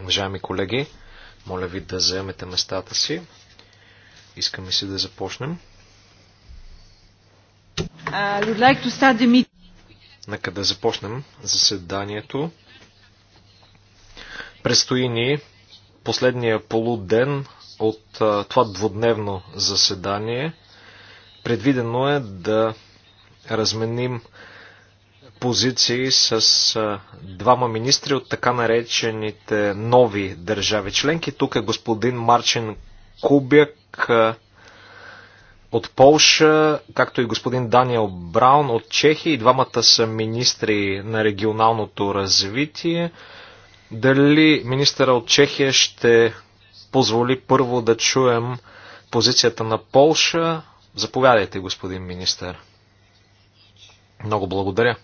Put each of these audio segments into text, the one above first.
Уважаеми колеги, моля ви да заемете местата си. Искаме си да започнем. Uh, like Нека да започнем заседанието. Предстои ни последния полуден от това двудневно заседание. Предвидено е да разменим позиции с двама министри от така наречените нови държави членки. Тук е господин Марчин Кубяк от Полша, както и господин Даниел Браун от Чехия. И двамата са министри на регионалното развитие. Дали министъра от Чехия ще позволи първо да чуем позицията на Полша? Заповядайте, господин министър. Много благодаря.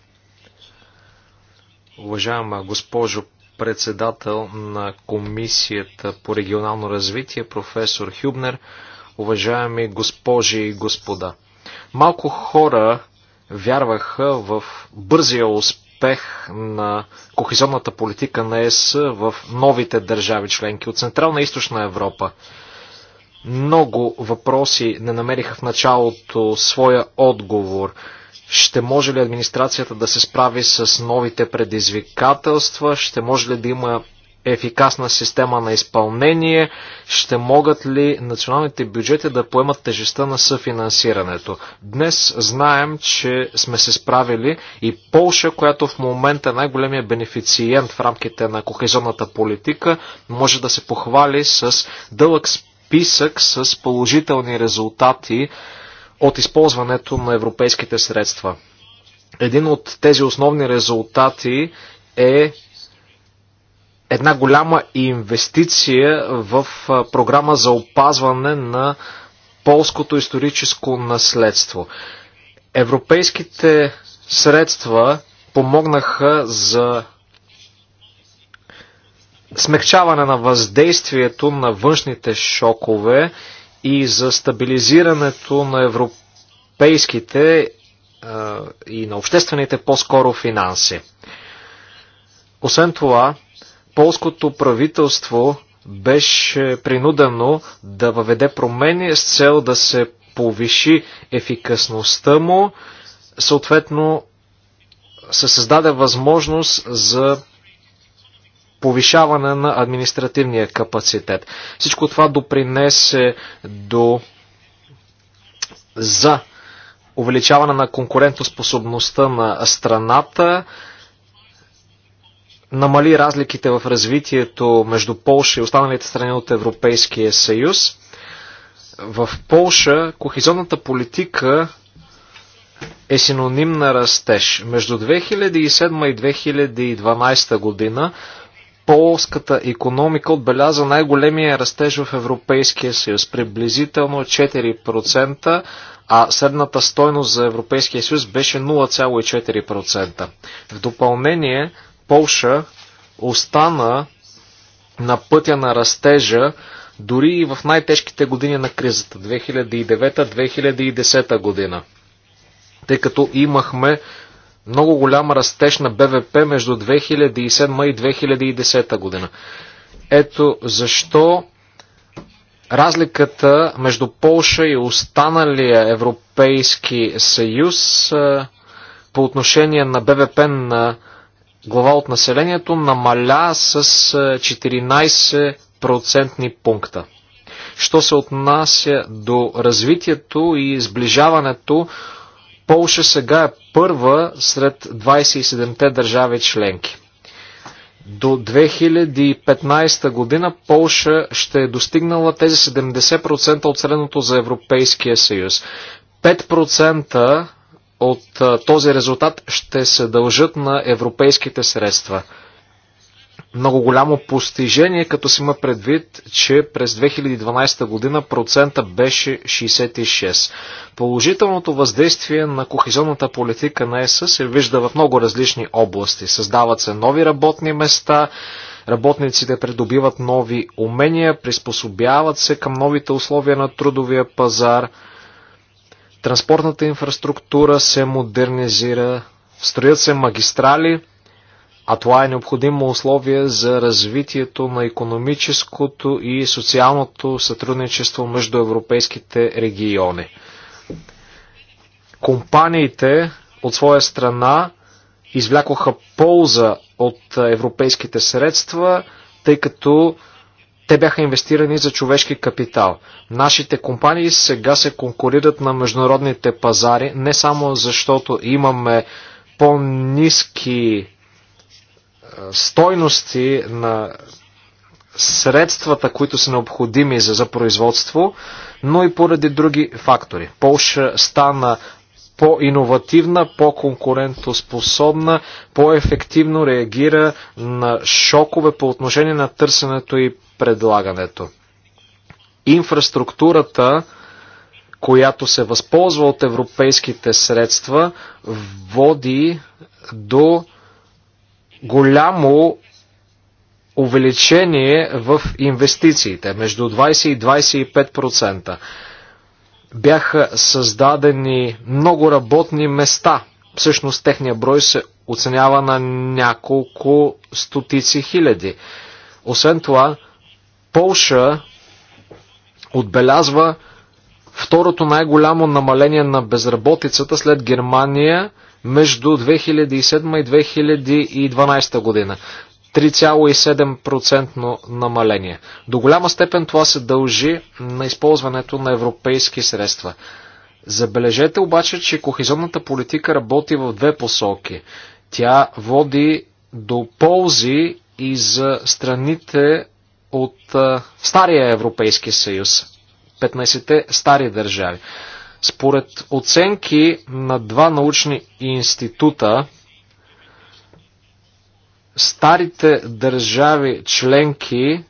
Уважаема госпожо председател на Комисията по регионално развитие, професор Хюбнер, уважаеми госпожи и господа. Малко хора вярваха в бързия успех на кохезионната политика на ЕС в новите държави членки от Централна и Източна Европа. Много въпроси не намериха в началото своя отговор. Ще може ли администрацията да се справи с новите предизвикателства? Ще може ли да има ефикасна система на изпълнение? Ще могат ли националните бюджети да поемат тежестта на съфинансирането? Днес знаем, че сме се справили и Полша, която в момента е най-големия бенефициент в рамките на кохезионната политика, може да се похвали с дълъг списък с положителни резултати от използването на европейските средства. Един от тези основни резултати е една голяма инвестиция в програма за опазване на полското историческо наследство. Европейските средства помогнаха за смягчаване на въздействието на външните шокове и за стабилизирането на европейските и на обществените по-скоро финанси. Освен това, полското правителство беше принудено да въведе промени с цел да се повиши ефикасността му, съответно се създаде възможност за повишаване на административния капацитет. Всичко това допринесе до за увеличаване на конкурентоспособността на страната, намали разликите в развитието между Полша и останалите страни от Европейския съюз. В Полша кохезионната политика е синоним на растеж. Между 2007 и 2012 година полската економика отбеляза най-големия растеж в Европейския съюз, приблизително 4%, а средната стойност за Европейския съюз беше 0,4%. В допълнение, Полша остана на пътя на растежа дори и в най-тежките години на кризата 2009-2010 година, тъй като имахме много голям растеж на БВП между 2007 и 2010 година. Ето защо разликата между Полша и останалия Европейски съюз по отношение на БВП на глава от населението намаля с 14% пункта. Що се отнася до развитието и сближаването, Полша сега е първа сред 27-те държави членки. До 2015 година Полша ще е достигнала тези 70% от средното за Европейския съюз. 5% от този резултат ще се дължат на европейските средства – много голямо постижение, като си има предвид, че през 2012 година процента беше 66. Положителното въздействие на кохезионната политика на ЕС се вижда в много различни области. Създават се нови работни места, работниците придобиват нови умения, приспособяват се към новите условия на трудовия пазар, транспортната инфраструктура се модернизира, строят се магистрали – а това е необходимо условие за развитието на економическото и социалното сътрудничество между европейските региони. Компаниите от своя страна извлякоха полза от европейските средства, тъй като те бяха инвестирани за човешки капитал. Нашите компании сега се конкурират на международните пазари, не само защото имаме по-низки стойности на средствата, които са необходими за, за производство, но и поради други фактори. Полша стана по-инновативна, по-конкурентоспособна, по-ефективно реагира на шокове по отношение на търсенето и предлагането. Инфраструктурата, която се възползва от европейските средства, води до голямо увеличение в инвестициите, между 20 и 25%. Бяха създадени много работни места. Всъщност техния брой се оценява на няколко стотици хиляди. Освен това, Полша отбелязва второто най-голямо намаление на безработицата след Германия – между 2007 и 2012 година. 3,7% намаление. До голяма степен това се дължи на използването на европейски средства. Забележете обаче, че кохезионната политика работи в две посоки. Тя води до ползи и за страните от а, Стария Европейски съюз, 15-те стари държави. Според оценки на два научни института, старите държави членки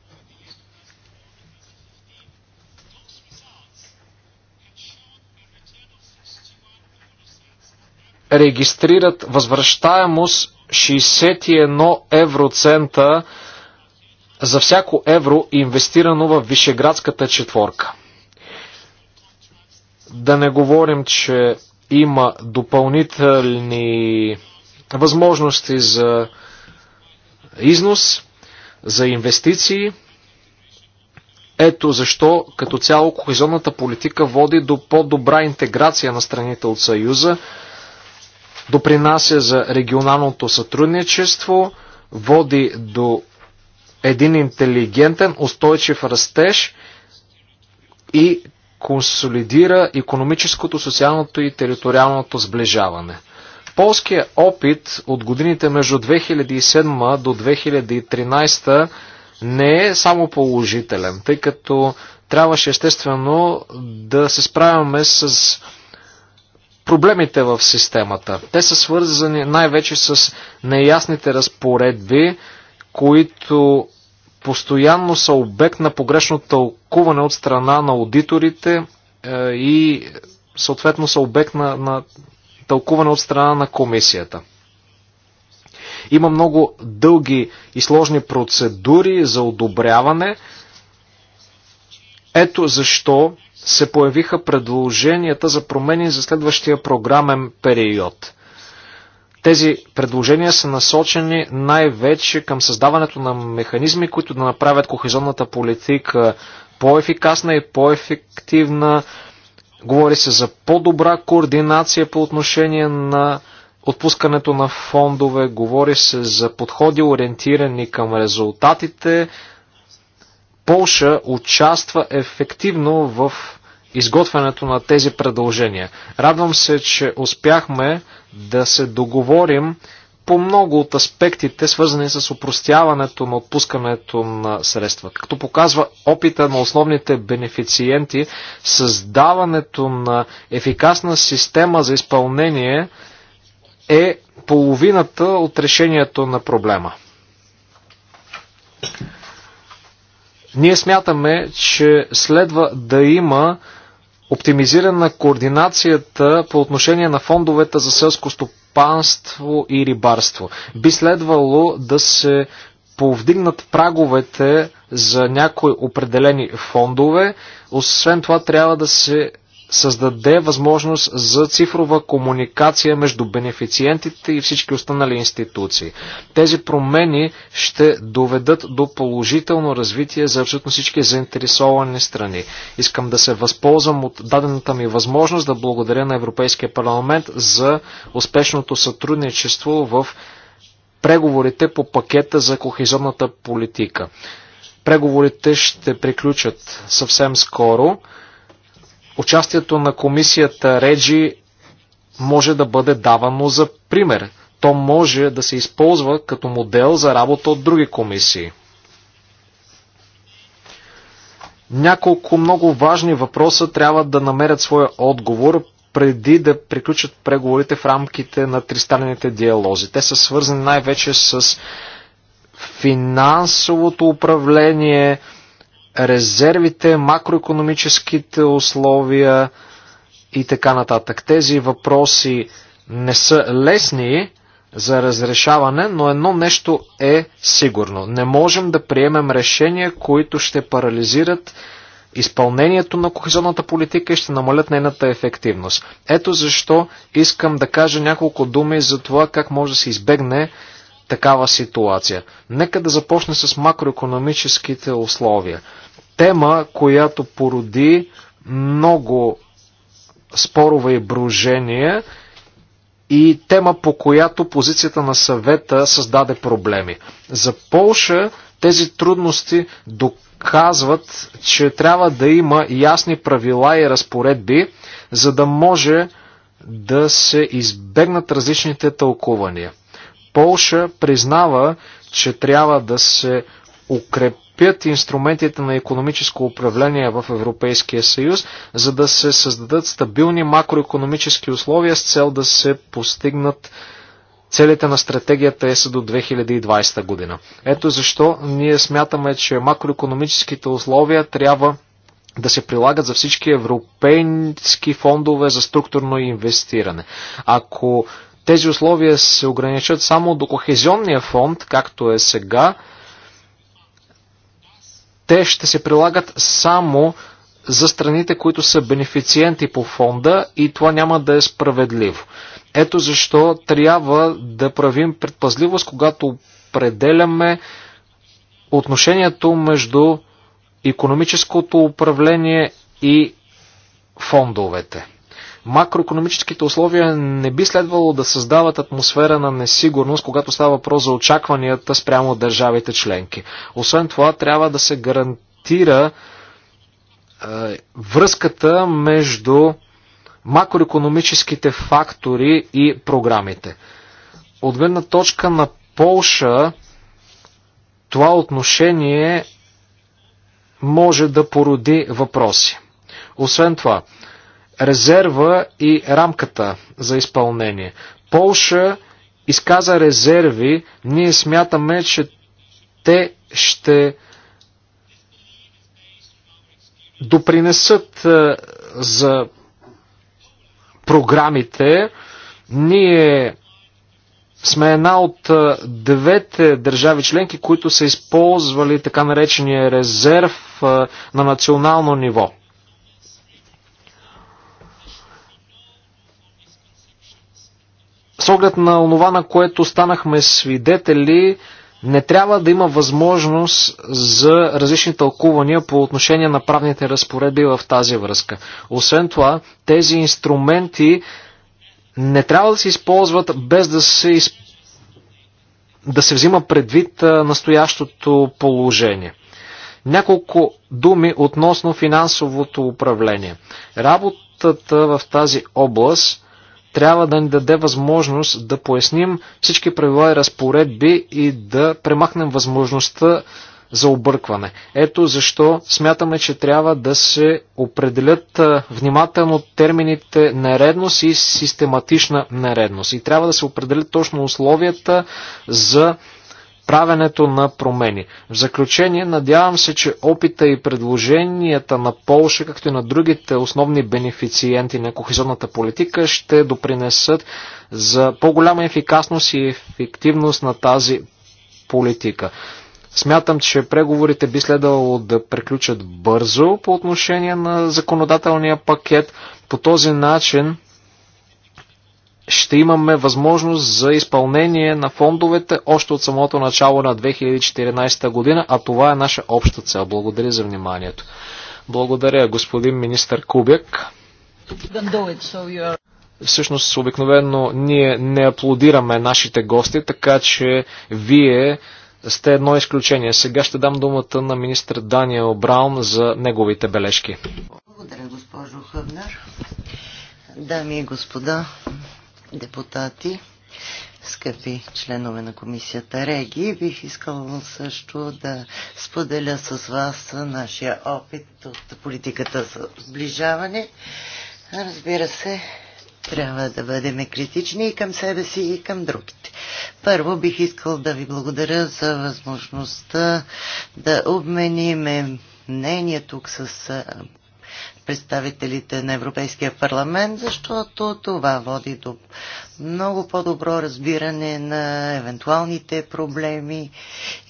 регистрират възвръщаемост 61 евроцента за всяко евро инвестирано в Вишеградската четворка. Да не говорим, че има допълнителни възможности за износ, за инвестиции. Ето защо като цяло кохезионната политика води до по-добра интеграция на страните от Съюза, допринася за регионалното сътрудничество, води до един интелигентен, устойчив растеж и консолидира економическото, социалното и териториалното сближаване. Полският опит от годините между 2007 до 2013 не е само положителен, тъй като трябваше естествено да се справяме с проблемите в системата. Те са свързани най-вече с неясните разпоредби, които постоянно са обект на погрешно тълкуване от страна на аудиторите е, и съответно са обект на, на тълкуване от страна на комисията. Има много дълги и сложни процедури за одобряване. Ето защо се появиха предложенията за промени за следващия програмен период. Тези предложения са насочени най-вече към създаването на механизми, които да направят кохезионната политика по-ефикасна и по-ефективна. Говори се за по-добра координация по отношение на отпускането на фондове, говори се за подходи ориентирани към резултатите. Полша участва ефективно в изготвянето на тези предложения. Радвам се, че успяхме да се договорим по много от аспектите, свързани с упростяването на отпускането на средства. Като показва опита на основните бенефициенти, създаването на ефикасна система за изпълнение е половината от решението на проблема. Ние смятаме, че следва да има оптимизирана координацията по отношение на фондовете за селско стопанство и рибарство. Би следвало да се повдигнат праговете за някои определени фондове. Освен това трябва да се създаде възможност за цифрова комуникация между бенефициентите и всички останали институции. Тези промени ще доведат до положително развитие за абсолютно всички заинтересовани страни. Искам да се възползвам от дадената ми възможност да благодаря на Европейския парламент за успешното сътрудничество в преговорите по пакета за кохезионната политика. Преговорите ще приключат съвсем скоро участието на комисията Реджи може да бъде давано за пример. То може да се използва като модел за работа от други комисии. Няколко много важни въпроса трябва да намерят своя отговор преди да приключат преговорите в рамките на тристалените диалози. Те са свързани най-вече с финансовото управление, резервите, макроекономическите условия и така нататък. Тези въпроси не са лесни за разрешаване, но едно нещо е сигурно. Не можем да приемем решения, които ще парализират изпълнението на кохезионната политика и ще намалят нейната ефективност. Ето защо искам да кажа няколко думи за това как може да се избегне такава ситуация. Нека да започне с макроекономическите условия тема, която породи много спорове и брожения и тема, по която позицията на съвета създаде проблеми. За Полша тези трудности доказват, че трябва да има ясни правила и разпоредби, за да може да се избегнат различните тълкувания. Полша признава, че трябва да се укрепи укрепят инструментите на економическо управление в Европейския съюз, за да се създадат стабилни макроекономически условия с цел да се постигнат целите на стратегията е са до 2020 година. Ето защо ние смятаме, че макроекономическите условия трябва да се прилагат за всички европейски фондове за структурно инвестиране. Ако тези условия се ограничат само до кохезионния фонд, както е сега, те ще се прилагат само за страните, които са бенефициенти по фонда и това няма да е справедливо. Ето защо трябва да правим предпазливост, когато определяме отношението между економическото управление и фондовете. Макроекономическите условия не би следвало да създават атмосфера на несигурност, когато става въпрос за очакванията спрямо от държавите членки. Освен това, трябва да се гарантира е, връзката между макроекономическите фактори и програмите. От гледна точка на Полша, това отношение може да породи въпроси. Освен това, резерва и рамката за изпълнение. Полша изказа резерви, ние смятаме, че те ще допринесат е, за програмите. Ние сме една от е, девете държави членки, които са използвали така наречения резерв е, на национално ниво. С оглед на онова, на което станахме свидетели, не трябва да има възможност за различни тълкувания по отношение на правните разпоредби в тази връзка. Освен това, тези инструменти не трябва да се използват без да се, из... да се взима предвид настоящото положение. Няколко думи относно финансовото управление. Работата в тази област трябва да ни даде възможност да поясним всички правила и разпоредби и да премахнем възможността за объркване. Ето защо смятаме, че трябва да се определят внимателно термините нередност и систематична нередност. И трябва да се определят точно условията за правенето на промени. В заключение, надявам се, че опита и предложенията на Полша, както и на другите основни бенефициенти на кохезионната политика, ще допринесат за по-голяма ефикасност и ефективност на тази политика. Смятам, че преговорите би следвало да приключат бързо по отношение на законодателния пакет. По този начин ще имаме възможност за изпълнение на фондовете още от самото начало на 2014 година, а това е наша обща цел. Благодаря за вниманието. Благодаря, господин министър Кубек. Всъщност, обикновено ние не аплодираме нашите гости, така че вие сте едно изключение. Сега ще дам думата на министър Даниел Браун за неговите бележки. Благодаря, госпожо Хъбнер. Дами и господа, депутати, скъпи членове на комисията Реги, бих искал също да споделя с вас нашия опит от политиката за сближаване. Разбира се, трябва да бъдем критични и към себе си, и към другите. Първо бих искал да ви благодаря за възможността да обмениме мнение тук с представителите на Европейския парламент, защото това води до много по-добро разбиране на евентуалните проблеми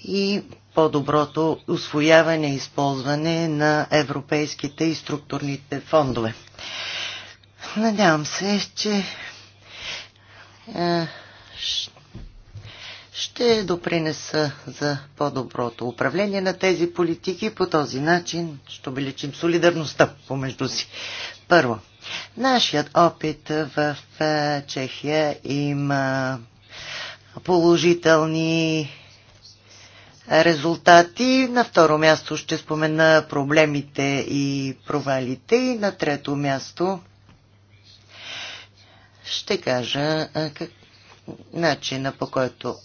и по-доброто освояване и използване на европейските и структурните фондове. Надявам се, че е, ще допринеса за по-доброто управление на тези политики. По този начин ще обеличим солидарността помежду си. Първо, нашият опит в е, Чехия има положителни резултати. На второ място ще спомена проблемите и провалите. И на трето място ще кажа е, как, начина по който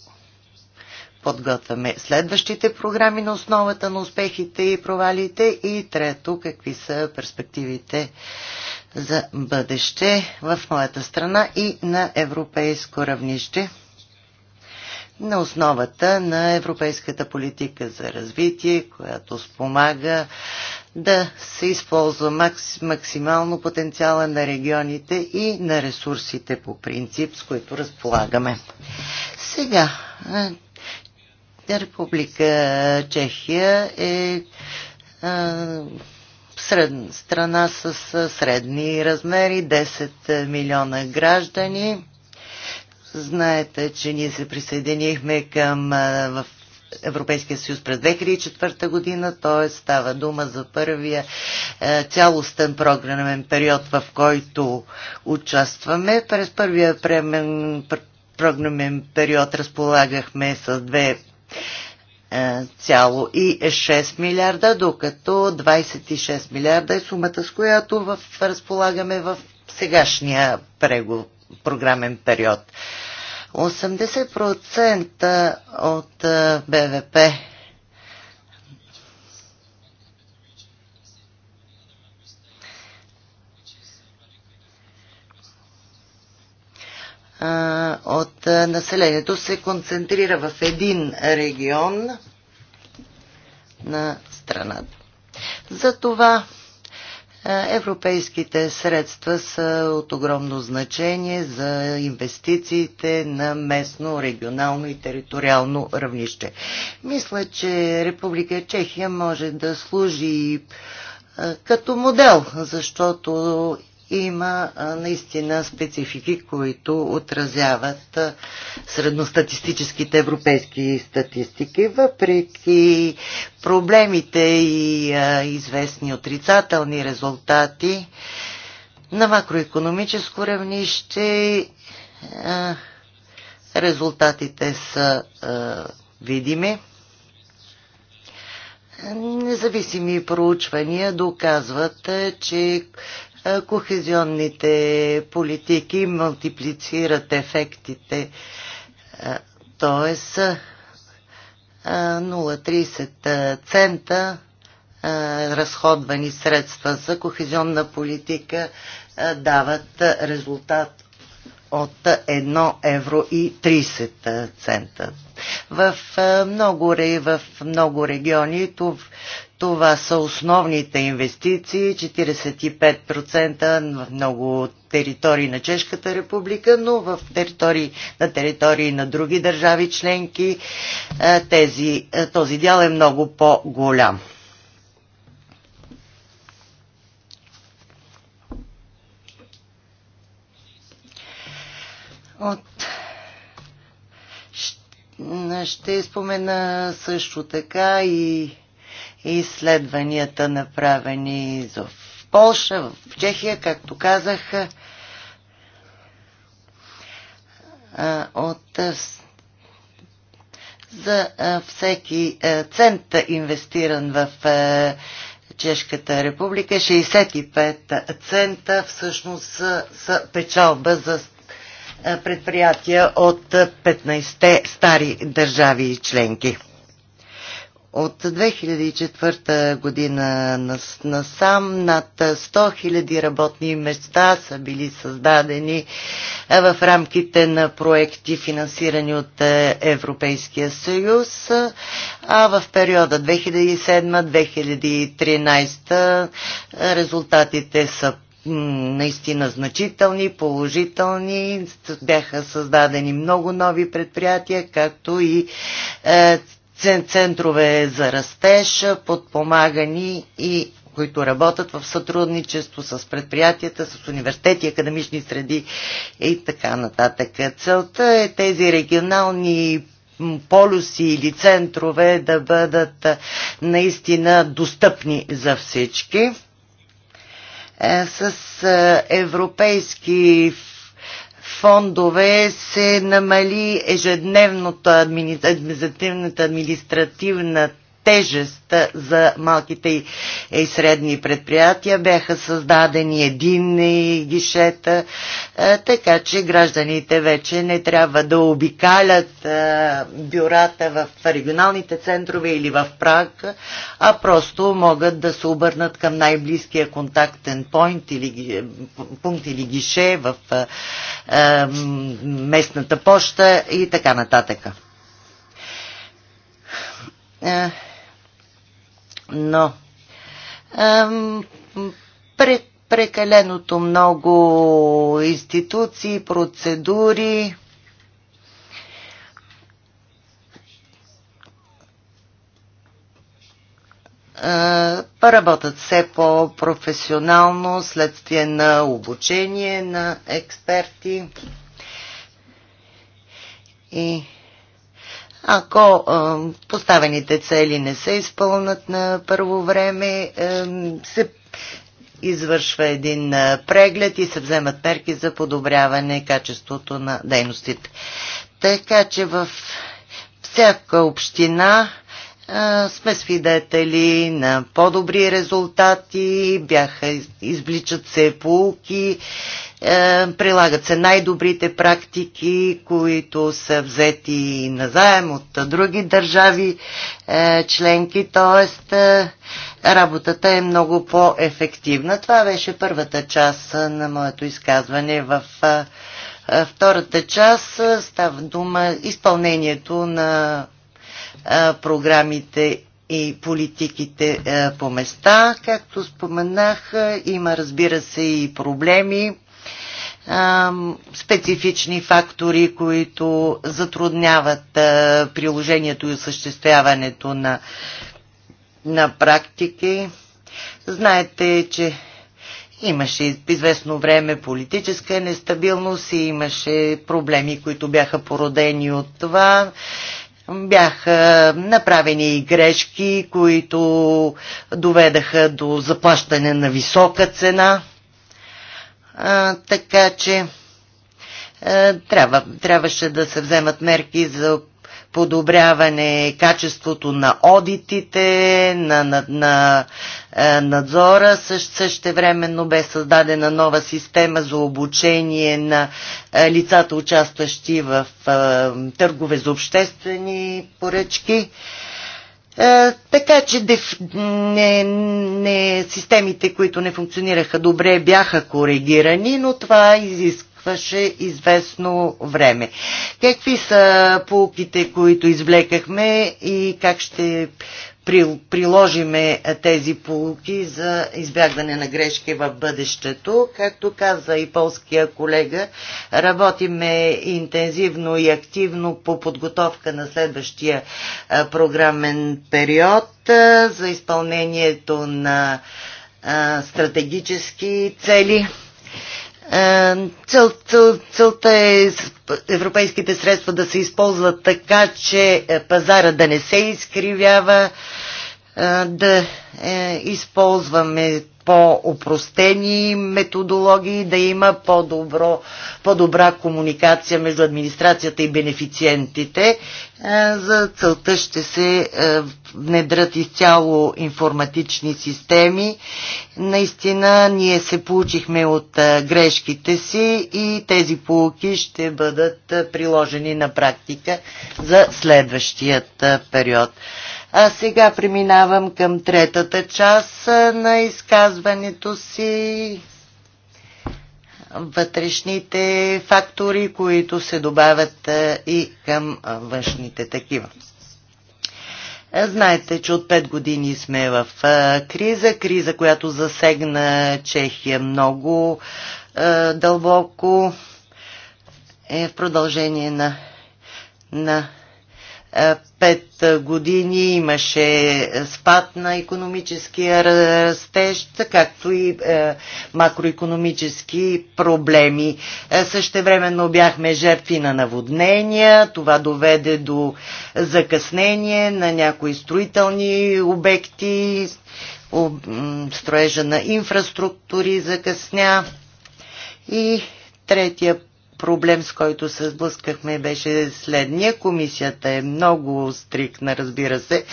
подготвяме следващите програми на основата на успехите и провалите и трето, какви са перспективите за бъдеще в моята страна и на европейско равнище на основата на европейската политика за развитие, която спомага да се използва максимално потенциала на регионите и на ресурсите по принцип, с които разполагаме. Сега, Република Чехия е страна с средни размери, 10 милиона граждани. Знаете, че ние се присъединихме към в Европейския съюз през 2004 година, т.е. става дума за първия цялостен програмен период, в който участваме. През първия премен, програмен период разполагахме с две Цяло и 6 милиарда, докато 26 милиарда е сумата, с която в, разполагаме в сегашния прего, програмен период. 80% от БВП от населението се концентрира в един регион на страната. Затова европейските средства са от огромно значение за инвестициите на местно, регионално и териториално равнище. Мисля, че Република Чехия може да служи като модел, защото има наистина специфики, които отразяват средностатистическите европейски статистики. Въпреки проблемите и известни отрицателни резултати на макроекономическо равнище, резултатите са видими. Независими проучвания доказват, че е, кохезионните политики мултиплицират ефектите, т.е. 0,30 е, е, цента разходвани средства за кохезионна политика дават резултат от 1 евро и 30 цента. В много, в много региони това са основните инвестиции, 45% в много територии на Чешката република, но в територии, на територии на други държави членки е, тези, е, този дял е много по-голям. От... Ще спомена също така и изследванията направени в Польша, в Чехия, както казах, от за всеки цент инвестиран в Чешката република, 65 цента всъщност са, са печалба за предприятия от 15 стари държави и членки. От 2004 година насам над 100 000 работни места са били създадени в рамките на проекти, финансирани от е, Европейския съюз, а в периода 2007-2013 резултатите са наистина значителни, положителни. Бяха създадени много нови предприятия, както и е, центрове за растеж, подпомагани и които работят в сътрудничество с предприятията, с университети, академични среди и така нататък. Целта е тези регионални полюси или центрове да бъдат наистина достъпни за всички. Е, с европейски фондове се намали ежедневната административната административна тежест за малките и средни предприятия. Бяха създадени единни гишета, е, така че гражданите вече не трябва да обикалят е, бюрата в регионалните центрове или в Праг, а просто могат да се обърнат към най-близкия контактен пойнт или, пункт или гише в е, местната поща и така нататък но ам, пред прекаленото много институции, процедури, работят все по-професионално следствие на обучение на експерти и ако а, поставените цели не се изпълнат на първо време, а, се извършва един преглед и се вземат мерки за подобряване качеството на дейностите. Така че в всяка община а, сме свидетели на по-добри резултати, бяха, избличат се полки. Е, прилагат се най-добрите практики, които са взети назаем от други държави е, членки, т.е. работата е много по-ефективна. Това беше първата част на моето изказване в е, втората част. Става дума изпълнението на програмите и политиките по места. Както споменах, има разбира се и проблеми специфични фактори, които затрудняват приложението и осъществяването на, на практики. Знаете, че имаше известно време политическа нестабилност и имаше проблеми, които бяха породени от това. Бяха направени и грешки, които доведаха до заплащане на висока цена – а, така че а, трябва, трябваше да се вземат мерки за подобряване качеството на одитите, на, на, на е, надзора. Също, същевременно бе създадена нова система за обучение на е, лицата, участващи в е, търгове за обществени поръчки. Е, е, така че деф... не, не, системите, които не функционираха добре, бяха коригирани, но това изиск изискваше известно време. Какви са полките, които извлекахме и как ще приложиме тези полуки за избягване на грешки в бъдещето. Както каза и полския колега, работиме интензивно и активно по подготовка на следващия програмен период за изпълнението на стратегически цели. Е, цел, цел, целта е европейските средства да се използват така, че е, пазара да не се изкривява, да е, използваме по-опростени методологии, да има по-добро, по-добра комуникация между администрацията и бенефициентите. За целта ще се внедрят изцяло информатични системи. Наистина ние се получихме от грешките си и тези полуки ще бъдат приложени на практика за следващият период. А сега преминавам към третата част на изказването си. Вътрешните фактори, които се добавят и към външните такива. Знаете, че от 5 години сме в криза, криза, която засегна Чехия много дълбоко е в продължение на, на е, пет години имаше спад на економическия растеж, както и е, макроекономически проблеми. Е, същевременно бяхме жертви на наводнения, това доведе до закъснение на някои строителни обекти, строежа на инфраструктури закъсня и третия проблем, с който се сблъскахме, беше следния. Комисията е много стрикна, разбира се,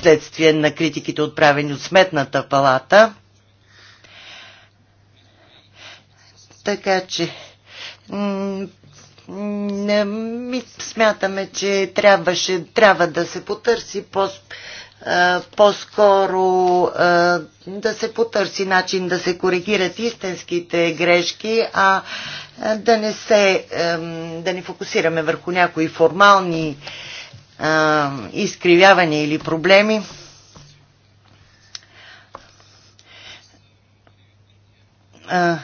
следствие на критиките, отправени от Сметната палата. Така че ми смятаме, че трябваше, трябва да се потърси по е, по-скоро е, да се потърси начин да се коригират истинските грешки, а е, да не се да не фокусираме върху някои формални изкривявания или проблеми. Uh...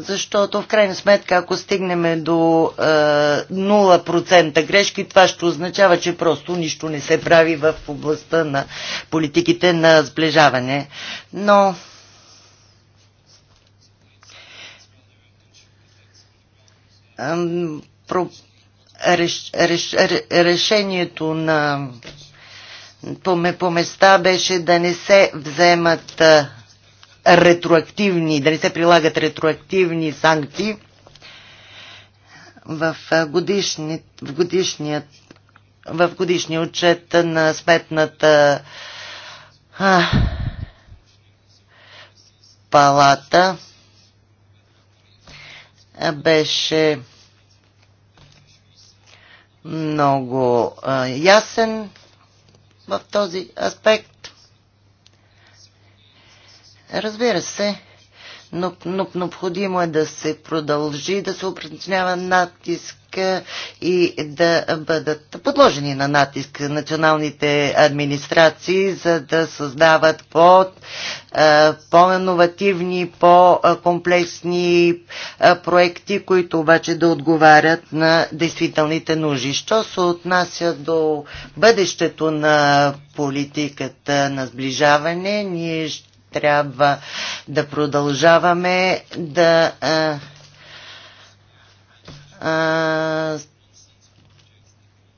Защото в крайна сметка, ако стигнем до е, 0% грешки, това ще означава, че просто нищо не се прави в областта на политиките на сближаване. Но про, реш, реш, решението на по, по места беше да не се вземат ретроактивни, да не се прилагат ретроактивни санкции в, годишни, в, годишния, в годишния отчет на сметната а, палата беше много а, ясен в този аспект Разбира се, но, но необходимо е да се продължи да се упражнява натиск и да бъдат подложени на натиск националните администрации, за да създават по, по-инновативни, по-комплексни проекти, които обаче да отговарят на действителните нужди. Що се отнася до бъдещето на политиката на сближаване, ние ще трябва да продължаваме да а, а,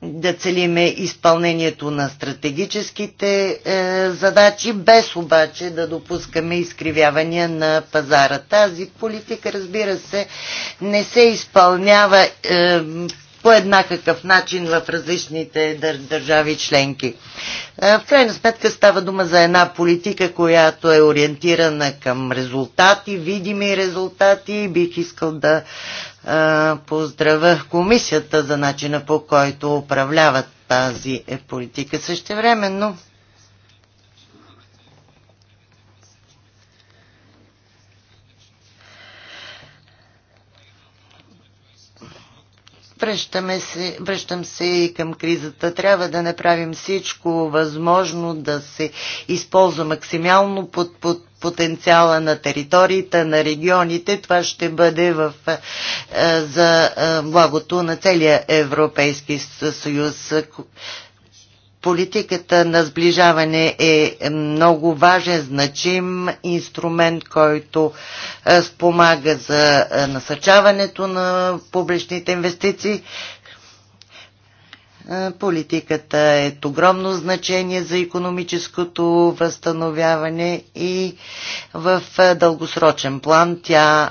да целиме изпълнението на стратегическите е, задачи, без обаче да допускаме изкривявания на пазара. Тази политика, разбира се, не се изпълнява е, по еднакъв начин в различните дър държави членки. Е, в крайна сметка става дума за една политика, която е ориентирана към резултати, видими резултати. Бих искал да е, поздравя комисията за начина по който управляват тази е политика. Същевременно, Връщаме се, връщам се и към кризата. Трябва да направим всичко възможно да се използва максимално под, под потенциала на териториите, на регионите. Това ще бъде в, за благото на целия Европейски съюз. Политиката на сближаване е много важен, значим инструмент, който е, спомага за е, насърчаването на публичните инвестиции. Е, политиката е от огромно значение за економическото възстановяване и в дългосрочен план тя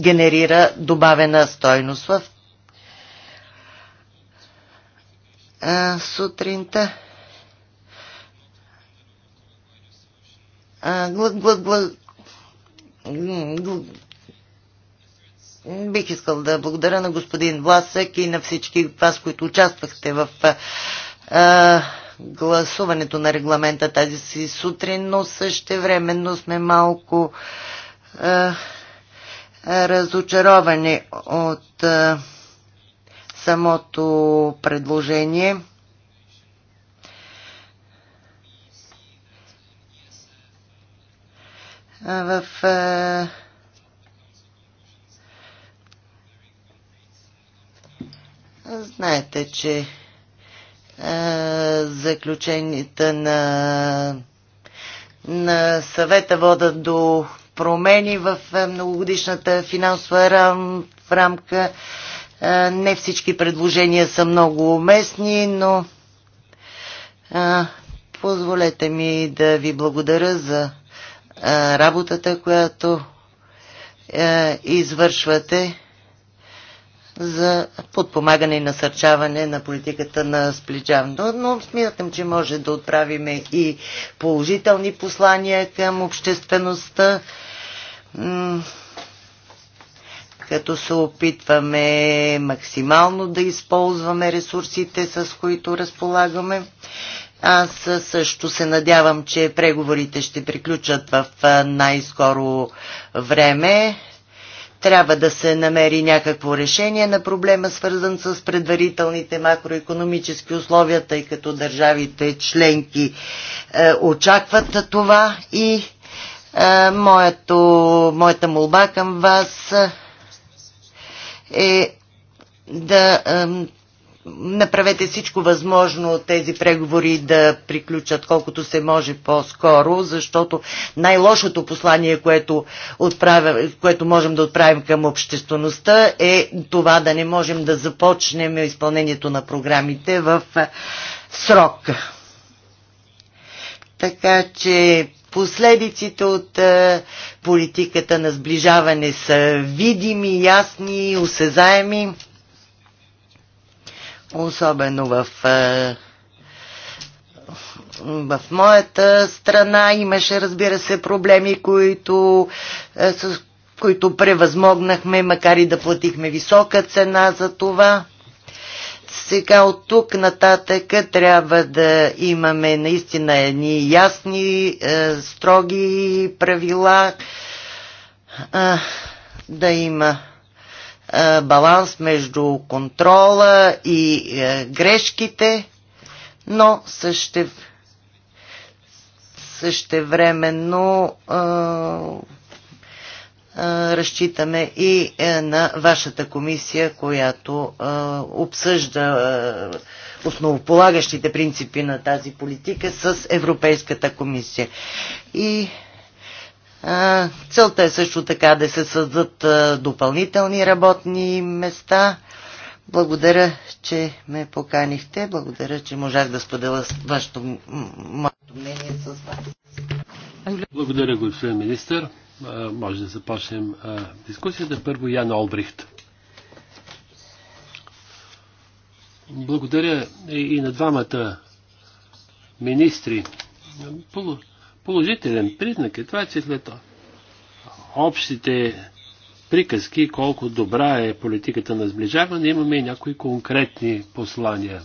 генерира добавена стойност. В а, сутринта. А, гл, гл, бих искал да благодаря на господин Власък и на всички вас, които участвахте в а, гласуването на регламента тази си сутрин, но същевременно сме малко а, разочаровани от а, самото предложение. В Знаете, че заключенията на, на съвета водат до промени в многогодишната финансова рам, рамка. Е, не всички предложения са много уместни, но е, позволете ми да ви благодаря за е, работата, която извършвате за подпомагане и насърчаване на политиката на сближаването. Но смятам, че може да отправиме и положителни послания към обществеността като се опитваме максимално да използваме ресурсите, с които разполагаме. Аз също се надявам, че преговорите ще приключат в най-скоро време. Трябва да се намери някакво решение на проблема, свързан с предварителните макроекономически условия, тъй като държавите членки е, очакват това и е, моето, моята молба към вас е, е да направете всичко възможно тези преговори да приключат колкото се може по-скоро, защото най-лошото послание, което, отправя, което можем да отправим към обществеността е това да не можем да започнем изпълнението на програмите в срок. Така че последиците от е, политиката на сближаване са видими, ясни, осезаеми, особено в е, в моята страна имаше, разбира се, проблеми, които, е, с които превъзмогнахме, макар и да платихме висока цена за това сега от тук нататък трябва да имаме наистина едни ясни, е, строги правила, е, да има е, баланс между контрола и е, грешките, но също, същевременно е, разчитаме и е, на вашата комисия, която обсъжда основополагащите принципи на тази политика с Европейската комисия. И целта е също така да се създадат допълнителни работни места. Благодаря, че ме поканихте. Благодаря, че можах да споделя вашето мнение с вас. Благодаря, господин министър може да започнем дискусията. Първо Ян Олбрихт. Благодаря и на двамата министри. Положителен признак е това, че след общите приказки, колко добра е политиката на сближаване, имаме и някои конкретни послания.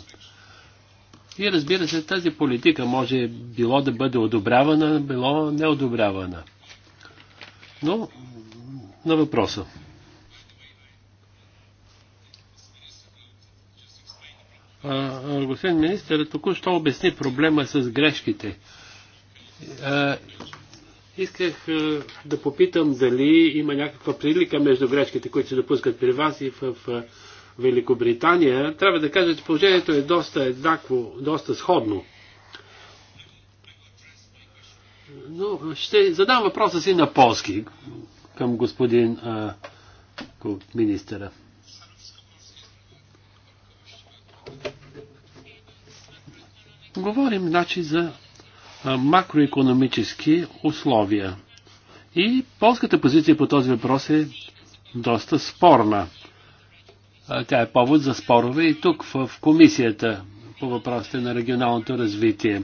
И разбира се, тази политика може било да бъде одобрявана, било неодобрявана. Но на въпроса. Господин министър току-що обясни проблема с грешките. А, исках а, да попитам дали има някаква прилика между грешките, които се допускат при вас и в, в Великобритания. Трябва да кажа, че положението е доста еднакво, доста сходно. Но ще задам въпроса си на полски към господин а, министъра. Говорим, значи, за макроекономически условия. И полската позиция по този въпрос е доста спорна. Тя е повод за спорове и тук в комисията по въпросите на регионалното развитие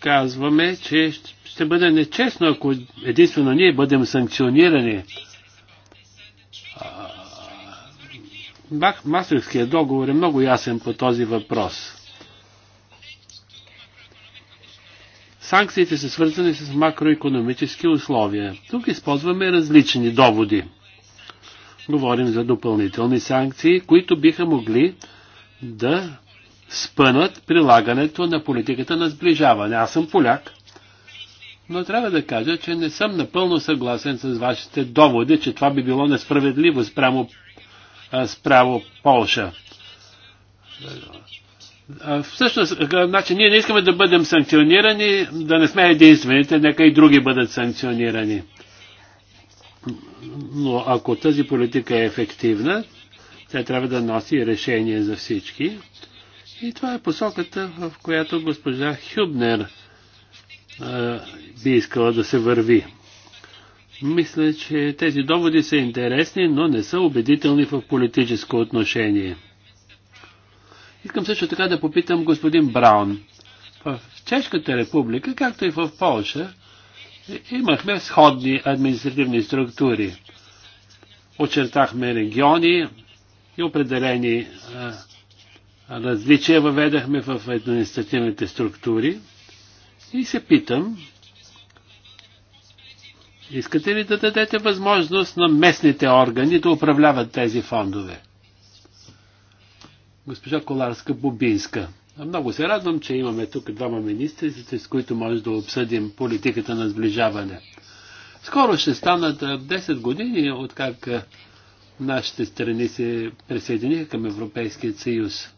казваме, че ще бъде нечестно, ако единствено ние бъдем санкционирани. Мастерския договор е много ясен по този въпрос. Санкциите са свързани с макроекономически условия. Тук използваме различни доводи. Говорим за допълнителни санкции, които биха могли да спънат прилагането на политиката на сближаване. Аз съм поляк, но трябва да кажа, че не съм напълно съгласен с вашите доводи, че това би било несправедливо спрямо, спрямо Полша. Всъщност, значи, ние не искаме да бъдем санкционирани, да не сме единствените, нека и други бъдат санкционирани. Но ако тази политика е ефективна, тя трябва да носи решение за всички и това е посоката, в която госпожа Хюбнер а, би искала да се върви. Мисля, че тези доводи са интересни, но не са убедителни в политическо отношение. Искам също така да попитам господин Браун. В Чешката република, както и в Полша, имахме сходни административни структури. Очертахме региони и определени а, различия въведахме в административните структури и се питам, искате ли да дадете възможност на местните органи да управляват тези фондове? Госпожа Коларска-Бубинска. Много се радвам, че имаме тук двама министри, с които може да обсъдим политиката на сближаване. Скоро ще станат 10 години, откак нашите страни се присъединиха към Европейския съюз.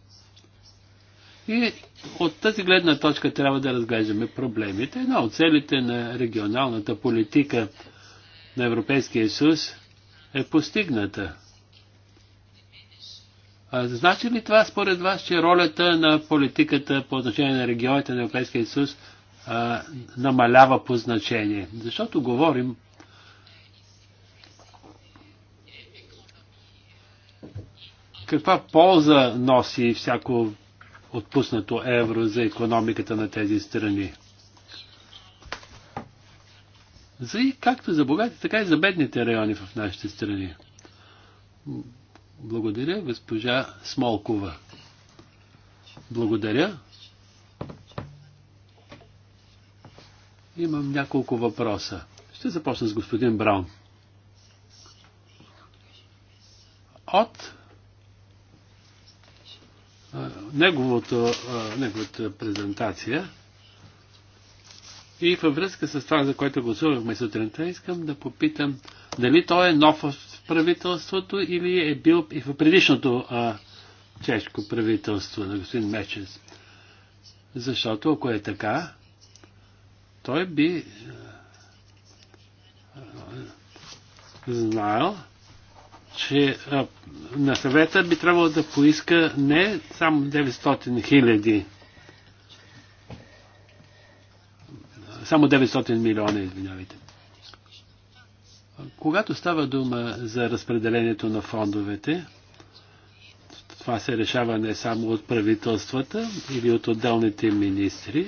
И от тази гледна точка трябва да разглеждаме проблемите. Една от целите на регионалната политика на Европейския съюз е постигната. А, значи ли това според вас, че ролята на политиката по отношение на регионите на Европейския съюз намалява по значение? Защото говорим каква полза носи всяко отпуснато евро за економиката на тези страни. За, и както за богатите, така и за бедните райони в нашите страни. Благодаря, госпожа Смолкова. Благодаря. Имам няколко въпроса. Ще започна с господин Браун. От неговото, неговата презентация. И във връзка с това, за което гласувахме сутринта, искам да попитам дали той е нов в правителството или е бил и в предишното а, чешко правителство на господин Мечес. Защото ако е така, той би а, а, знаел, че а, на съвета би трябвало да поиска не само 900 хиляди, само 900 милиона, извинявайте. Когато става дума за разпределението на фондовете, това се решава не само от правителствата или от отделните министри,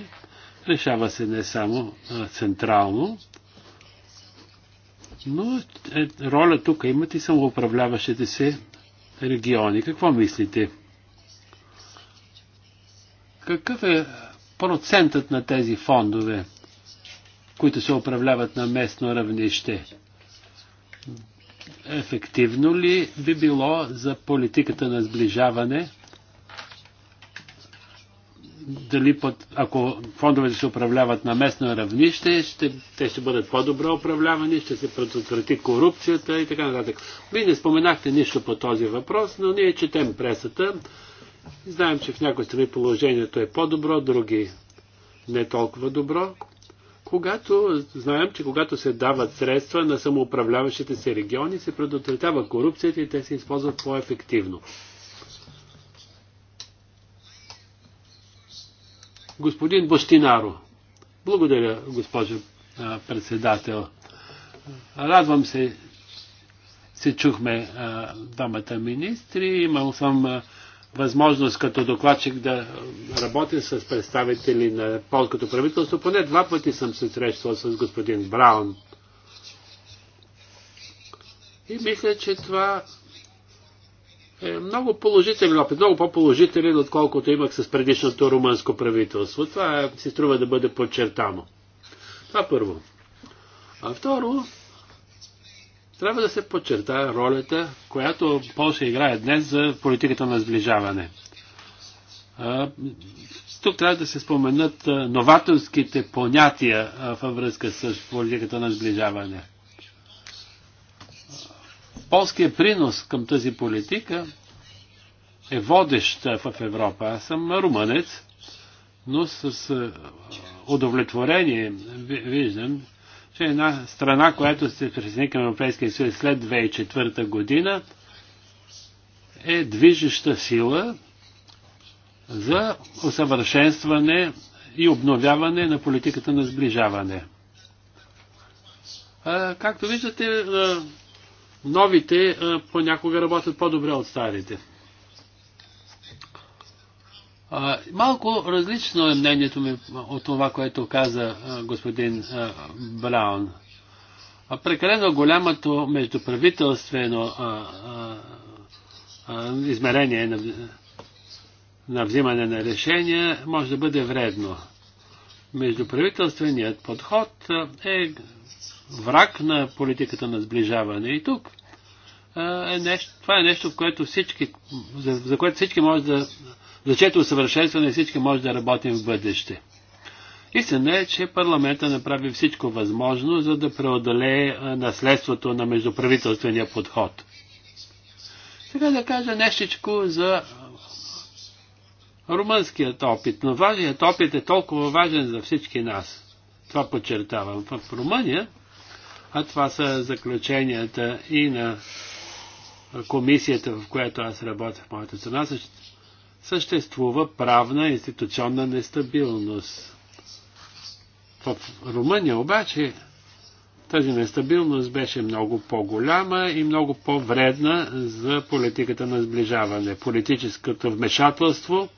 решава се не само централно, но е, роля тук имат и самоуправляващите се региони. Какво мислите? Какъв е процентът на тези фондове, които се управляват на местно равнище? Ефективно ли би било за политиката на сближаване дали път ако фондовете се управляват на местно равнище, ще, те ще бъдат по-добре управлявани, ще се предотврати корупцията и така нататък. Вие не споменахте нищо по този въпрос, но ние четем пресата. Знаем, че в някои страни положението е по-добро, други не толкова добро. Когато, знаем, че когато се дават средства на самоуправляващите се региони, се предотвратява корупцията и те се използват по-ефективно. Господин Бостинаро. Благодаря, госпожо председател. Радвам се, се чухме двамата министри. Имал съм възможност като докладчик да работя с представители на полското правителство. Поне два пъти съм се срещал с господин Браун. И мисля, че това е много положителен опит, много по-положителен, отколкото имах с предишното румънско правителство. Това е, си струва да бъде подчертано. Това първо. А второ, трябва да се подчертая ролята, която Польша играе днес за политиката на сближаване. тук трябва да се споменат новаторските понятия във връзка с политиката на сближаване. Полският принос към тази политика е водеща в Европа. Аз съм румънец, но с е, удовлетворение виждам, че една страна, която се присъедини към Европейския съюз след 2004 година, е движеща сила за усъвършенстване и обновяване на политиката на сближаване. Както виждате, е, новите понякога работят по-добре от старите. Малко различно е мнението ми от това, което каза господин Браун. Прекалено голямото междуправителствено измерение на, на взимане на решения може да бъде вредно. Междуправителственият подход е враг на политиката на сближаване. И тук е нещо, това е нещо, в което всички, за, за което всички може да, за чето усъвършенстване всички може да работим в бъдеще. Истина е, че парламента направи всичко възможно, за да преодолее наследството на междуправителствения подход. Сега да кажа нещичко за румънският опит, но важният опит е толкова важен за всички нас. Това подчертавам. В Румъния а това са заключенията и на комисията, в която аз работя в моята страна. Съществува правна институционна нестабилност. В Румъния обаче тази нестабилност беше много по-голяма и много по-вредна за политиката на сближаване. Политическото вмешателство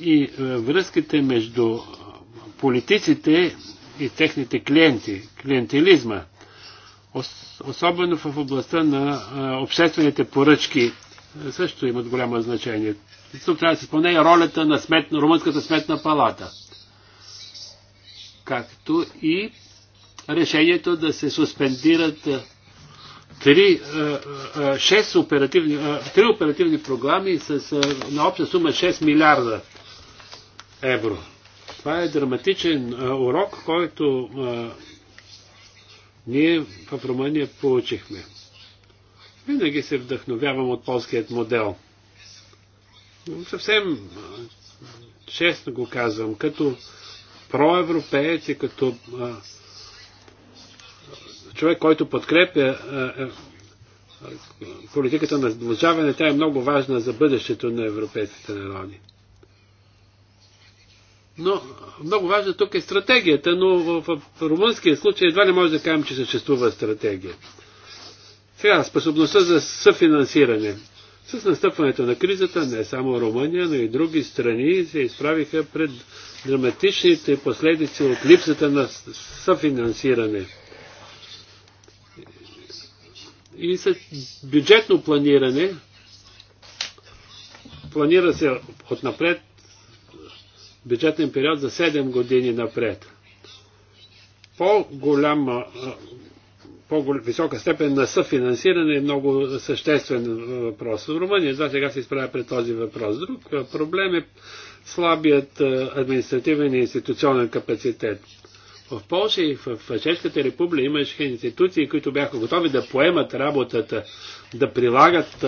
и е, връзките между политиците и техните клиенти, клиентилизма, особено в областта на обществените поръчки, е, също имат голямо значение. Тук трябва да се спомене ролята на смет, Румънската сметна палата, както и решението да се суспендират три, шест оперативни, три оперативни програми с на обща сума 6 милиарда евро. Това е драматичен а, урок, който а, ние в Румъния получихме. Винаги се вдъхновявам от полският модел. Съвсем честно го казвам, като проевропеец и като а, човек, който подкрепя а, а, политиката на сближаване, тя е много важна за бъдещето на европейските народи. Но много важно тук е стратегията, но в румънския случай едва не може да кажем, че съществува стратегия. Сега, способността за съфинансиране. С настъпването на кризата не само Румъния, но и други страни се изправиха пред драматичните последици от липсата на съфинансиране. И с бюджетно планиране планира се отнапред бюджетен период за 7 години напред. По-голяма, по-висока степен на съфинансиране е много съществен въпрос. в Румъния за сега се изправя пред този въпрос. Друг проблем е слабият административен и институционен капацитет. В Польша и в Чешката република имаше институции, които бяха готови да поемат работата, да прилагат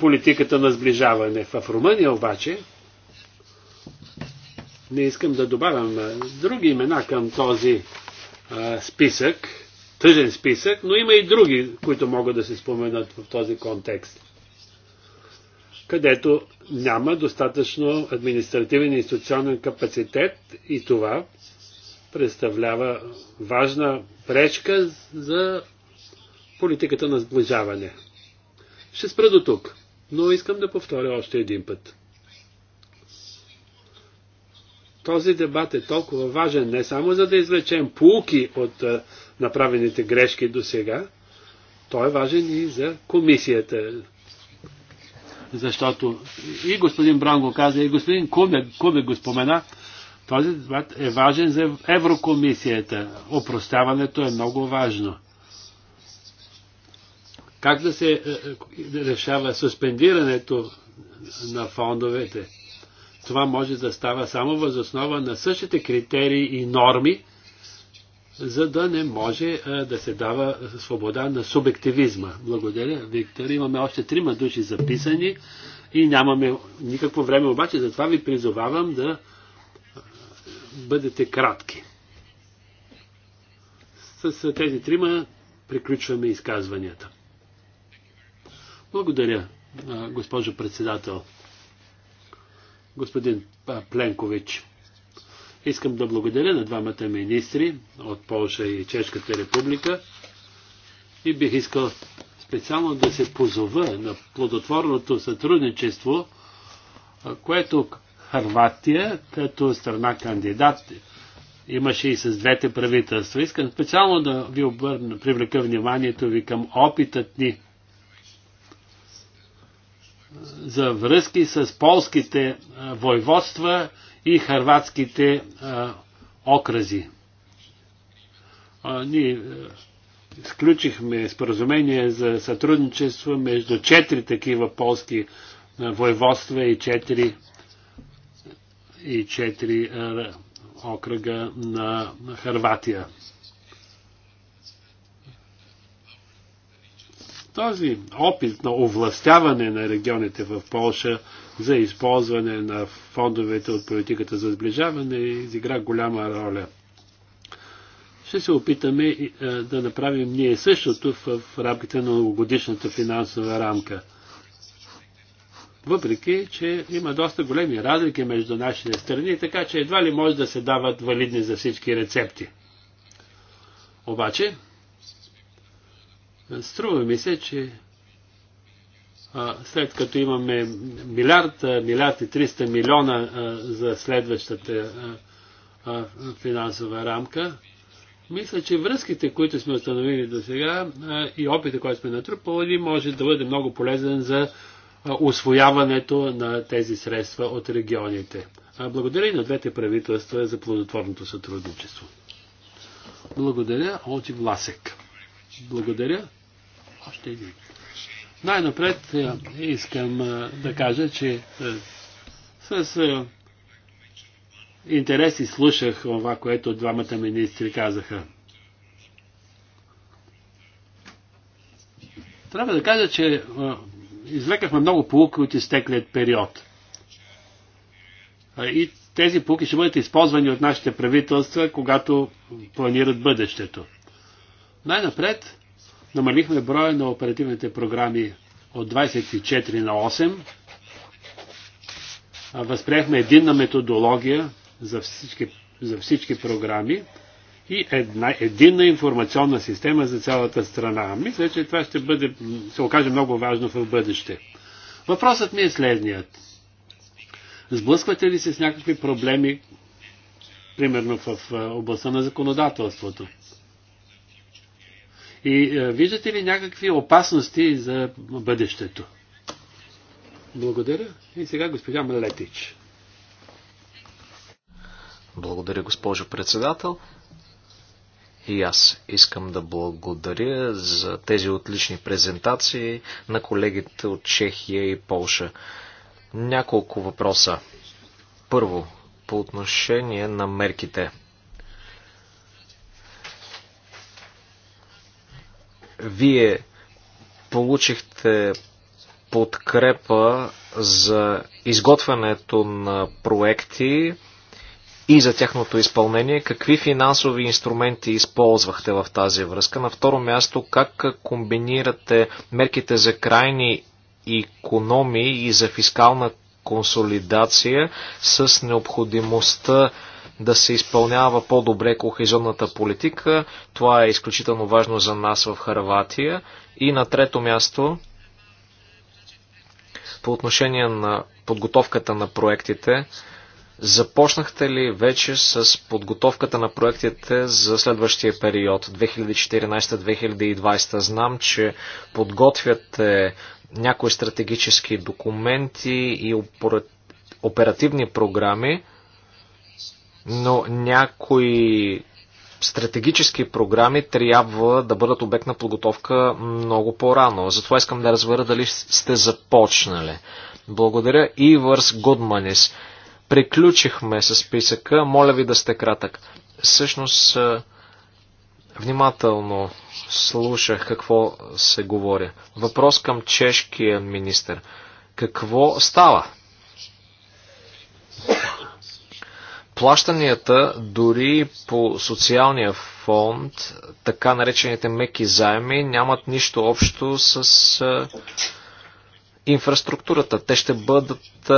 политиката на сближаване. В Румъния обаче не искам да добавям други имена към този списък, тъжен списък, но има и други, които могат да се споменат в този контекст, където няма достатъчно административен и институционен капацитет и това представлява важна пречка за политиката на сближаване. Ще спра до тук, но искам да повторя още един път. Този дебат е толкова важен не само за да извлечем пулки от е, направените грешки до сега, той е важен и за комисията. Защото и господин Бран го каза, и господин Кубе, Кубе го спомена, този дебат е важен за Еврокомисията. Опростяването е много важно. Как да се е, е, решава суспендирането на фондовете? това може да става само въз основа на същите критерии и норми, за да не може а, да се дава свобода на субективизма. Благодаря, Виктор. Имаме още трима души записани и нямаме никакво време, обаче затова ви призовавам да бъдете кратки. С тези трима приключваме изказванията. Благодаря, госпожо председател господин Пленкович. Искам да благодаря на двамата министри от Полша и Чешката република и бих искал специално да се позова на плодотворното сътрудничество, което Харватия, като страна кандидат, имаше и с двете правителства. Искам специално да ви обърна, привлека вниманието ви към опитът ни за връзки с полските войводства и харватските окрази. Ние сключихме споразумение за сътрудничество между четири такива полски войводства и четири и четири окръга на Харватия. Този опит на овластяване на регионите в Польша за използване на фондовете от политиката за сближаване изигра голяма роля. Ще се опитаме е, да направим ние същото в рамките на многогодишната финансова рамка. Въпреки, че има доста големи разлики между нашите страни, така че едва ли може да се дават валидни за всички рецепти. Обаче, Струва ми се, че след като имаме милиард, милиард и 300 милиона за следващата финансова рамка, мисля, че връзките, които сме установили до сега и опита, който сме натрупали, може да бъде много полезен за освояването на тези средства от регионите. Благодаря и на двете правителства за плодотворното сътрудничество. Благодаря, Оти Власек. Благодаря. Още един. Най-напред е, искам е, да кажа, че е, с интерес и слушах това, което двамата министри казаха. Трябва да кажа, че извлекахме много полуки от изтеклият период. И тези полуки ще бъдат използвани от нашите правителства, когато планират бъдещето. Най-напред намалихме броя на оперативните програми от 24 на 8. Възприехме единна методология за всички, за всички програми и една, единна информационна система за цялата страна. Мисля, че това ще бъде, се окаже много важно в бъдеще. Въпросът ми е следният. Сблъсквате ли се с някакви проблеми, примерно в областта на законодателството? И е, виждате ли някакви опасности за бъдещето? Благодаря. И сега госпожа Малетич. Благодаря, госпожо председател. И аз искам да благодаря за тези отлични презентации на колегите от Чехия и Полша. Няколко въпроса. Първо, по отношение на мерките – Вие получихте подкрепа за изготвянето на проекти и за тяхното изпълнение. Какви финансови инструменти използвахте в тази връзка? На второ място, как комбинирате мерките за крайни економии и за фискална консолидация с необходимостта да се изпълнява по-добре кохезионната политика. Това е изключително важно за нас в Харватия. И на трето място, по отношение на подготовката на проектите, започнахте ли вече с подготовката на проектите за следващия период 2014-2020? Знам, че подготвяте някои стратегически документи и оперативни програми но някои стратегически програми трябва да бъдат обект на подготовка много по-рано. Затова искам да разбера дали сте започнали. Благодаря. Ивърс Гудманис. Приключихме с списъка. Моля ви да сте кратък. Всъщност, внимателно слушах какво се говоря. Въпрос към чешкия министр. Какво става? Плащанията дори по социалния фонд, така наречените меки заеми, нямат нищо общо с инфраструктурата. Те ще бъдат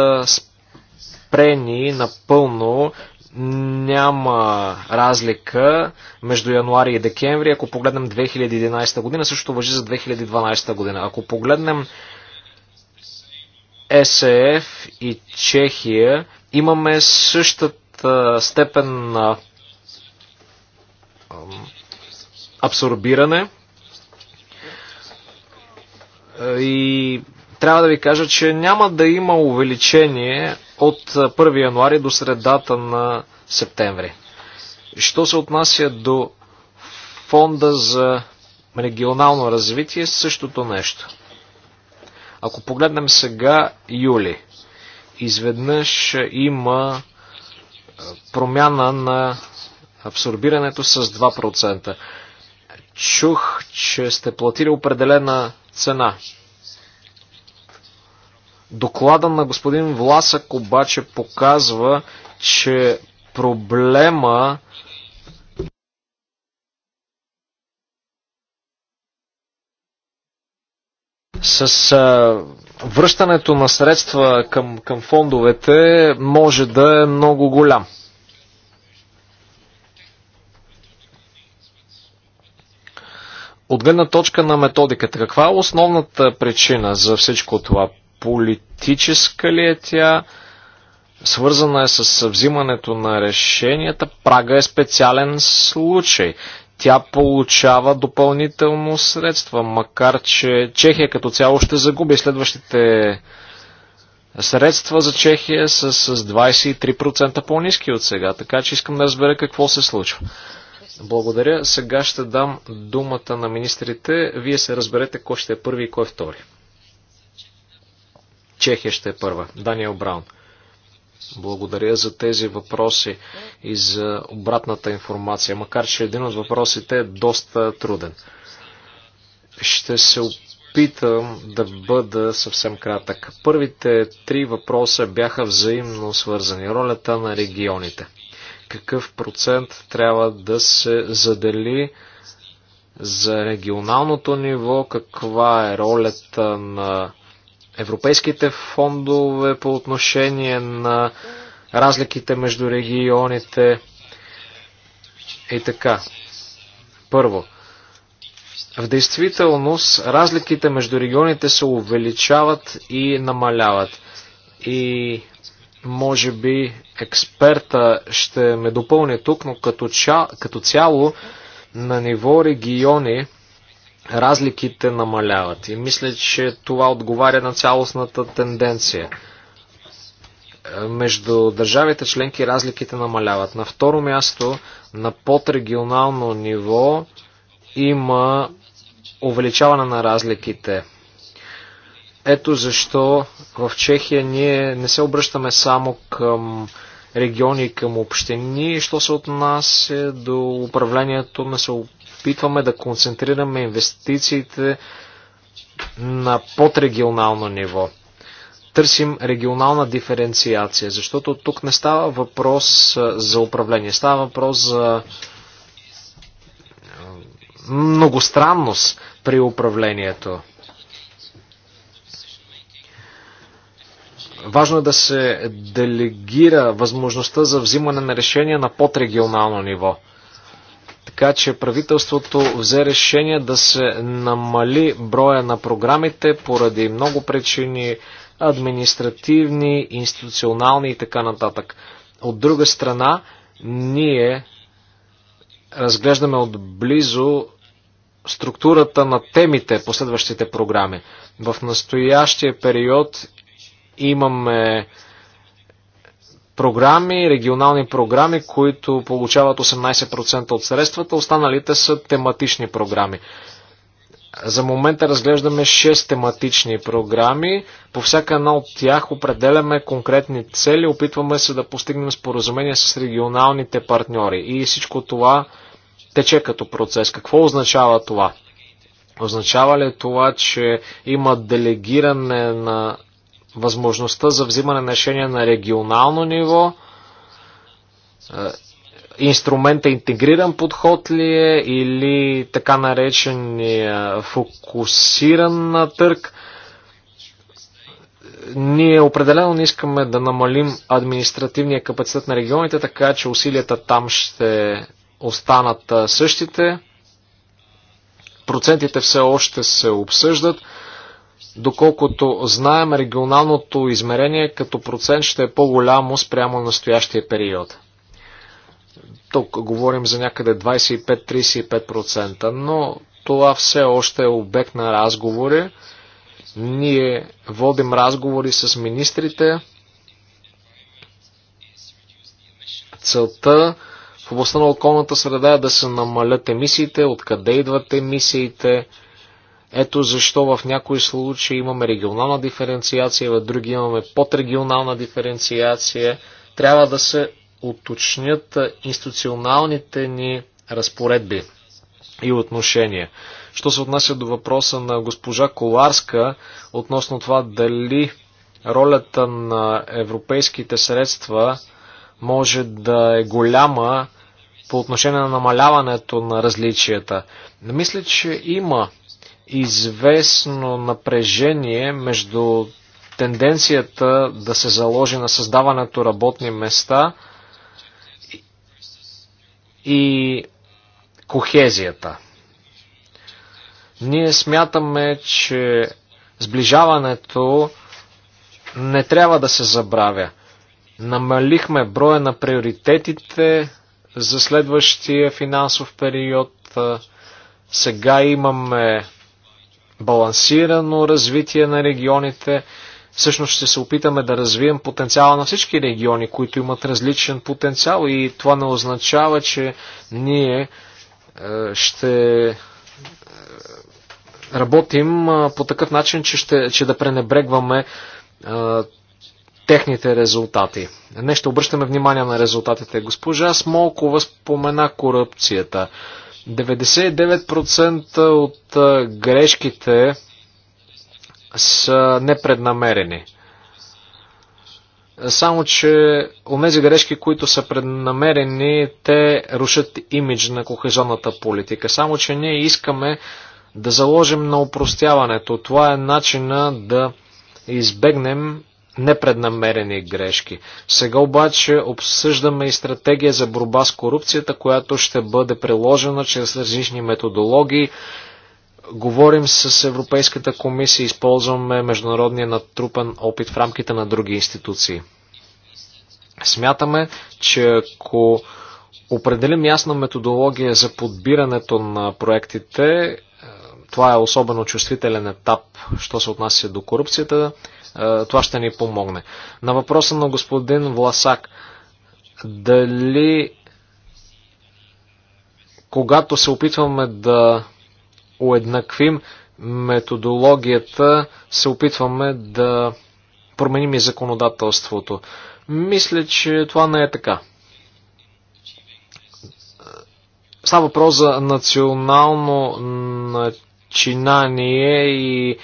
спрени напълно. Няма разлика между януари и декември. Ако погледнем 2011 година, също въжи за 2012 година. Ако погледнем СЕФ и Чехия, имаме същата степен на абсорбиране. И трябва да ви кажа, че няма да има увеличение от 1 януари до средата на септември. Що се отнася до фонда за регионално развитие, същото нещо. Ако погледнем сега юли, изведнъж има промяна на абсорбирането с 2%. Чух, че сте платили определена цена. Доклада на господин Власък обаче показва, че проблема С а, връщането на средства към, към фондовете може да е много голям. От гледна точка на методиката, каква е основната причина за всичко това? Политическа ли е тя? Свързана е с взимането на решенията. Прага е специален случай тя получава допълнително средства, макар че Чехия като цяло ще загуби следващите средства за Чехия са с 23% по-низки от сега, така че искам да разбера какво се случва. Благодаря. Сега ще дам думата на министрите. Вие се разберете кой ще е първи и кой е втори. Чехия ще е първа. Даниел Браун. Благодаря за тези въпроси и за обратната информация, макар че един от въпросите е доста труден. Ще се опитам да бъда съвсем кратък. Първите три въпроса бяха взаимно свързани. Ролята на регионите. Какъв процент трябва да се задели за регионалното ниво? Каква е ролята на европейските фондове по отношение на разликите между регионите и така. Първо, в действителност разликите между регионите се увеличават и намаляват. И може би експерта ще ме допълни тук, но като, ча, като цяло на ниво региони разликите намаляват. И мисля, че това отговаря на цялостната тенденция. Между държавите членки разликите намаляват. На второ място, на подрегионално ниво има увеличаване на разликите. Ето защо в Чехия ние не се обръщаме само към региони и към общини, що се отнася до управлението на опитваме да концентрираме инвестициите на подрегионално ниво. Търсим регионална диференциация, защото тук не става въпрос за управление, става въпрос за многостранност при управлението. Важно е да се делегира възможността за взимане на решения на подрегионално ниво. Така че правителството взе решение да се намали броя на програмите поради много причини административни, институционални и така нататък. От друга страна, ние разглеждаме отблизо структурата на темите последващите програми. В настоящия период имаме програми, регионални програми, които получават 18% от средствата, останалите са тематични програми. За момента разглеждаме 6 тематични програми. По всяка една от тях определяме конкретни цели, опитваме се да постигнем споразумение с регионалните партньори. И всичко това тече като процес. Какво означава това? Означава ли това, че има делегиране на възможността за взимане на решения на регионално ниво, е, инструмента интегриран подход ли е или така наречения фокусиран на търг. Ние определено не искаме да намалим административния капацитет на регионите, така че усилията там ще останат същите. Процентите все още се обсъждат. Доколкото знаем, регионалното измерение като процент ще е по-голямо спрямо настоящия период. Тук говорим за някъде 25-35%, но това все още е обект на разговори. Ние водим разговори с министрите. Целта в областта на околната среда е да се намалят емисиите, откъде идват емисиите, ето защо в някои случаи имаме регионална диференциация, в други имаме подрегионална диференциация. Трябва да се уточнят институционалните ни разпоредби и отношения. Що се отнася до въпроса на госпожа Коларска относно това дали ролята на европейските средства може да е голяма по отношение на намаляването на различията. Мисля, че има известно напрежение между тенденцията да се заложи на създаването работни места и кохезията. Ние смятаме, че сближаването не трябва да се забравя. Намалихме броя на приоритетите за следващия финансов период. Сега имаме балансирано развитие на регионите. Всъщност ще се опитаме да развием потенциала на всички региони, които имат различен потенциал и това не означава, че ние е, ще е, работим по такъв начин, че, ще, че да пренебрегваме е, техните резултати. Не ще обръщаме внимание на резултатите. Госпожа Смолкова спомена корупцията. 99% от грешките са непреднамерени. Само, че онези грешки, които са преднамерени, те рушат имидж на кохезионната политика. Само, че ние искаме да заложим на упростяването. Това е начина да избегнем непреднамерени грешки. Сега обаче обсъждаме и стратегия за борба с корупцията, която ще бъде приложена чрез различни методологии. Говорим с Европейската комисия, използваме международния натрупан опит в рамките на други институции. Смятаме, че ако определим ясна методология за подбирането на проектите, това е особено чувствителен етап, що се отнася до корупцията. Е, това ще ни помогне. На въпроса на господин Власак, дали когато се опитваме да уеднаквим методологията, се опитваме да променим и законодателството. Мисля, че това не е така. Става въпрос за национално начинание и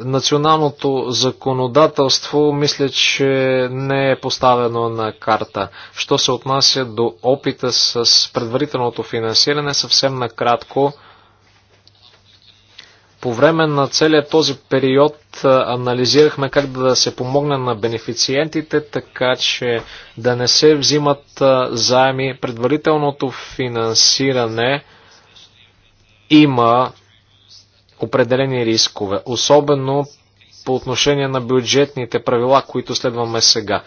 националното законодателство мисля, че не е поставено на карта. Що се отнася до опита с предварителното финансиране, съвсем накратко, по време на целият този период анализирахме как да се помогне на бенефициентите, така че да не се взимат заеми. Предварителното финансиране – има определени рискове, особено по отношение на бюджетните правила, които следваме сега.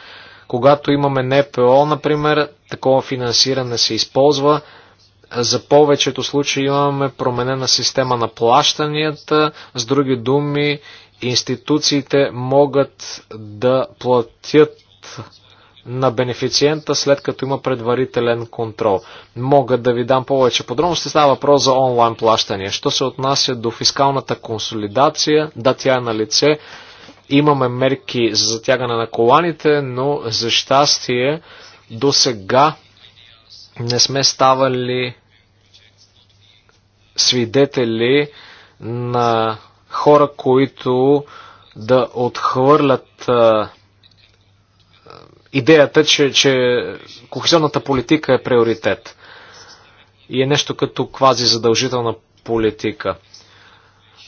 Когато имаме НПО, например, такова финансиране се използва. За повечето случаи имаме променена система на плащанията. С други думи, институциите могат да платят на бенефициента, след като има предварителен контрол. Мога да ви дам повече подробности. Става въпрос за онлайн плащания. Що се отнася до фискалната консолидация, да, тя е на лице. Имаме мерки за затягане на коланите, но за щастие до сега не сме ставали свидетели на хора, които да отхвърлят идеята, че, че кохезионната политика е приоритет и е нещо като квази задължителна политика.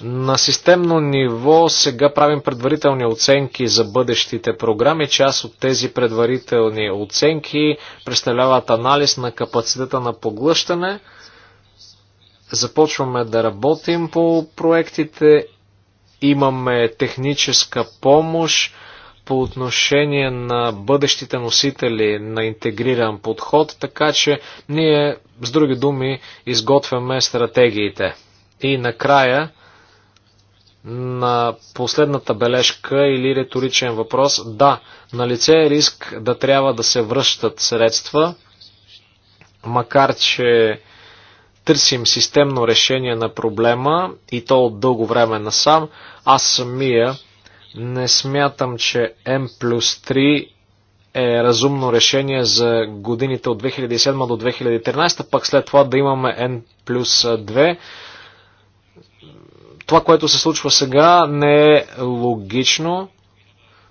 На системно ниво сега правим предварителни оценки за бъдещите програми. Част от тези предварителни оценки представляват анализ на капацитета на поглъщане. Започваме да работим по проектите. Имаме техническа помощ по отношение на бъдещите носители на интегриран подход, така че ние, с други думи, изготвяме стратегиите. И накрая, на последната бележка или риторичен въпрос, да, на лице е риск да трябва да се връщат средства, макар че търсим системно решение на проблема и то от дълго време насам, аз самия не смятам, че M плюс 3 е разумно решение за годините от 2007 до 2013, пък след това да имаме N плюс 2. Това, което се случва сега, не е логично,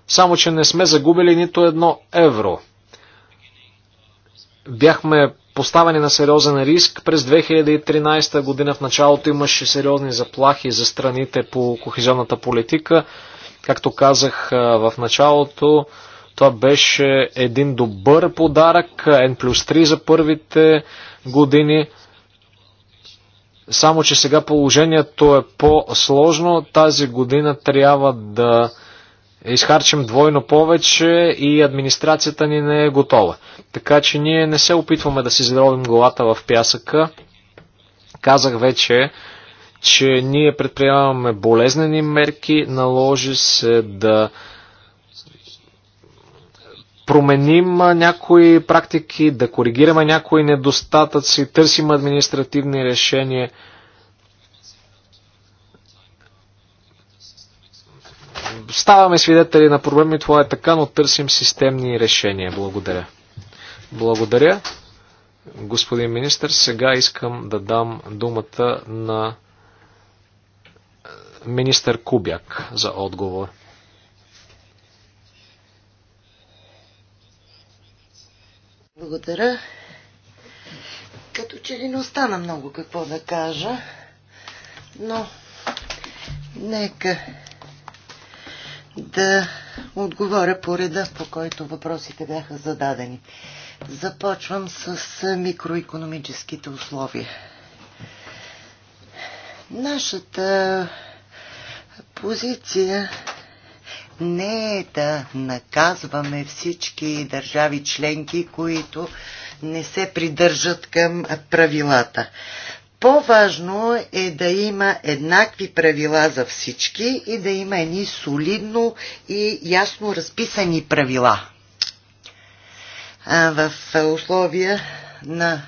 само че не сме загубили нито едно евро. Бяхме поставени на сериозен риск. През 2013 година в началото имаше сериозни заплахи за страните по кохезионната политика. Както казах в началото, това беше един добър подарък, N плюс 3 за първите години. Само, че сега положението е по-сложно. Тази година трябва да изхарчим двойно повече и администрацията ни не е готова. Така че ние не се опитваме да си заровим главата в пясъка. Казах вече, че ние предприемаме болезнени мерки, наложи се да променим някои практики, да коригираме някои недостатъци, търсим административни решения. Ставаме свидетели на проблеми, това е така, но търсим системни решения. Благодаря. Благодаря. Господин министр, сега искам да дам думата на министър Кубяк за отговор. Благодаря. Като че ли не остана много какво да кажа, но нека да отговоря по реда, по който въпросите бяха зададени. Започвам с микроекономическите условия. Нашата позиция не е да наказваме всички държави членки, които не се придържат към правилата. По-важно е да има еднакви правила за всички и да има едни солидно и ясно разписани правила. А в условия на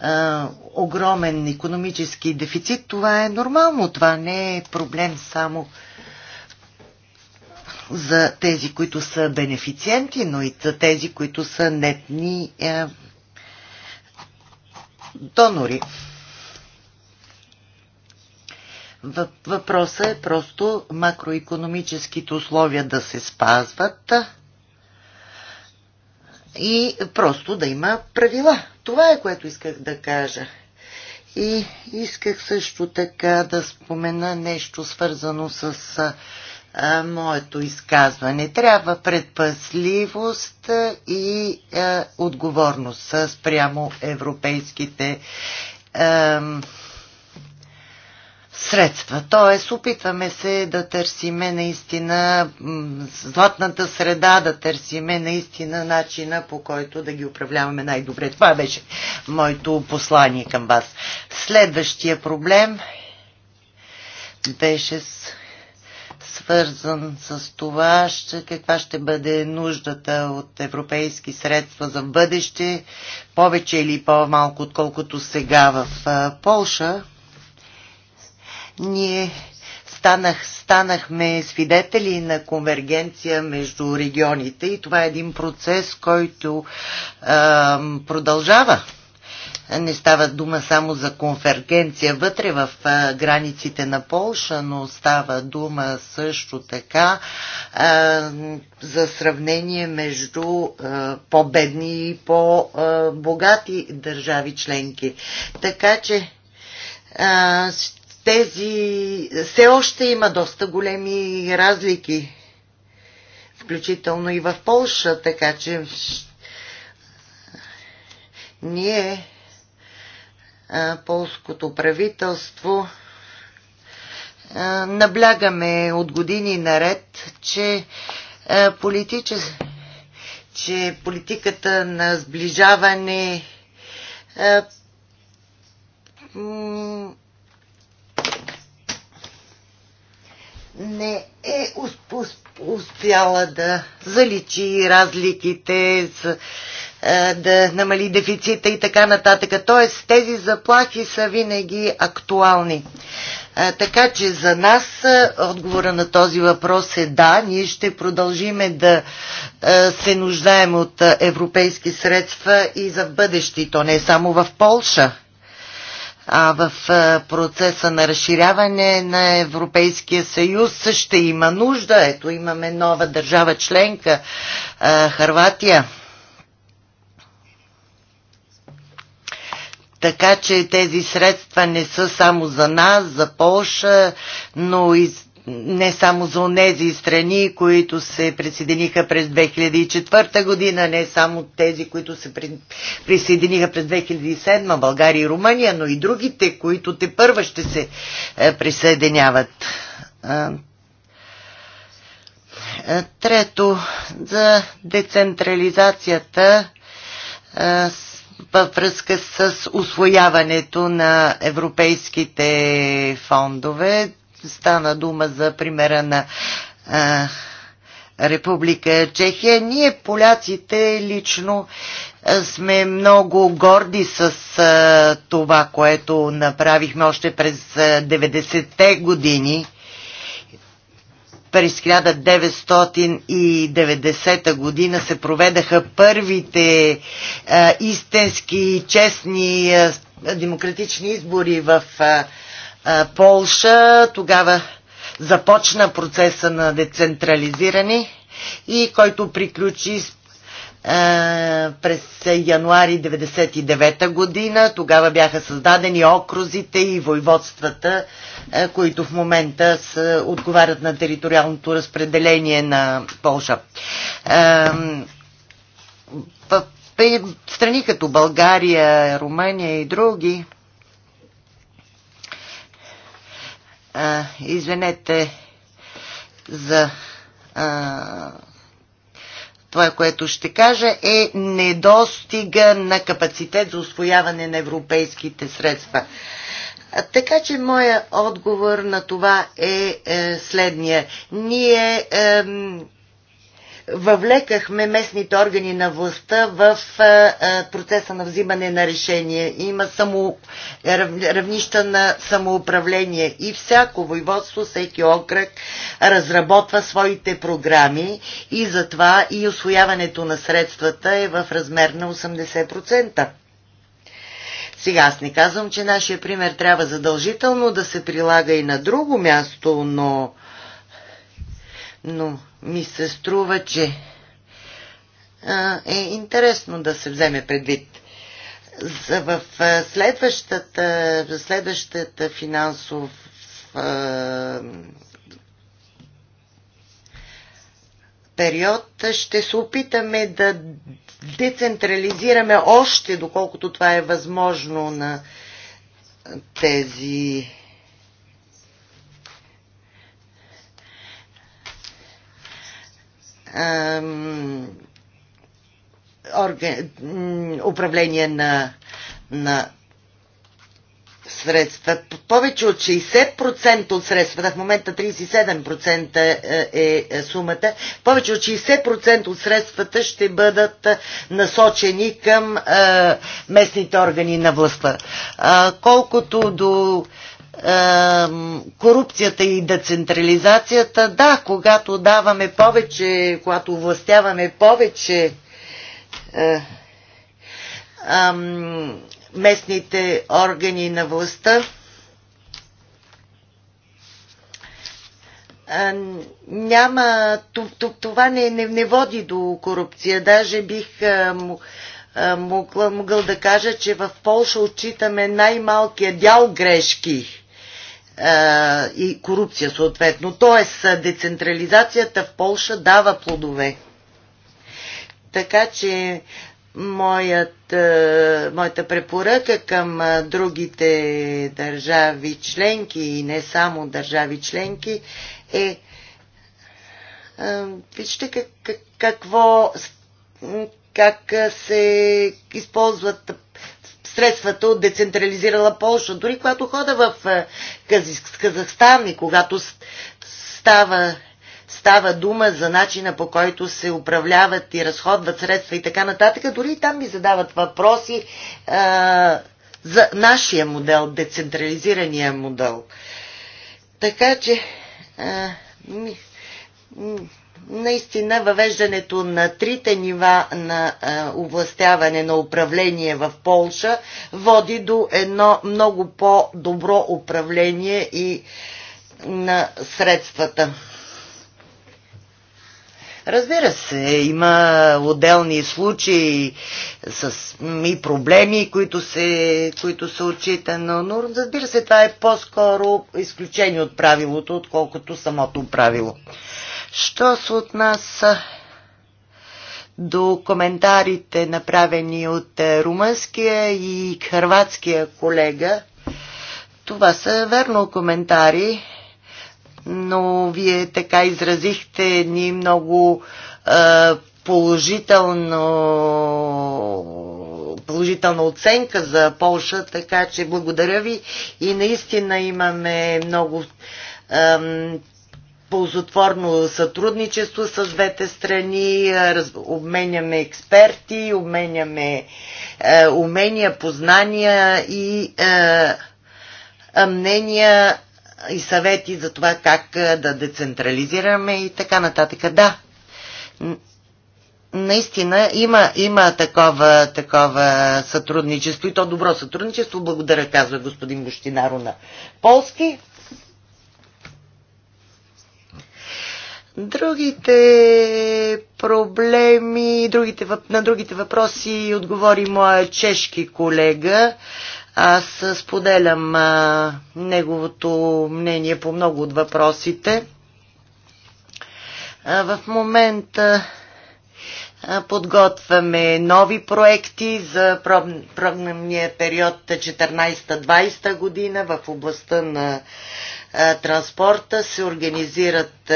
а, огромен економически дефицит, това е нормално. Това не е проблем само за тези, които са бенефициенти, но и за тези, които са нетни а, донори. Въпросът е просто макроекономическите условия да се спазват и просто да има правила. Това е което исках да кажа. И исках също така да спомена нещо свързано с а, моето изказване. Трябва предпасливост и а, отговорност спрямо европейските а, средства. Тоест, опитваме се да търсиме наистина златната среда, да търсиме наистина начина по който да ги управляваме най-добре. Това беше моето послание към вас. Следващия проблем беше с свързан с това, ще, каква ще бъде нуждата от европейски средства за бъдеще, повече или по-малко, отколкото сега в Полша ние станах, станахме свидетели на конвергенция между регионите и това е един процес, който а, продължава. Не става дума само за конвергенция вътре в а, границите на Полша, но става дума също така а, за сравнение между по-бедни и по-богати държави членки. Така че тези все още има доста големи разлики, включително и в Полша, така че ние, полското правителство, наблягаме от години наред, че, политичес... че политиката на сближаване не е успяла да заличи разликите, е, да намали дефицита и така нататък. Тоест тези заплахи са винаги актуални. Е, така че за нас е, отговора на този въпрос е да, ние ще продължиме да се нуждаем от европейски средства и за бъдещи, то не е само в Полша а в процеса на разширяване на Европейския съюз ще има нужда. Ето имаме нова държава членка, Харватия. Така че тези средства не са само за нас, за Полша, но и не само за тези страни, които се присъединиха през 2004 година, не само тези, които се присъединиха през 2007, България и Румъния, но и другите, които те първа ще се е, присъединяват. Трето, за децентрализацията във връзка с освояването на европейските фондове стана дума за примера на а, Република Чехия. Ние, поляците, лично сме много горди с а, това, което направихме още през 90-те години. През 1990 година се проведаха първите а, истински честни а, демократични избори в а, Полша. Тогава започна процеса на децентрализиране и който приключи през януари 1999 година. Тогава бяха създадени окрузите и войводствата, които в момента са, отговарят на териториалното разпределение на Полша. В страни като България, Румъния и други а, извинете за а, това, което ще кажа, е недостига на капацитет за освояване на европейските средства. Така че моя отговор на това е, е следния. Ние е, въвлекахме местните органи на властта в процеса на взимане на решение. Има само, равнища на самоуправление и всяко войводство, всеки окръг разработва своите програми и затова и освояването на средствата е в размер на 80%. Сега аз не казвам, че нашия пример трябва задължително да се прилага и на друго място, но но ми се струва, че е интересно да се вземе предвид. За в следващата, следващата финансов период ще се опитаме да децентрализираме още, доколкото това е възможно на тези орган, управление на, на средства. Повече от 60% от средствата, в момента 37% е, е, е сумата, повече от 60% от средствата ще бъдат е, насочени към местните органи на властта. Колкото до корупцията и децентрализацията, да, когато даваме повече, когато властяваме повече е, местните органи на властта, е, няма, това не, не, не води до корупция. Даже бих е, е, а, могъл, да кажа, че в Полша отчитаме най-малкия дял грешки е, и корупция съответно. Тоест, децентрализацията в Полша дава плодове. Така че моят, е, моята препоръка към е, другите държави членки и не само държави членки е вижте как, как, какво как се използват средствата от децентрализирала Полша. Дори когато хода в е, Казахстан и когато става става дума за начина по който се управляват и разходват средства и така нататък. Дори и там ми задават въпроси а, е, за нашия модел, децентрализирания модел. Така че а, е, ми, наистина въвеждането на трите нива на областяване на управление в Полша води до едно много по-добро управление и на средствата. Разбира се, има отделни случаи с, и проблеми, които се, които се отчита, но, но разбира се, това е по-скоро изключение от правилото, отколкото самото правило. Що се отнася до коментарите, направени от е, румънския и хрватския колега, това са верно коментари, но вие така изразихте ни много е, положително, положителна оценка за Полша, така че благодаря ви и наистина имаме много ползотворно сътрудничество с двете страни, раз, обменяме експерти, обменяме е, умения, познания и е, мнения и съвети за това как е, да децентрализираме и така нататък. Да, наистина има, има такова, такова сътрудничество и то добро сътрудничество. Благодаря, казва господин Бощинаро на Полски. Другите проблеми, другите, на другите въпроси отговори моя чешки колега. Аз споделям а, неговото мнение по много от въпросите. А, в момента а, подготвяме нови проекти за проб, програмния период 14-20 година в областта на транспорта, се организират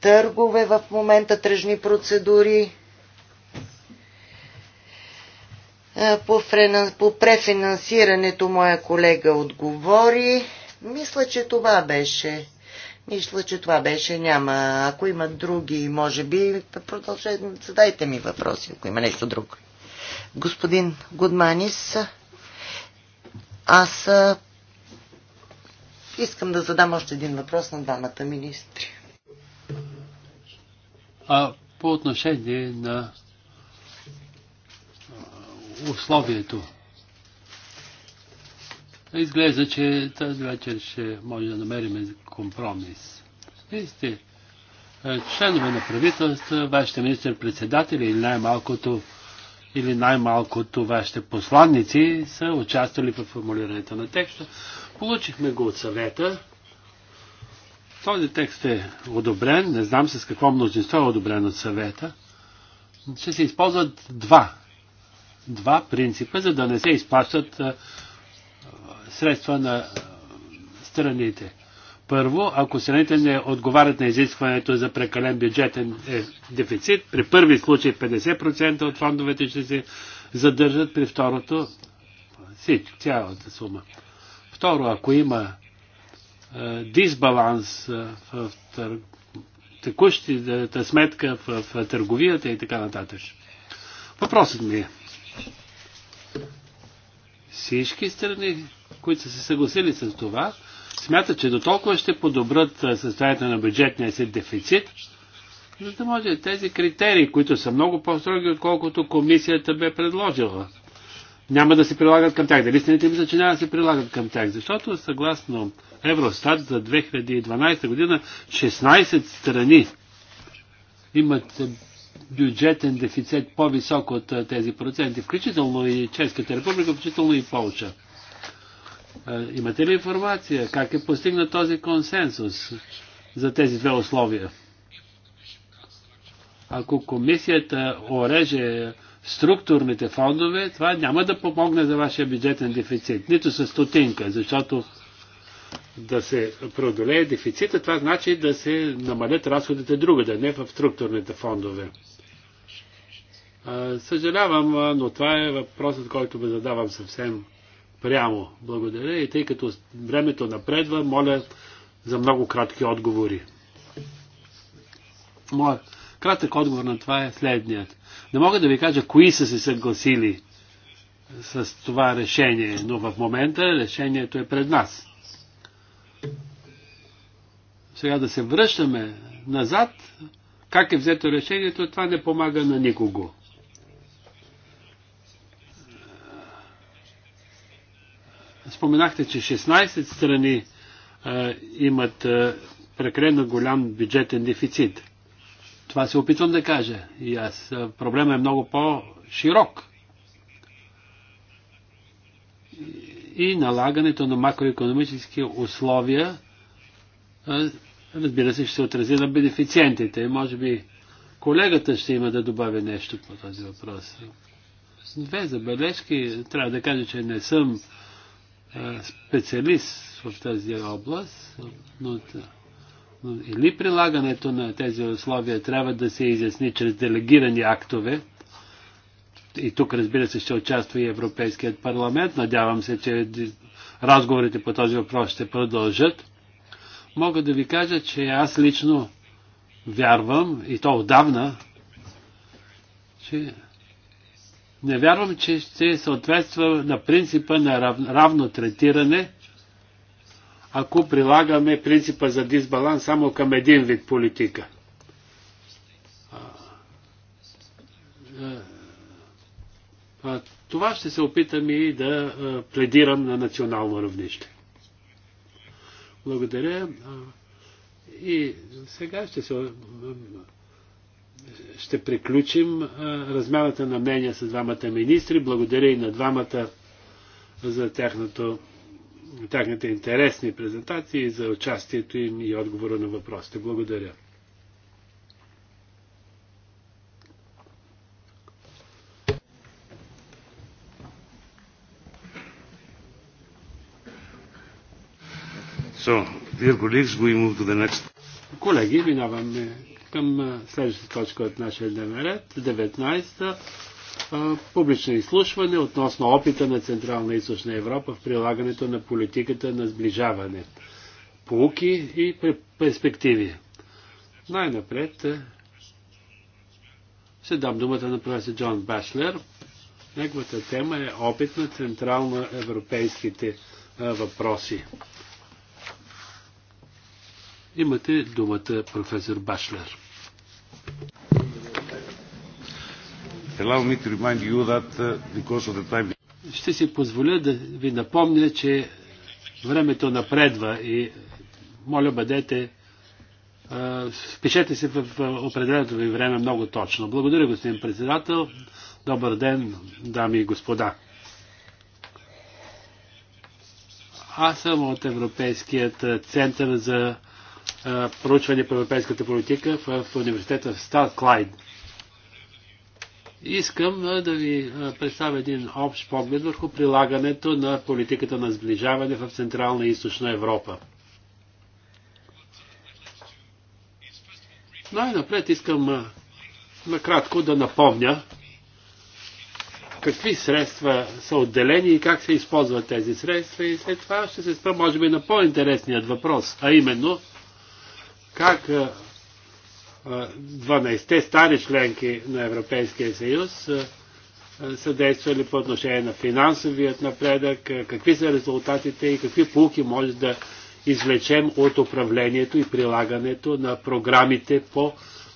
търгове в момента, тръжни процедури. По, префинансирането моя колега отговори. Мисля, че това беше. Мисля, че това беше. Няма. Ако има други, може би, продължете. Задайте ми въпроси, ако има нещо друго. Господин Гудманис, аз Искам да задам още един въпрос на двамата министри. А по отношение на условието, изглежда, че тази вечер ще може да намерим компромис. Вижте, членове на правителства, вашите министър-председатели или най-малкото или най-малкото вашите посланници са участвали в формулирането на текста. Получихме го от съвета. Този текст е одобрен, не знам с какво мнозинство е одобрен от съвета. Ще се използват два, два принципа, за да не се изплащат средства на страните. Първо, ако страните не отговарят на изискването за прекален бюджетен е, дефицит, при първи случай 50% от фондовете ще се задържат, при второто цялата сума. Второ, ако има дисбаланс в текущата сметка в търговията и така нататък. Въпросът ми е. Всички страни, които са се съгласили с това, смятат, че до толкова ще подобрят състоянието на бюджетния си дефицит, за да може тези критерии, които са много по-строги, отколкото комисията бе предложила, няма да се прилагат към тях. Дали стените мисля, че няма да се прилагат към тях? Защото съгласно Евростат за 2012 година 16 страни имат бюджетен дефицит по-висок от тези проценти, включително и Чешката република, включително и Полша. Имате ли информация как е постигнат този консенсус за тези две условия? Ако комисията ореже структурните фондове, това няма да помогне за вашия бюджетен дефицит. Нито с стотинка, защото да се преодолее дефицита, това значи да се намалят разходите друга, да не в структурните фондове. Съжалявам, но това е въпросът, който ви задавам съвсем прямо. Благодаря и тъй като времето напредва, моля за много кратки отговори. Моят Кратък отговор на това е следният. Не мога да ви кажа кои са се съгласили с това решение, но в момента решението е пред нас. Сега да се връщаме назад, как е взето решението, това не помага на никого. Споменахте, че 16 страни а, имат а, прекрено голям бюджетен дефицит. Това се опитвам да кажа. И аз, проблема е много по-широк. И налагането на макроекономически условия, разбира се, ще се отрази на бенефициентите. Може би колегата ще има да добави нещо по този въпрос. Две забележки. Трябва да кажа, че не съм специалист в тази област, но или прилагането на тези условия трябва да се изясни чрез делегирани актове, и тук разбира се ще участва и Европейският парламент, надявам се, че разговорите по този въпрос ще продължат, мога да ви кажа, че аз лично вярвам, и то отдавна, че не вярвам, че ще съответства на принципа на равно третиране – ако прилагаме принципа за дисбаланс само към един вид политика. Е, това ще се опитам и да пледирам на национално равнище. Благодаря. И сега ще се ще приключим размяната на мнения с двамата министри. Благодаря и на двамата за тяхното тяхните интересни презентации, за участието им и отговора на въпросите. Благодаря. So, the next. Колеги, минаваме към следващата точка от нашия дневен ред, 19 та публично изслушване относно опита на Централна и Източна Европа в прилагането на политиката на сближаване, полуки и перспективи. Най-напред е, ще дам думата на професор Джон Башлер. Неговата тема е опит на централно европейските е, въпроси. Имате думата, професор Башлер. Uh, Ще си позволя да ви напомня, че времето напредва и моля бъдете Впишете се в определеното ви време много точно. Благодаря, господин председател. Добър ден, дами и господа. Аз съм от Европейският център за проучване по европейската политика в университета в Стар Клайд. Искам да ви представя един общ поглед върху прилагането на политиката на сближаване в Централна и Източна Европа. Най-напред искам накратко да напомня какви средства са отделени и как се използват тези средства и след това ще се спра, може би, на по-интересният въпрос, а именно как 12-те стари членки на Европейския съюз са действали по отношение на финансовият напредък, какви са резултатите и какви полки може да извлечем от управлението и прилагането на програмите по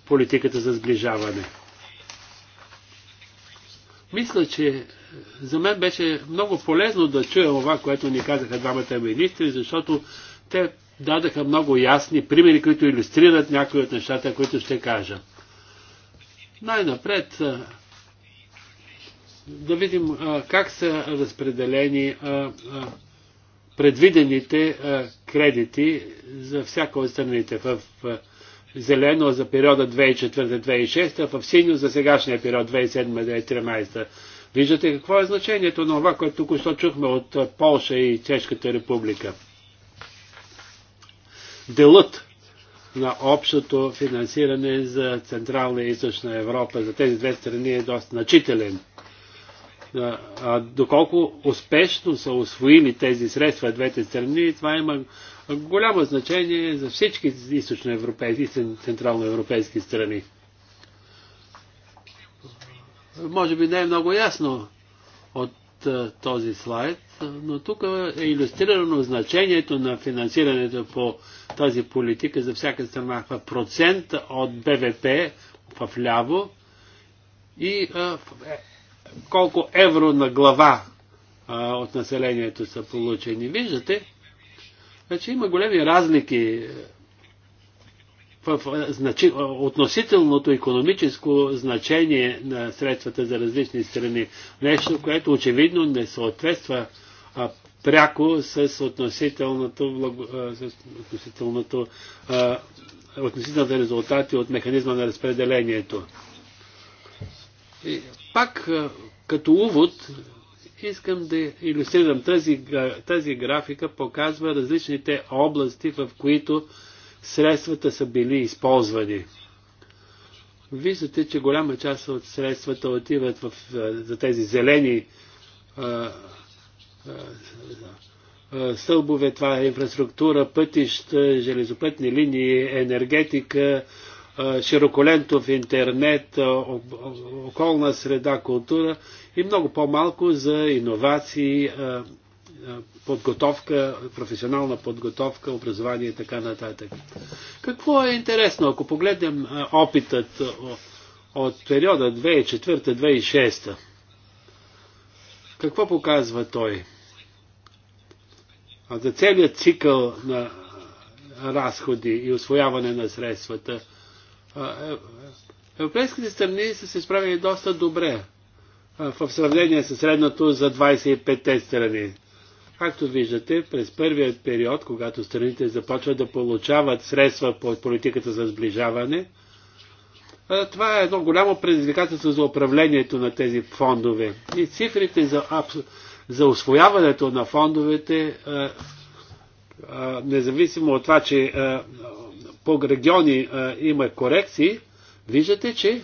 политиката за сближаване. Мисля, че за мен беше много полезно да чуя това, което ни казаха двамата министри, защото те дадаха много ясни примери, които иллюстрират някои от нещата, които ще кажа. Най-напред да видим как са разпределени предвидените кредити за всяка от страните в зелено за периода 2004-2006, в синьо за сегашния период 2007-2013. Виждате какво е значението на това, което тук що чухме от Полша и Чешката република делът на общото финансиране за Централна и Източна Европа, за тези две страни е доста значителен. А доколко успешно са освоили тези средства двете страни, това има голямо значение за всички източноевропейски и централноевропейски страни. Може би не е много ясно от този слайд, но тук е иллюстрирано значението на финансирането по тази политика за всяка страна в процент от БВП в ляво и а, е, колко евро на глава а, от населението са получени. Виждате, че значи, има големи разлики в значи, относителното економическо значение на средствата за различни страни. Нещо, което очевидно не съответства а, пряко с относителното, с относителното а, относителните резултати от механизма на разпределението. И пак като увод искам да иллюстрирам тази, тази графика показва различните области, в които средствата са били използвани. Виждате, че голяма част от средствата отиват в, за тези зелени стълбове, това е инфраструктура, пътища, железопътни линии, енергетика, широколентов интернет, околна среда, култура и много по-малко за иновации, подготовка, професионална подготовка, образование и така нататък. Какво е интересно, ако погледнем опитът от периода 2004-2006? Какво показва той? А за целият цикъл на разходи и освояване на средствата, е, е, европейските страни са се справили доста добре в сравнение с средното за 25-те страни. Както виждате, през първият период, когато страните започват да получават средства по политиката за сближаване, е, това е едно голямо предизвикателство за управлението на тези фондове. И цифрите за, за освояването на фондовете, е, е, независимо от това, че по региони има корекции, виждате, че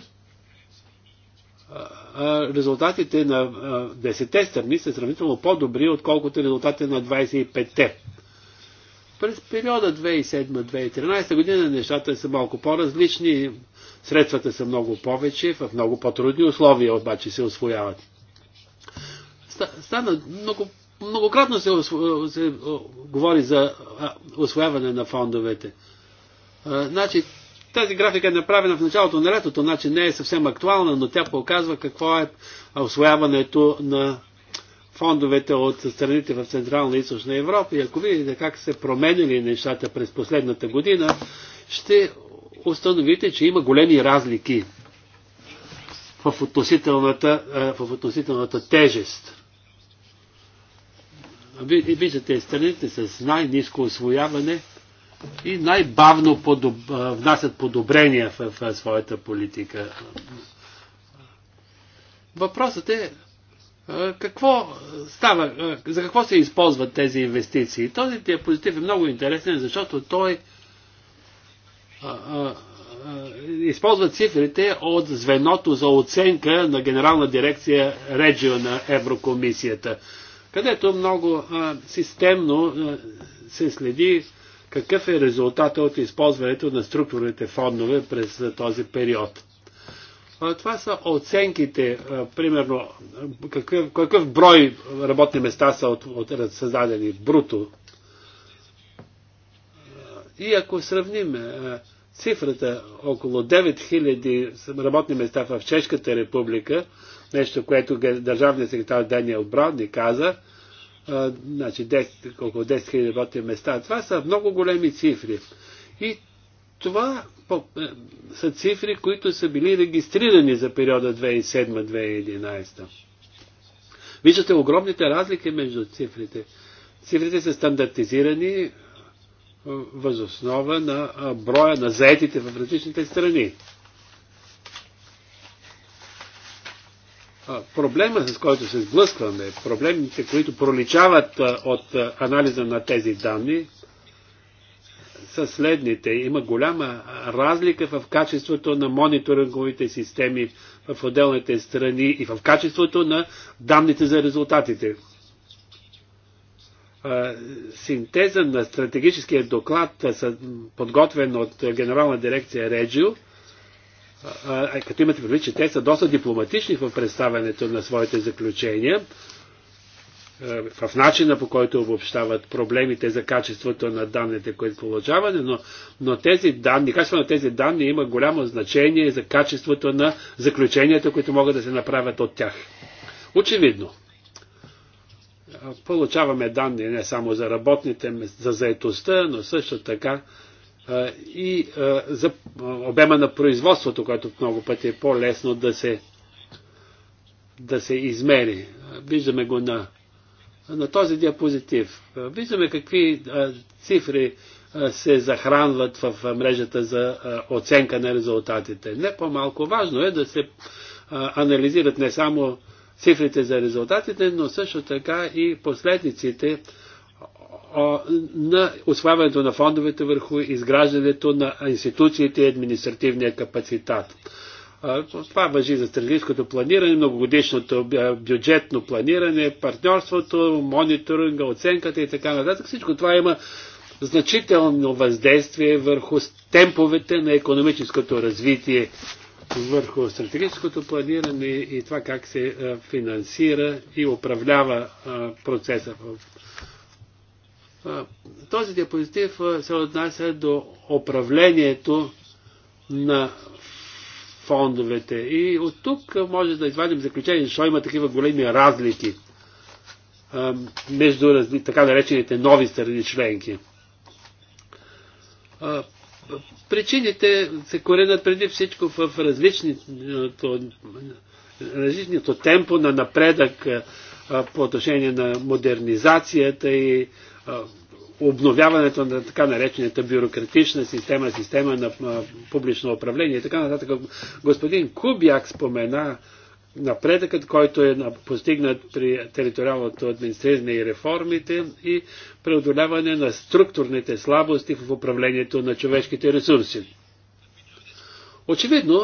резултатите на 10-те страни са сравнително по-добри, отколкото резултатите на 25-те. През периода 2007-2013 година нещата са малко по-различни. Средствата са много повече, в много по-трудни условия обаче се освояват. Стана много, многократно се, осво, се говори за освояване на фондовете. Значи, тази графика е направена в началото на лятото, значи не е съвсем актуална, но тя показва какво е освояването на фондовете от страните в Централна и Източна Европа. И ако видите как се променили нещата през последната година, ще установите, че има големи разлики в относителната, е, в относителната тежест. Виждате страните с най-низко освояване и най-бавно подоб... Е, внасят подобрения в, в своята политика. Въпросът е, е какво става, за какво се използват тези инвестиции. Този диапозитив е много интересен, защото той използват цифрите от звеното за оценка на генерална дирекция Реджио на Еврокомисията, където много системно се следи какъв е резултата от използването на структурните фондове през този период. това са оценките, примерно какъв, какъв брой работни места са от, от създадени бруто. И ако сравним Цифрата около 9000 работни места в Чешката република, нещо, което държавният секретар Даниел Браун ни каза, а, значи 10, около 10 000 работни места. Това са много големи цифри. И това е, са цифри, които са били регистрирани за периода 2007-2011. Виждате огромните разлики между цифрите. Цифрите са стандартизирани, възоснова на броя на заетите в различните страни. Проблема, с който се сблъскваме, проблемите, които проличават от анализа на тези данни, са следните. Има голяма разлика в качеството на мониторинговите системи в отделните страни и в качеството на данните за резултатите, синтеза на стратегическия доклад, е, подготвен от Генерална дирекция Реджио, е, като имате предвид, че те са доста дипломатични в представянето на своите заключения, в начина по който обобщават проблемите за качеството на данните, които получаваме, но, но тези данни, качеството на тези данни има голямо значение за качеството на заключенията, които могат да се направят от тях. Очевидно получаваме данни не само за работните, за заетостта, но също така и за обема на производството, което много пъти е по-лесно да се, да се измери. Виждаме го на, на този диапозитив. Виждаме какви цифри се захранват в мрежата за оценка на резултатите. Не по-малко важно е да се анализират не само цифрите за резултатите, но също така и последиците на освояването на фондовете върху изграждането на институциите и административния капацитат. Това въжи за стратегическото планиране, многогодишното бюджетно планиране, партньорството, мониторинга, оценката и така нататък. Всичко това има значително въздействие върху темповете на економическото развитие върху стратегическото планиране и това как се е, финансира и управлява е, процеса. Е, този диапозитив се отнася до управлението на фондовете. И от тук може да извадим заключение, защото има такива големи разлики между така наречените нови страни членки. Причините се коренят преди всичко в различното, различното темпо на напредък по отношение на модернизацията и обновяването на така наречената бюрократична система, система на публично управление и така нататък. Господин Кубяк спомена напредъкът, който е постигнат при териториалното администриране и реформите и преодоляване на структурните слабости в управлението на човешките ресурси. Очевидно,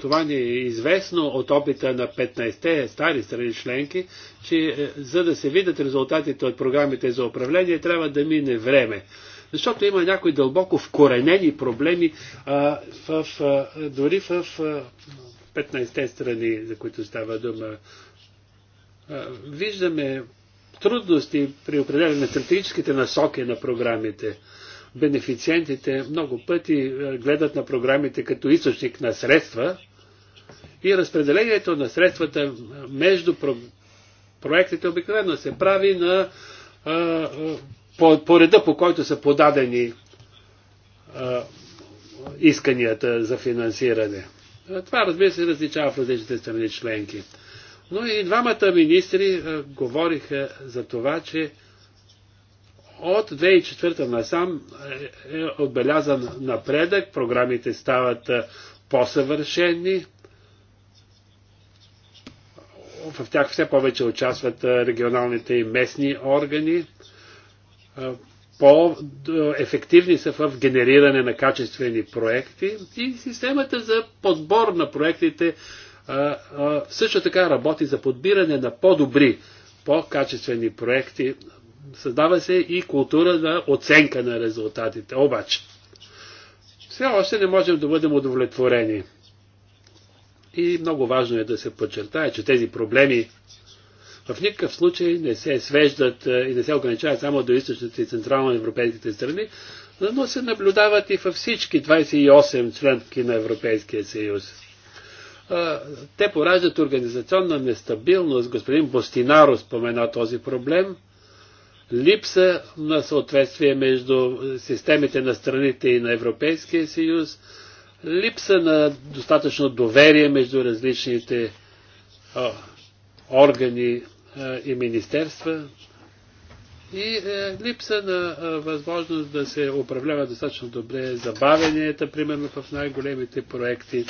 това ни е известно от опита на 15-те стари страни членки, че е, за да се видят резултатите от програмите за управление, трябва да мине време. Защото има някои дълбоко вкоренени проблеми а, в, а, дори в а, 15-те страни, за които става дума, виждаме трудности при определяне на стратегическите насоки на програмите. Бенефициентите много пъти гледат на програмите като източник на средства и разпределението на средствата между проектите обикновено се прави на, по, по реда, по който са подадени исканията за финансиране. Това, разбира се, различава в различните страни членки. Но и двамата министри говориха за това, че от 2004 насам е, е отбелязан напредък, програмите стават по-съвършени, в тях все повече участват регионалните и местни органи по-ефективни са в генериране на качествени проекти и системата за подбор на проектите също така работи за подбиране на по-добри, по-качествени проекти. Създава се и култура на оценка на резултатите. Обаче, все още не можем да бъдем удовлетворени. И много важно е да се подчертае, че тези проблеми в никакъв случай не се свеждат и не се ограничават само до източните и централно европейските страни, но се наблюдават и във всички 28 членки на Европейския съюз. Те пораждат организационна нестабилност. Господин Бостинаро спомена този проблем. Липса на съответствие между системите на страните и на Европейския съюз. Липса на достатъчно доверие между различните органи и министерства и е, липса на възможност да се управлява достатъчно добре забавенията, примерно в най-големите проекти,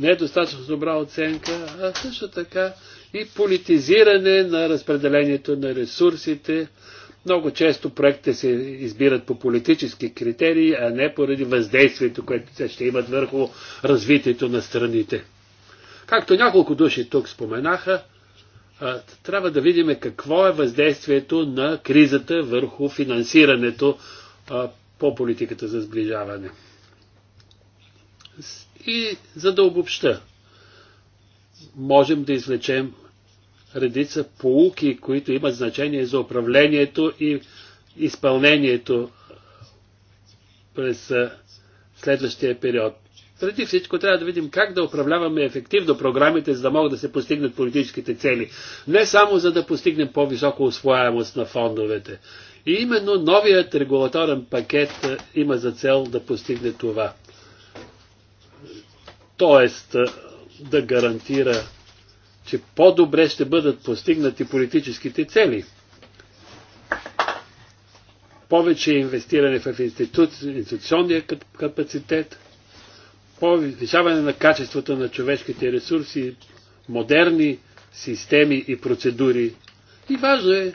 не е достатъчно добра оценка, а също така и политизиране на разпределението на ресурсите. Много често проектите се избират по политически критерии, а не поради въздействието, което те ще имат върху развитието на страните. Както няколко души тук споменаха, трябва да видим какво е въздействието на кризата върху финансирането по политиката за сближаване. И за да обобща, можем да извлечем редица полуки, които имат значение за управлението и изпълнението през следващия период преди всичко трябва да видим как да управляваме ефективно програмите, за да могат да се постигнат политическите цели. Не само за да постигнем по-висока освояемост на фондовете. И именно новият регулаторен пакет е, има за цел да постигне това. Тоест е, да гарантира, че по-добре ще бъдат постигнати политическите цели повече инвестиране в институционния капацитет, повишаване на качеството на човешките ресурси, модерни системи и процедури. И важно е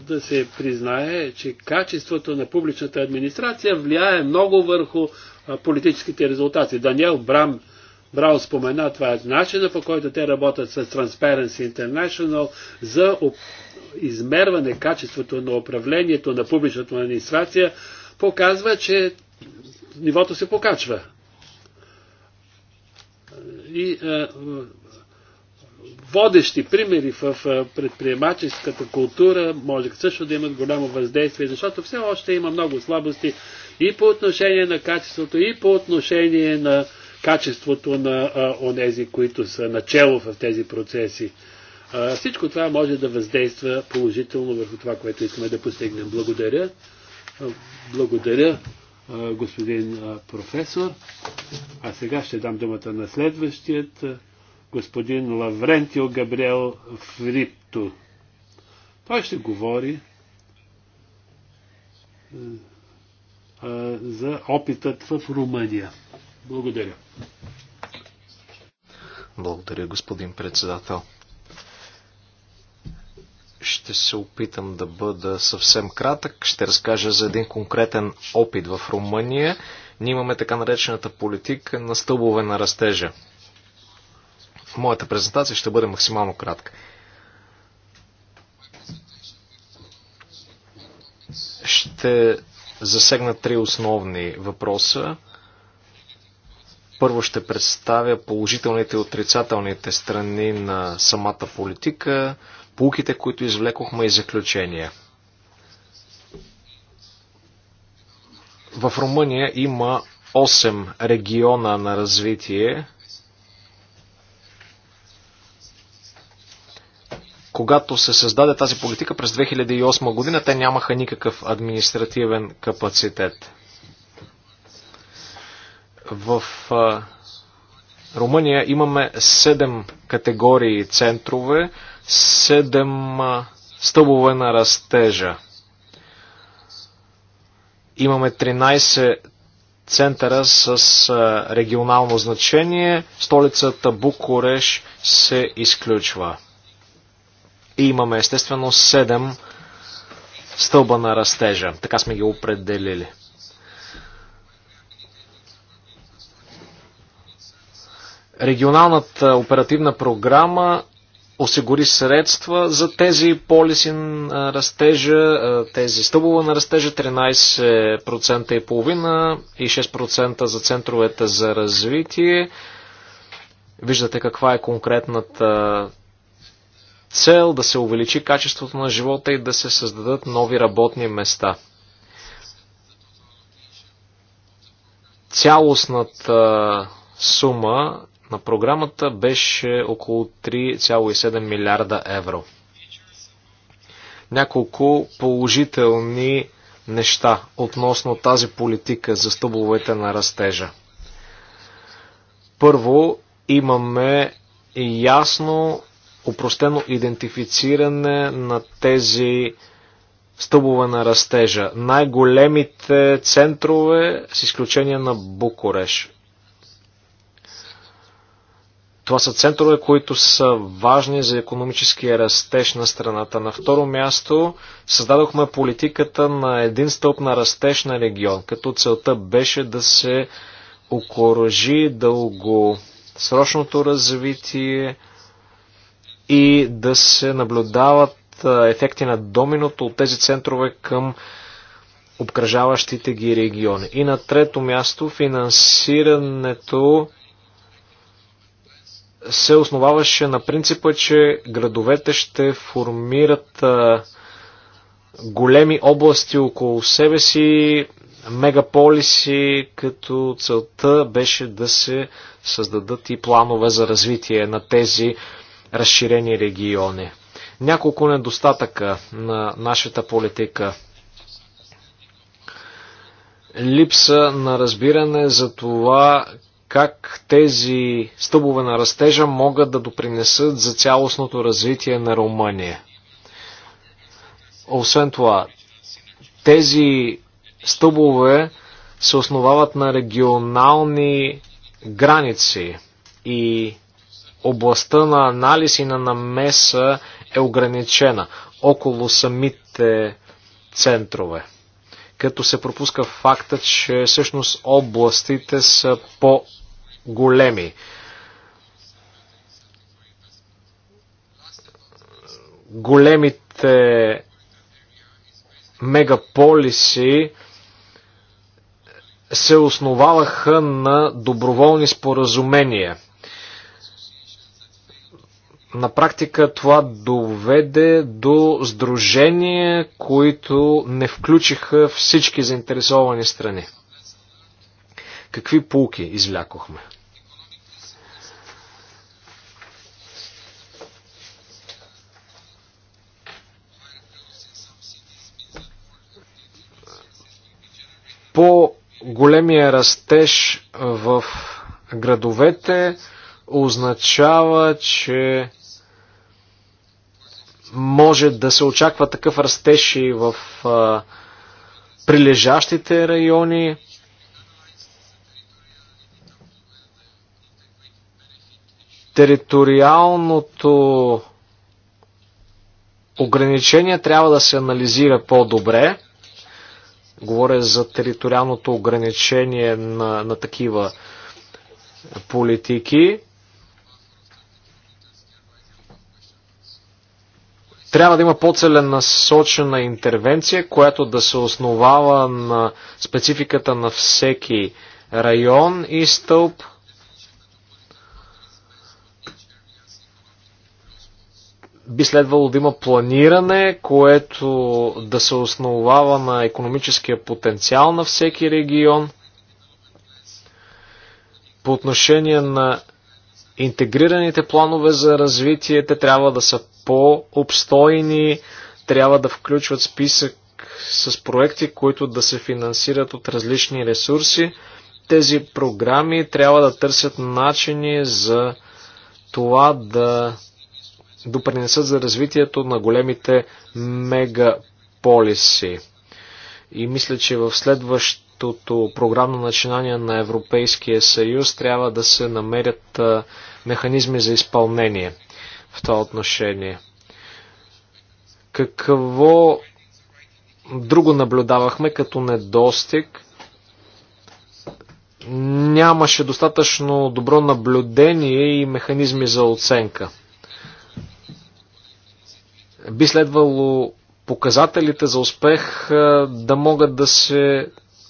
да се признае, че качеството на публичната администрация влияе много върху политическите резултати. Даниел Брам Браун спомена, това е начина по който те работят с Transparency International за измерване качеството на управлението на публичната администрация, показва, че нивото се покачва. И а, е, водещи примери в е, предприемаческата култура може също да имат голямо въздействие, защото все още има много слабости и по отношение на качеството, и по отношение на качеството на а, е, онези, които са начало в тези процеси. А, всичко това може да въздейства положително върху това, което искаме да постигнем. Благодаря. Благодаря господин професор. А сега ще дам думата на следващият, господин Лаврентио Габриел Фрипто. Той ще говори за опитът в Румъния. Благодаря. Благодаря, господин председател. Ще се опитам да бъда съвсем кратък. Ще разкажа за един конкретен опит в Румъния. Ние имаме така наречената политика на стълбове на растежа. В моята презентация ще бъде максимално кратка. Ще засегна три основни въпроса. Първо ще представя положителните и отрицателните страни на самата политика пулките, които извлекохме и заключения. В Румъния има 8 региона на развитие. Когато се създаде тази политика през 2008 година, те нямаха никакъв административен капацитет. В Румъния имаме 7 категории центрове, седем стълбове на растежа. Имаме 13 центъра с регионално значение. Столицата Букуреш се изключва. И имаме естествено 7 стълба на растежа. Така сме ги определили. Регионалната оперативна програма осигури средства за тези полиси на растежа, тези стъбове на растежа 13% и половина и 6% за центровете за развитие. Виждате каква е конкретната цел да се увеличи качеството на живота и да се създадат нови работни места. Цялостната сума на програмата беше около 3,7 милиарда евро. Няколко положителни неща относно тази политика за стъбовете на растежа. Първо, имаме ясно, упростено идентифициране на тези стъбове на растежа. Най-големите центрове, с изключение на Букуреш. Това са центрове, които са важни за економическия растеж на страната. На второ място създадохме политиката на един стълб на растеж на регион, като целта беше да се окоръжи дългосрочното развитие и да се наблюдават ефекти на доминото от тези центрове към обкръжаващите ги региони. И на трето място финансирането се основаваше на принципа, че градовете ще формират големи области около себе си, мегаполиси, като целта беше да се създадат и планове за развитие на тези разширени региони. Няколко недостатъка на нашата политика. Липса на разбиране за това как тези стъбове на растежа могат да допринесат за цялостното развитие на Румъния. Освен това, тези стъбове се основават на регионални граници и областта на анализ и на намеса е ограничена около самите центрове. Като се пропуска факта, че всъщност областите са по големи. Големите мегаполиси се основаваха на доброволни споразумения. На практика това доведе до сдружения, които не включиха всички заинтересовани страни. Какви полки извлякохме? по-големия растеж в градовете означава, че може да се очаква такъв растеж и в а, прилежащите райони. Териториалното ограничение трябва да се анализира по-добре. Говоря за териториалното ограничение на, на такива политики. Трябва да има по-целенасочена интервенция, която да се основава на спецификата на всеки район и стълб. би следвало да има планиране, което да се основава на економическия потенциал на всеки регион. По отношение на интегрираните планове за развитие, те трябва да са по-обстойни, трябва да включват списък с проекти, които да се финансират от различни ресурси. Тези програми трябва да търсят начини за това да допринесат за развитието на големите мегаполиси. И мисля, че в следващото програмно начинание на Европейския съюз трябва да се намерят механизми за изпълнение в това отношение. Какво друго наблюдавахме като недостиг? Нямаше достатъчно добро наблюдение и механизми за оценка би следвало показателите за успех да могат да се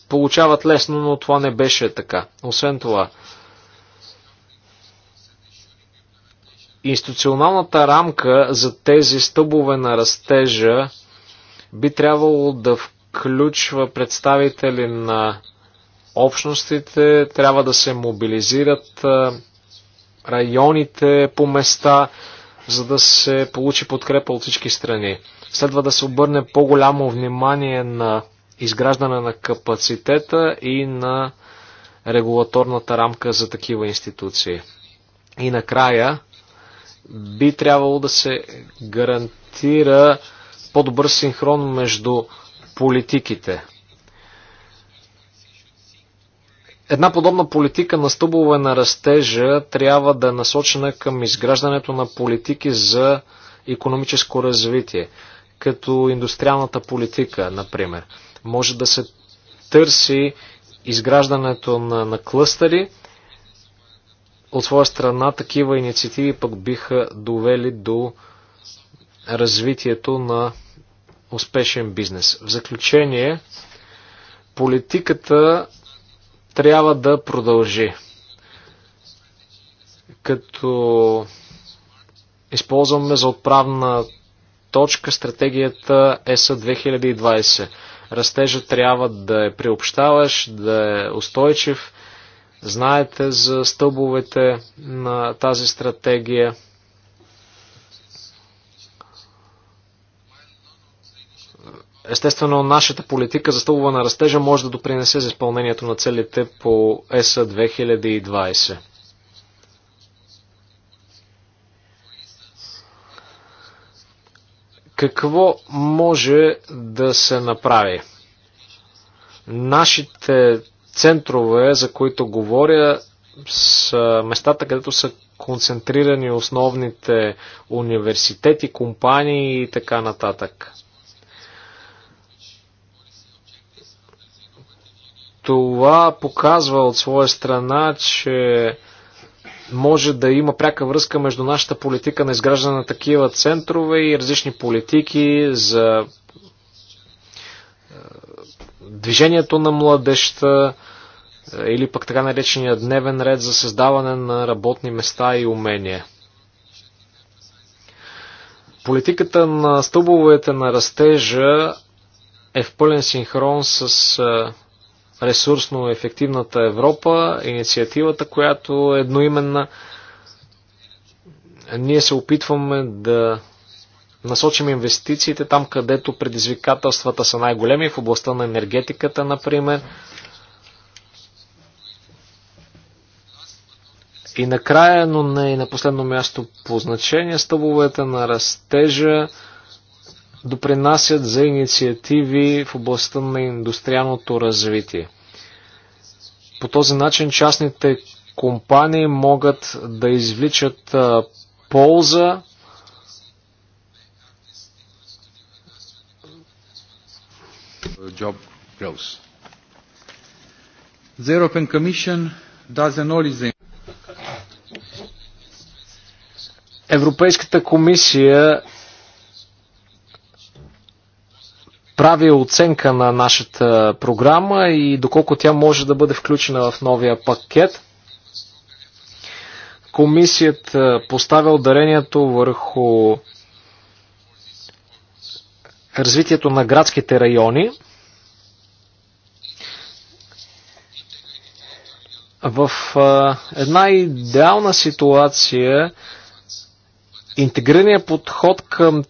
получават лесно, но това не беше така. Освен това, институционалната рамка за тези стъбове на растежа би трябвало да включва представители на общностите, трябва да се мобилизират районите по места, за да се получи подкрепа от всички страни. Следва да се обърне по-голямо внимание на изграждане на капацитета и на регулаторната рамка за такива институции. И накрая би трябвало да се гарантира по-добър синхрон между политиките. Една подобна политика на стъбове на растежа трябва да е насочена към изграждането на политики за економическо развитие, като индустриалната политика, например. Може да се търси изграждането на, на клъстери. От своя страна такива инициативи пък биха довели до развитието на успешен бизнес. В заключение, политиката трябва да продължи. Като използваме за отправна точка стратегията ЕСА 2020. Растежа трябва да е приобщаваш, да е устойчив. Знаете за стълбовете на тази стратегия. Естествено, нашата политика за стълбова на растежа може да допринесе за изпълнението на целите по ЕСА 2020. Какво може да се направи? Нашите центрове, за които говоря, са местата, където са концентрирани основните университети, компании и така нататък. Това показва от своя страна, че може да има пряка връзка между нашата политика на изграждане на такива центрове и различни политики за е, движението на младеща е, или пък така наречения дневен ред за създаване на работни места и умения. Политиката на стълбовете на растежа е в пълен синхрон с е, ресурсно ефективната Европа, инициативата, която е едноименна. Ние се опитваме да насочим инвестициите там, където предизвикателствата са най-големи, в областта на енергетиката, например. И накрая, но не и на последно място по значение, стъбовете на растежа допринасят за инициативи в областта на индустриалното развитие. По този начин частните компании могат да извличат полза job growth. The European Commission does Европейската комисия прави оценка на нашата програма и доколко тя може да бъде включена в новия пакет. Комисията е, поставя ударението върху развитието на градските райони. В е, една идеална ситуация интегрирания подход към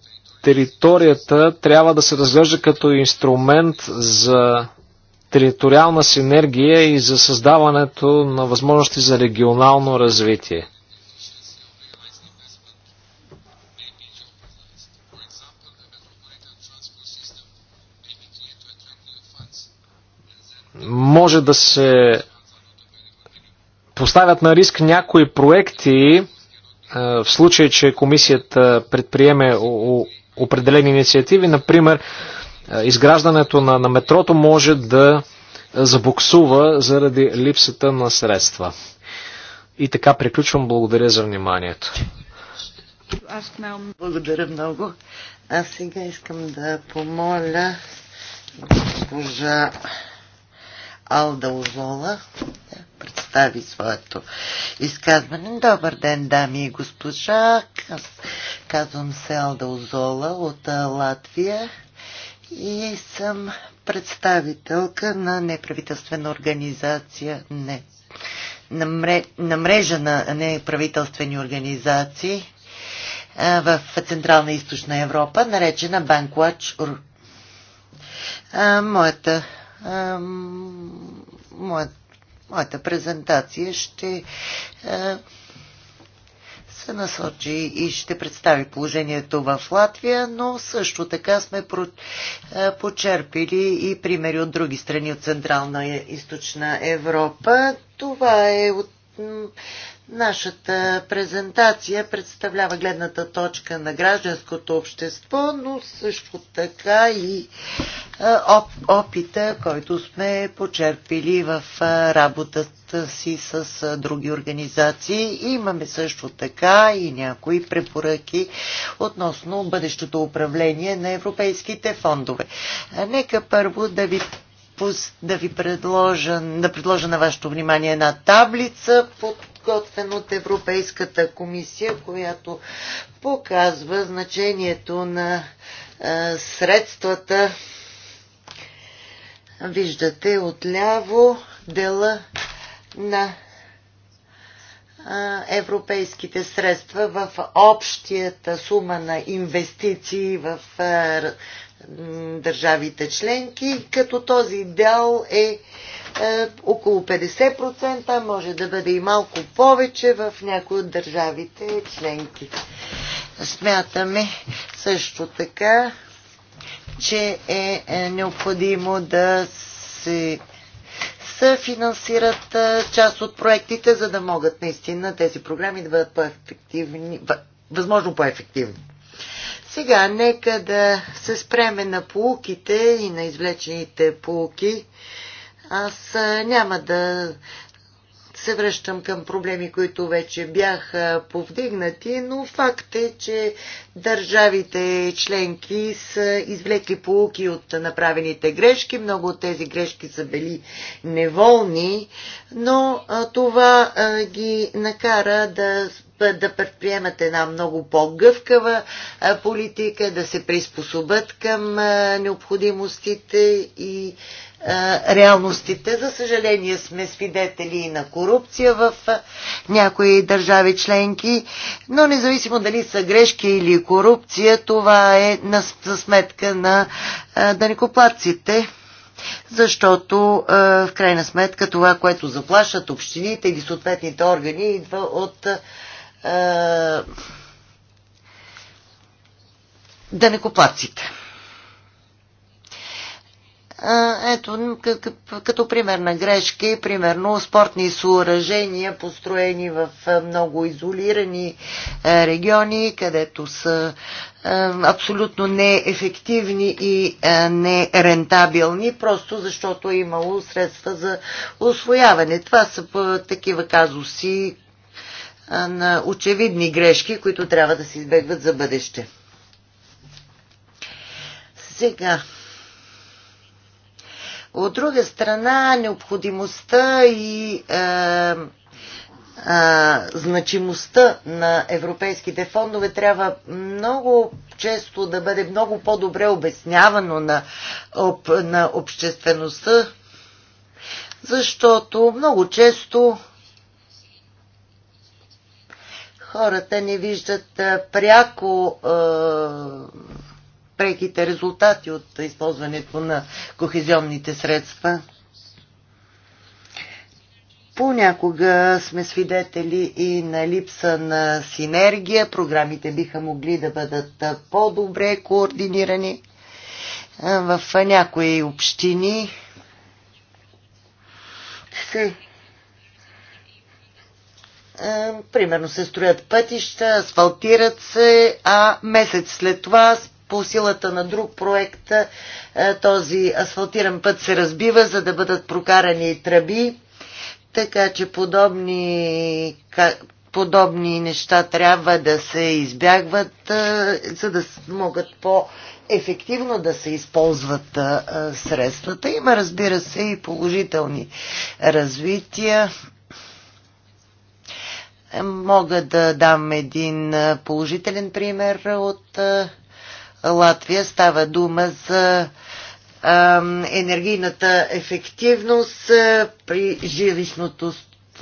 територията трябва да се разглежда като инструмент за териториална синергия и за създаването на възможности за регионално развитие. Може да се поставят на риск някои проекти, в случай, че комисията предприеме определени инициативи. Например, изграждането на, на метрото може да забуксува заради липсата на средства. И така приключвам. Благодаря за вниманието. Аз много благодаря много. Аз сега искам да помоля госпожа Алда Озола представи своето изказване. Добър ден, дами и госпожа. Аз казвам се Алда Озола от Латвия и съм представителка на неправителствена организация не, на, мрежа на неправителствени организации в Централна и Източна Европа, наречена Банквач. Моята моят моята презентация ще е, се насочи и ще представи положението в Латвия, но също така сме е, почерпили и примери от други страни от Централна и Източна Европа. Това е от Нашата презентация представлява гледната точка на гражданското общество, но също така и опита, който сме почерпили в работата си с други организации. Имаме също така и някои препоръки относно бъдещото управление на европейските фондове. Нека първо да ви да ви предложа, да предложа на вашето внимание една таблица, под изготвен от Европейската комисия, която показва значението на а, средствата. Виждате отляво дела на европейските средства в общията сума на инвестиции в държавите членки, като този дял е е, около 50%, може да бъде и малко повече в някои от държавите членки. Смятаме също така, че е, е необходимо да се съфинансират е, част от проектите, за да могат наистина тези програми да бъдат по-ефективни, възможно по-ефективни. Сега, нека да се спреме на полуките и на извлечените полуки аз няма да се връщам към проблеми, които вече бяха повдигнати, но факт е, че държавите членки са извлекли полуки от направените грешки. Много от тези грешки са били неволни, но това ги накара да е, да предприемат една много по-гъвкава е, политика, да се приспособят към е, необходимостите и реалностите. За съжаление сме свидетели и на корупция в някои държави членки, но независимо дали са грешки или корупция, това е за сметка на данекоплаците защото в крайна сметка това, което заплащат общините или съответните органи, идва от да е, данекоплаците. Е, ето, като пример на грешки, примерно спортни съоръжения, построени в е, много изолирани региони, където са абсолютно неефективни и нерентабилни, просто защото е имало средства за освояване. Това са такива казуси, на очевидни грешки, които трябва да се избегват за бъдеще. Сега, от друга страна, необходимостта и е, е, значимостта на европейските фондове трябва много често да бъде много по-добре обяснявано на, об, на обществеността, защото много често хората не виждат пряко е, преките резултати от използването на кохезионните средства. Понякога сме свидетели и на липса на синергия. Програмите биха могли да бъдат по-добре координирани в някои общини. Се е, примерно се строят пътища, асфалтират се, а месец след това по силата на друг проект е, този асфалтиран път се разбива, за да бъдат прокарани тръби. Така че подобни, подобни неща трябва да се избягват, е, за да могат по-ефективно да се използват средствата. Има, разбира се, и положителни развития Мога да дам един положителен пример от Латвия. Става дума за енергийната ефективност при жилищното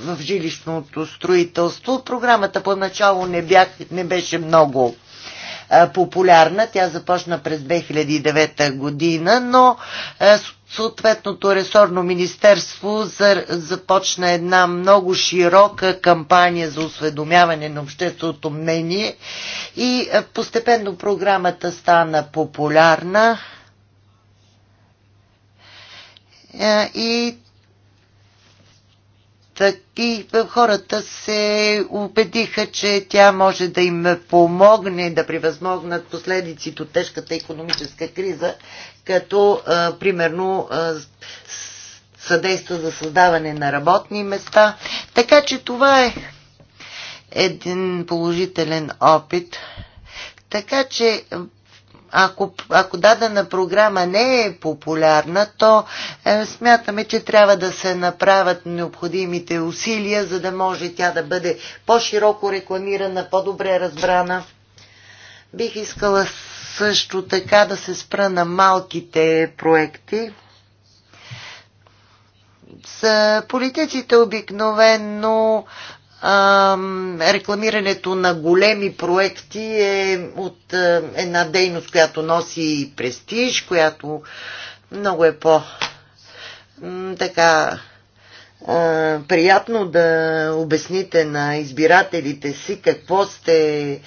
в жилищното строителство. Програмата поначало не, бях, не беше много популярна. Тя започна през 2009 година, но съответното ресорно министерство започна една много широка кампания за осведомяване на общественото мнение и е, постепенно програмата стана популярна е, и и е, хората се убедиха, че тя може да им помогне да превъзмогнат последиците от тежката економическа криза, като а, е, примерно а, е, съдейства за създаване на работни места. Така че това е един положителен опит. Така че ако, ако дадена програма не е популярна, то е, смятаме, че трябва да се направят необходимите усилия, за да може тя да бъде по-широко рекламирана, по-добре разбрана. Бих искала също така да се спра на малките проекти. С политиците обикновено рекламирането на големи проекти е от е, една дейност, която носи престиж, която много е по така приятно да обясните на избирателите си какво сте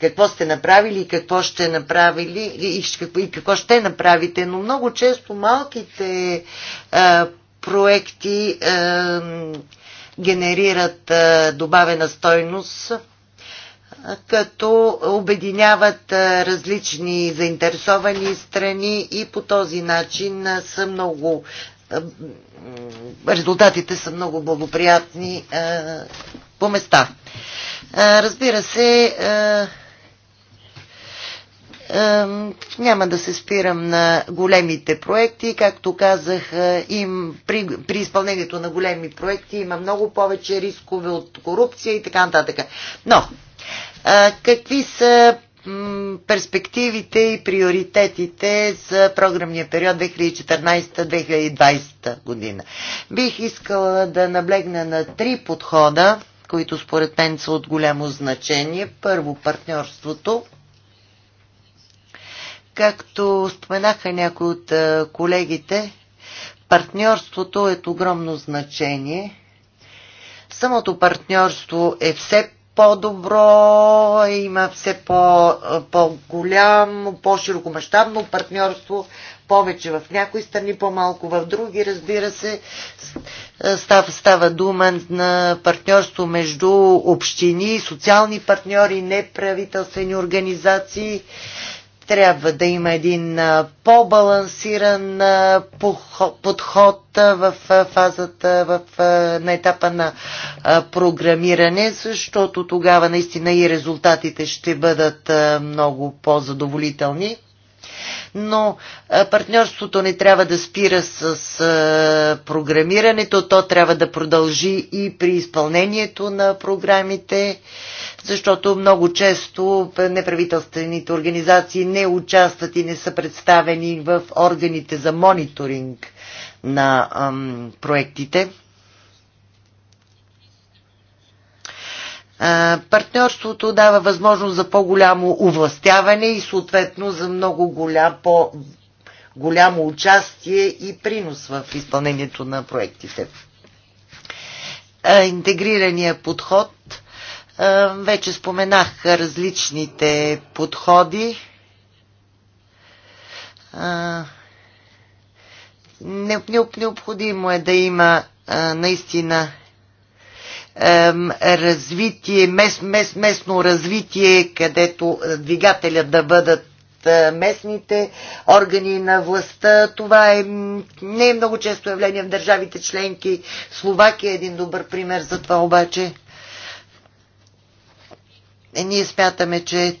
какво сте направили, какво ще направили и какво, и какво ще направите, но много често малките а, проекти а, генерират добавена стойност, като обединяват различни заинтересовани страни и по този начин са много резултатите са много благоприятни по места. Разбира се, няма да се спирам на големите проекти. Както казах, им, при, при изпълнението на големи проекти има много повече рискове от корупция и така нататък. Но, какви са перспективите и приоритетите за програмния период 2014-2020 година. Бих искала да наблегна на три подхода, които според мен са от голямо значение. Първо, партньорството Както споменаха някои от колегите, партньорството е от огромно значение. Самото партньорство е все по-добро, има все по-голямо, -по по-широкомащабно партньорство, повече в някои страни, по-малко в други, разбира се. Става, става дума на партньорство между общини, социални партньори, неправителствени организации трябва да има един по-балансиран подход в фазата, в, на етапа на програмиране, защото тогава наистина и резултатите ще бъдат много по-задоволителни но партньорството не трябва да спира с програмирането, то трябва да продължи и при изпълнението на програмите, защото много често неправителствените организации не участват и не са представени в органите за мониторинг на проектите. Партньорството дава възможност за по-голямо овластяване и съответно за много голям, по голямо участие и принос в изпълнението на проектите. Интегрирания подход. Вече споменах различните подходи. Необходимо е да има наистина развитие, мест, мест, местно развитие, където е, двигателя да бъдат е, местните органи на властта. Това е, не е много често явление в държавите членки. Словакия е един добър пример за това обаче. Е, ние смятаме, че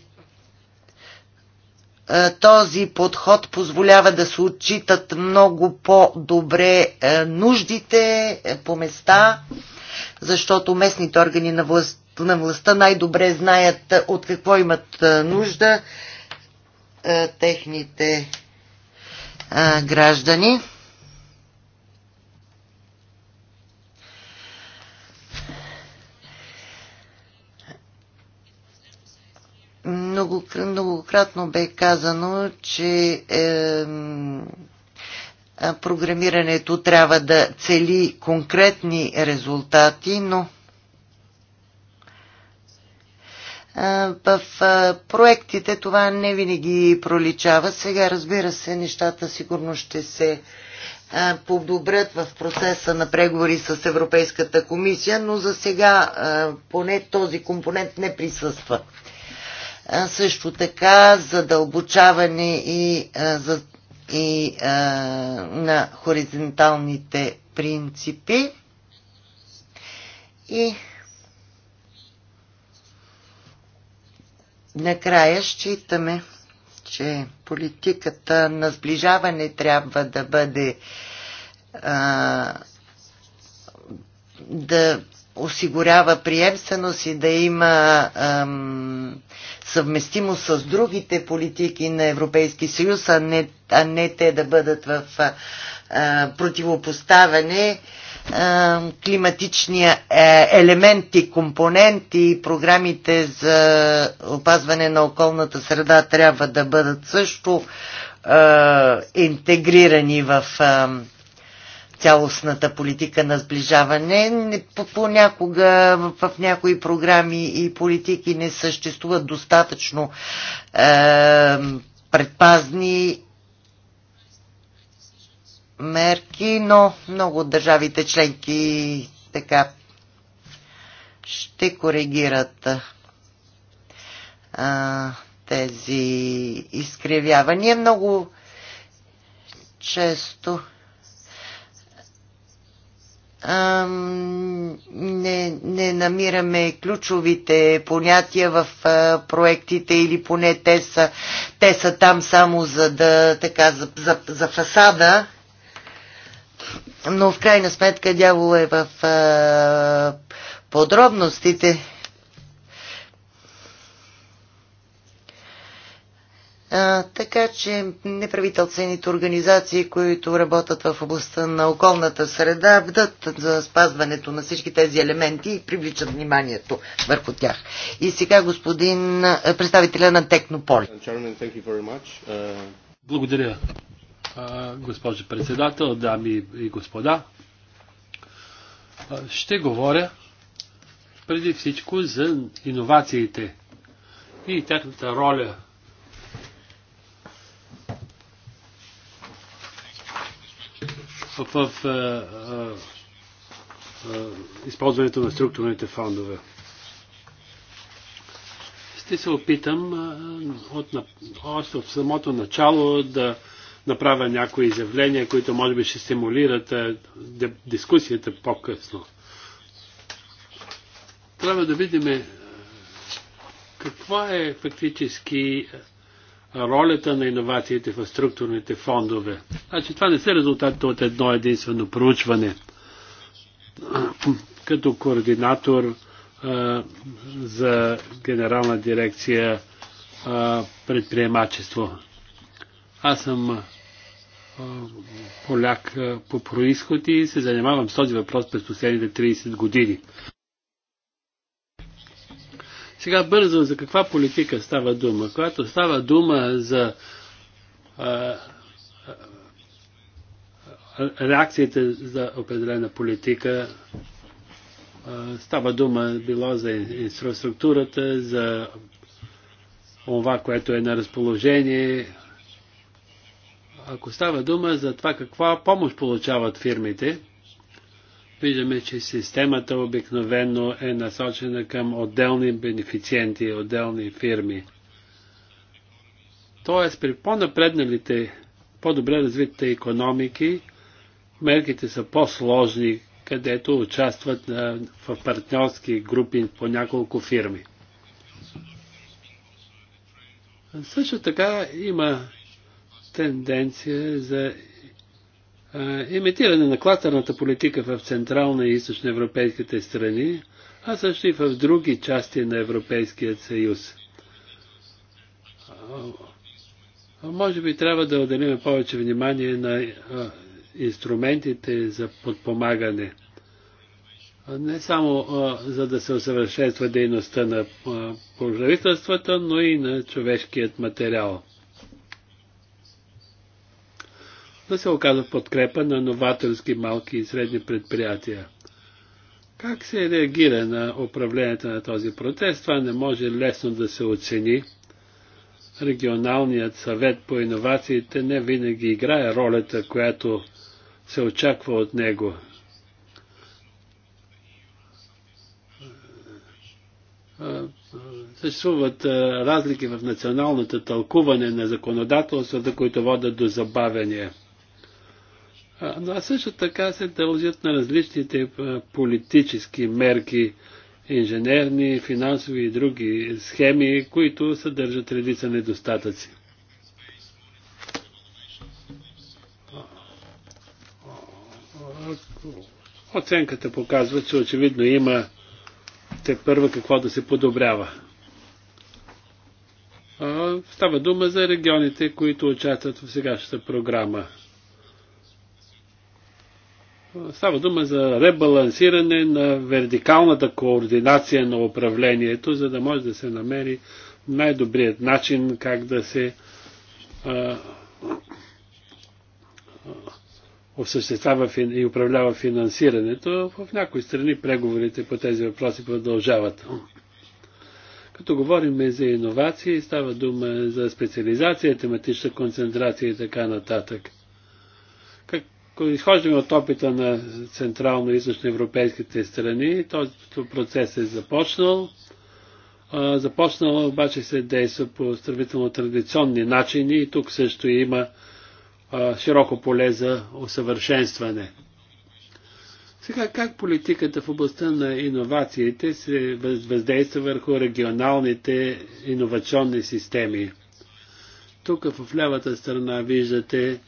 е, този подход позволява да се отчитат много по-добре е, нуждите е, по места, защото местните органи на, власт, на властта най-добре знаят от какво имат нужда техните граждани. Много, многократно бе казано, че е, програмирането трябва да цели конкретни резултати, но в проектите това не винаги проличава. Сега, разбира се, нещата сигурно ще се подобрят в процеса на преговори с Европейската комисия, но за сега поне този компонент не присъства също така задълбочаване и, а, и а, на хоризонталните принципи. И накрая считаме, че политиката на сближаване трябва да бъде а, да осигурява приемственост и да има а, съвместимо с другите политики на Европейски съюз, а не, а не те да бъдат в а, противопоставяне климатичния елемент и компонент и програмите за опазване на околната среда трябва да бъдат също интегрирани в цялостната политика на сближаване. Понякога в някои програми и политики не съществуват достатъчно е, предпазни мерки, но много от държавите членки така ще коригират а, е, тези изкривявания. Много често не, не намираме ключовите понятия в проектите или поне те са, те са там само за, да, така, за, за, за фасада, но в крайна сметка дявол е в а, подробностите. А, така че неправителствените организации, които работят в областта на околната среда, бдат за спазването на всички тези елементи и привличат вниманието върху тях. И сега господин представителя на Технополи. Uh, Благодаря, госпожо председател, дами и господа. Ще говоря преди всичко за иновациите и тяхната роля в е, е, е, използването на структурните фондове. Ще се опитам от, още от самото начало да направя някои изявления, които може би ще стимулират дискусията по-късно. Трябва да видим какво е фактически ролята на иновациите в структурните фондове. Значи това не са резултат от едно единствено проучване. Като координатор а, за генерална дирекция а, предприемачество. Аз съм а, поляк а, по происход и се занимавам с този въпрос през последните 30 години. Сега бързо за каква политика става дума? Когато става дума за а, а, реакциите за определена политика, а, става дума било за инфраструктурата, за това, което е на разположение. Ако става дума за това каква помощ получават фирмите, Виждаме, че системата обикновено е насочена към отделни бенефициенти, отделни фирми. Тоест, при по-напредналите, по-добре развитите економики, мерките са по-сложни, където участват в партньорски групи по няколко фирми. Също така има тенденция за имитиране на клатърната политика в Централна и Източна европейските страни, а също и в други части на Европейския съюз. Може би трябва да отделим повече внимание на инструментите за подпомагане. Не само за да се усъвършенства дейността на правителствата, но и на човешкият материал. да се оказва подкрепа на новаторски малки и средни предприятия. Как се реагира на управлението на този процес? Това не може лесно да се оцени. Регионалният съвет по иновациите не винаги играе ролята, която се очаква от него. Съществуват разлики в националното тълкуване на законодателството, които водят до забавяния. Но също така се дължат на различните политически мерки, инженерни, финансови и други схеми, които съдържат редица недостатъци. Оценката показва, че очевидно има те първа какво да се подобрява. Става дума за регионите, които участват в сегашната програма. Става дума за ребалансиране на вертикалната координация на управлението, за да може да се намери най-добрият начин как да се а, осъществява и управлява финансирането. В някои страни преговорите по тези въпроси продължават. Като говорим за иновации, става дума за специализация, тематична концентрация и така нататък. Ако изхождаме от опита на централно европейските страни, този процес е започнал. Започнал обаче се действа по сравнително традиционни начини и тук също има широко поле за усъвършенстване. Сега как политиката в областта на иновациите се въздейства върху регионалните иновационни системи? Тук в лявата страна виждате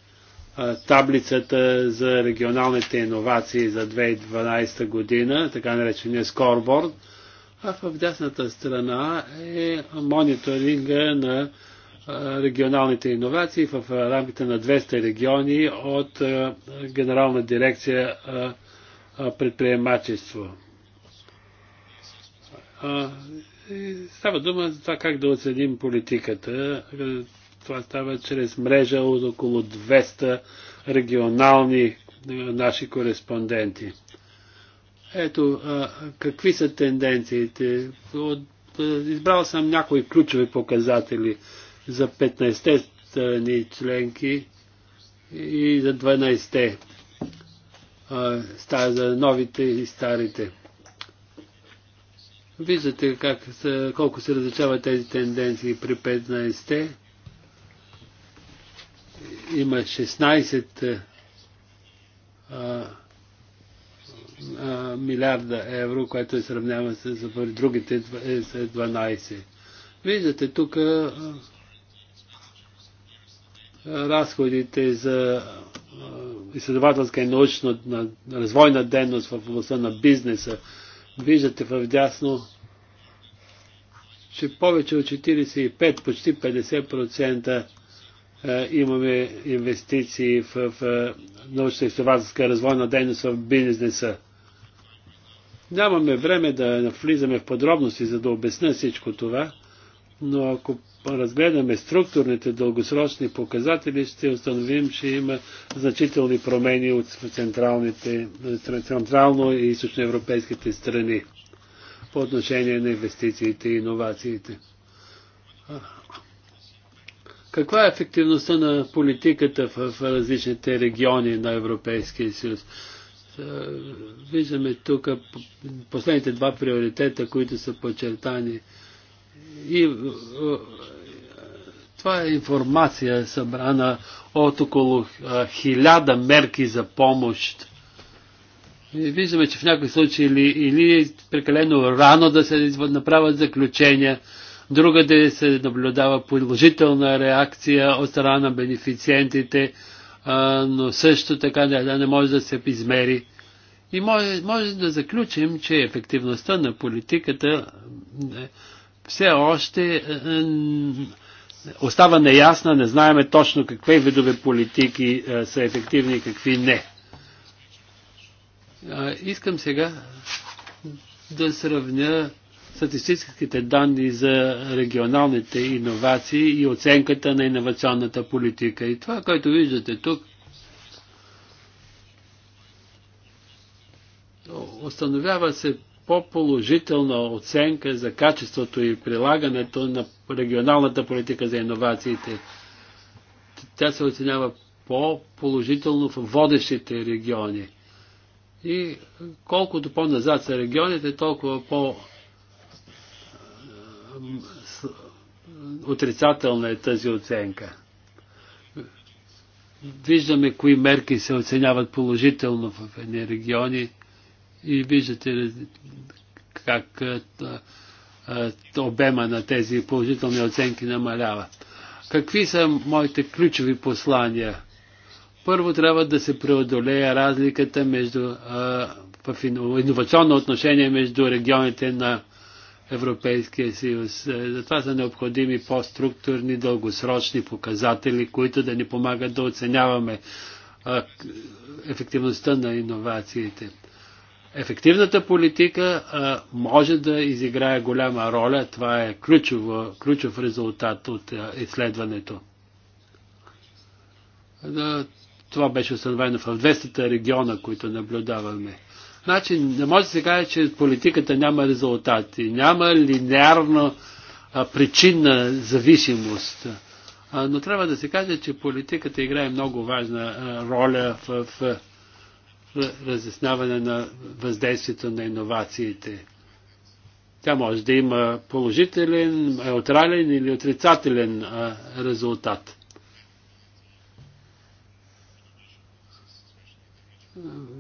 таблицата за регионалните иновации за 2012 година, така наречения скорборд, а в дясната страна е мониторинга на регионалните иновации в рамките на 200 региони от Генерална дирекция предприемачество. Става дума за това как да оценим политиката, това става чрез мрежа от около 200 регионални е, наши кореспонденти. Ето а, какви са тенденциите. От, избрал съм някои ключови показатели за 15-те страни членки и за 12-те. за новите и старите. Виждате как са, колко се различават тези тенденции при 15-те има 16 е, а, а, милиарда евро, което е сравнява с, другите 12. Е, Виждате тук а, разходите за изследователска и научна на, развойна дейност в областта на бизнеса. Виждате в дясно, че повече от 45, почти 50% е, имаме инвестиции в е, научно-изследователска развойна дейност в бизнеса. Нямаме време да навлизаме в подробности, за да обясня всичко това, но ако разгледаме структурните дългосрочни показатели, ще установим, че има значителни промени от централните, централно и източноевропейските страни по отношение на инвестициите и иновациите. Каква е ефективността на политиката в различните региони на Европейския съюз? Е, виждаме тук последните два приоритета, които са подчертани. И е, това е информация събрана от около е, хиляда мерки за помощ. И виждаме, че в някои случаи или, или прекалено рано да се направят заключения, другаде се наблюдава положителна реакция от страна на бенефициентите, но също така да не може да се измери. И може, може да заключим, че ефективността на политиката е, все още е, е, остава неясна, не знаеме точно какви видове политики са ефективни и какви не. Искам сега да сравня статистическите данни за регионалните иновации и оценката на иновационната политика. И това, което виждате тук, установява се по-положителна оценка за качеството и прилагането на регионалната политика за иновациите. Тя се оценява по-положително в водещите региони. И колкото по-назад са регионите, толкова по- отрицателна е тази оценка. Виждаме кои мерки се оценяват положително в едни региони и виждате как обема на тези положителни оценки намалява. Какви са моите ключови послания? Първо трябва да се преодолее разликата между, в иновационно отношение между регионите на Европейския съюз. Е, затова са необходими по-структурни, дългосрочни показатели, които да ни помагат да оценяваме ефективността на иновациите. Ефективната политика а, може да изиграе голяма роля. Това е ключово, ключов резултат от а, изследването. това беше установено в 200 региона, които наблюдаваме. Значи не може да се каже, че политиката няма резултати, няма линеарно причинна зависимост. А, но трябва да се каже, че политиката играе много важна а, роля в, в, в разясняване на въздействието на иновациите. Тя може да има положителен, неутрален или отрицателен а, резултат.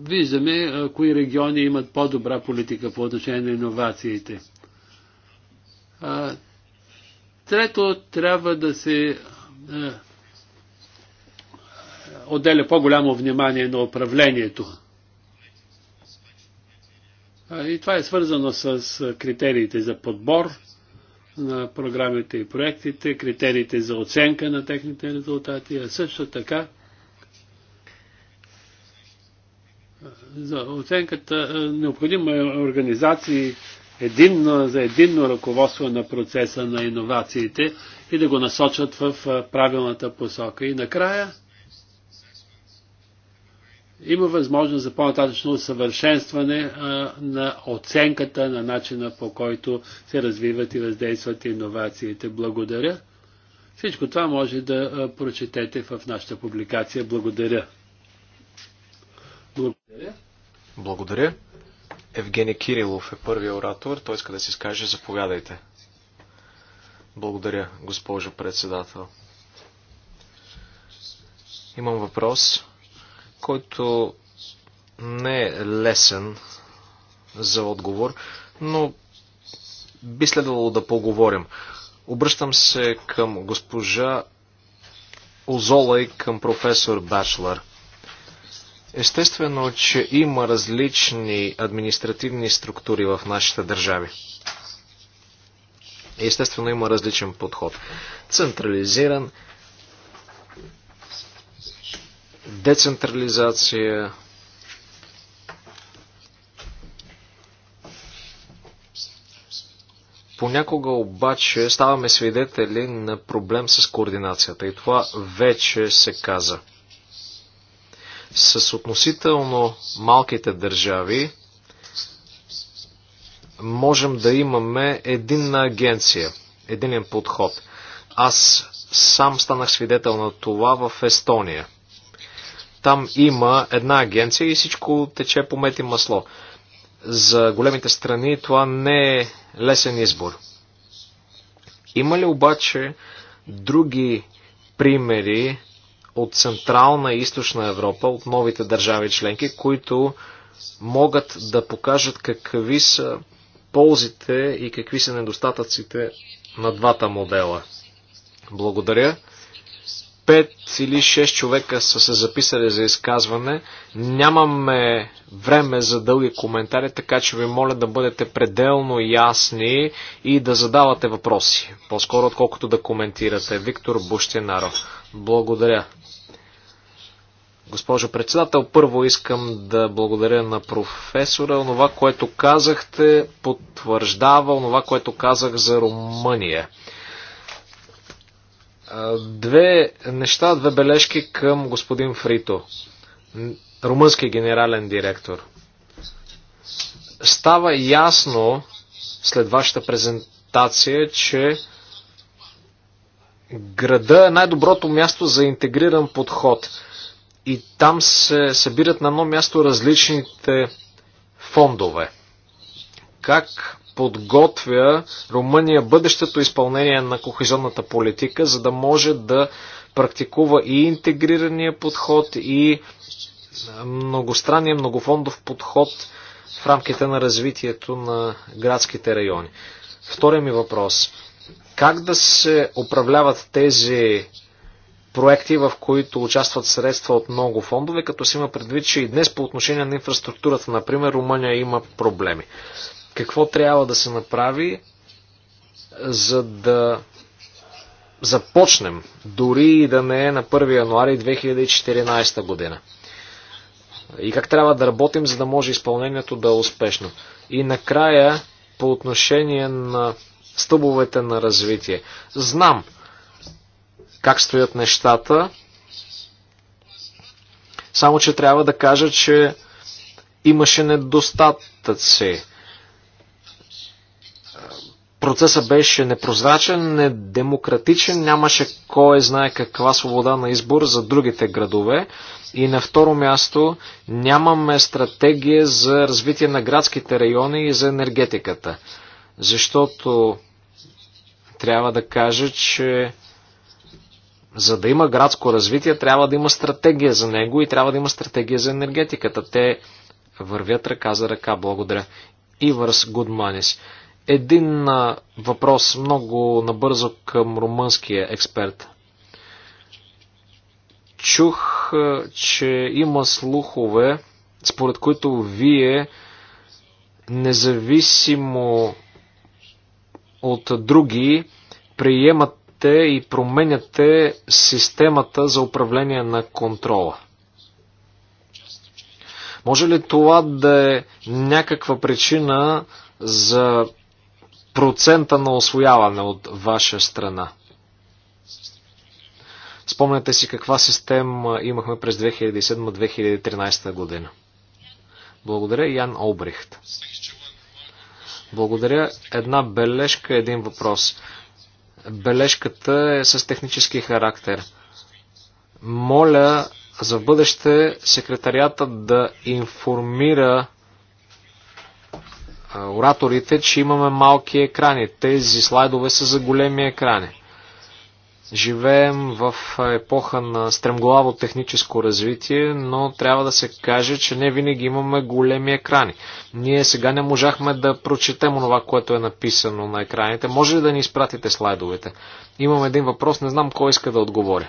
виждаме кои региони имат по-добра политика по отношение на иновациите. Трето, трябва да се отделя по-голямо внимание на управлението. И това е свързано с критериите за подбор на програмите и проектите, критериите за оценка на техните резултати, а също така за оценката е, необходима е организации единно, за единно ръководство на процеса на иновациите и да го насочат в е, правилната посока. И накрая има възможност за по-нататъчно усъвършенстване е, на оценката на начина по който се развиват и въздействат иновациите. Благодаря. Всичко това може да прочетете в нашата публикация. Благодаря. Благодаря. Благодаря. Евгений Кирилов е първият оратор. Той иска да си скаже. Заповядайте. Благодаря, госпожо председател. Имам въпрос, който не е лесен за отговор, но би следвало да поговорим. Обръщам се към госпожа Озола и към професор Бачлар. Естествено, че има различни административни структури в нашите държави. Естествено, има различен подход. Централизиран, децентрализация, Понякога обаче ставаме свидетели на проблем с координацията и това вече се каза – с относително малките държави можем да имаме единна агенция, единен подход. Аз сам станах свидетел на това в Естония. Там има една агенция и всичко тече по мет и масло. За големите страни това не е лесен избор. Има ли обаче други примери от Централна и Източна Европа, от новите държави членки, които могат да покажат какви са ползите и какви са недостатъците на двата модела. Благодаря. 5 или 6 човека са се записали за изказване. Нямаме време за дълги коментари, така че ви моля да бъдете пределно ясни и да задавате въпроси. По-скоро, отколкото да коментирате. Виктор Буштинаро. Благодаря. Госпожо председател, първо искам да благодаря на професора. Онова, което казахте, потвърждава онова, което казах за Румъния. Две неща, две бележки към господин Фрито, румънски генерален директор. Става ясно след вашата презентация, че града е най-доброто място за интегриран подход. И там се събират на едно място различните фондове. Как подготвя Румъния бъдещето изпълнение на кохезионната политика, за да може да практикува и интегрирания подход, и многостранния, многофондов подход в рамките на развитието на градските райони. Втория ми въпрос. Как да се управляват тези проекти, в които участват средства от много фондове, като се има предвид, че и днес по отношение на инфраструктурата, например, Румъния има проблеми какво трябва да се направи, за да започнем, дори и да не е на 1 януари 2014 година. И как трябва да работим, за да може изпълнението да е успешно. И накрая, по отношение на стъбовете на развитие. Знам как стоят нещата, само че трябва да кажа, че имаше недостатъци. Процесът беше непрозрачен, недемократичен, нямаше кой знае каква свобода на избор за другите градове. И на второ място нямаме стратегия за развитие на градските райони и за енергетиката. Защото трябва да кажа, че за да има градско развитие, трябва да има стратегия за него и трябва да има стратегия за енергетиката. Те вървят ръка за ръка. Благодаря. Ивърс Гудманис. Един въпрос много набързо към румънския експерт. Чух, че има слухове, според които вие, независимо от други, приемате и променяте системата за управление на контрола. Може ли това да е някаква причина за процента на освояване от ваша страна? Спомняте си каква система имахме през 2007-2013 година. Благодаря, Ян Обрихт. Благодаря. Една бележка, един въпрос. Бележката е с технически характер. Моля за бъдеще секретарията да информира ораторите, че имаме малки екрани. Тези слайдове са за големи екрани. Живеем в епоха на стремглаво техническо развитие, но трябва да се каже, че не винаги имаме големи екрани. Ние сега не можахме да прочетем това, което е написано на екраните. Може ли да ни изпратите слайдовете? Имам един въпрос, не знам кой иска да отговори.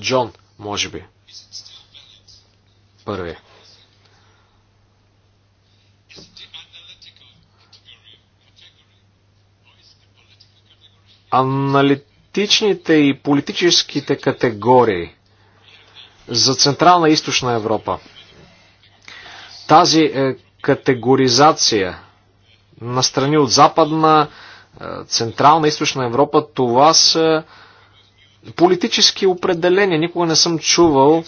Джон, може би. Първият. аналитичните и политическите категории за Централна и Източна Европа. Тази е, категоризация на страни от Западна, е, Централна, Източна Европа, това са политически определения. Никога не съм чувал е,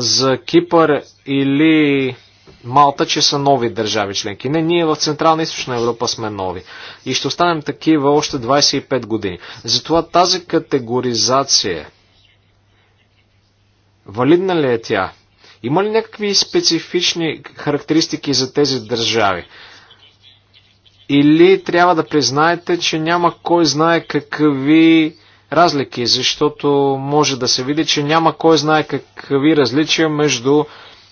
за Кипър или Малта, че са нови държави членки. Не, ние в Централна и Източна Европа сме нови. И ще останем такива още 25 години. Затова тази категоризация, валидна ли е тя? Има ли някакви специфични характеристики за тези държави? Или трябва да признаете, че няма кой знае какви разлики, защото може да се види, че няма кой знае какви различия между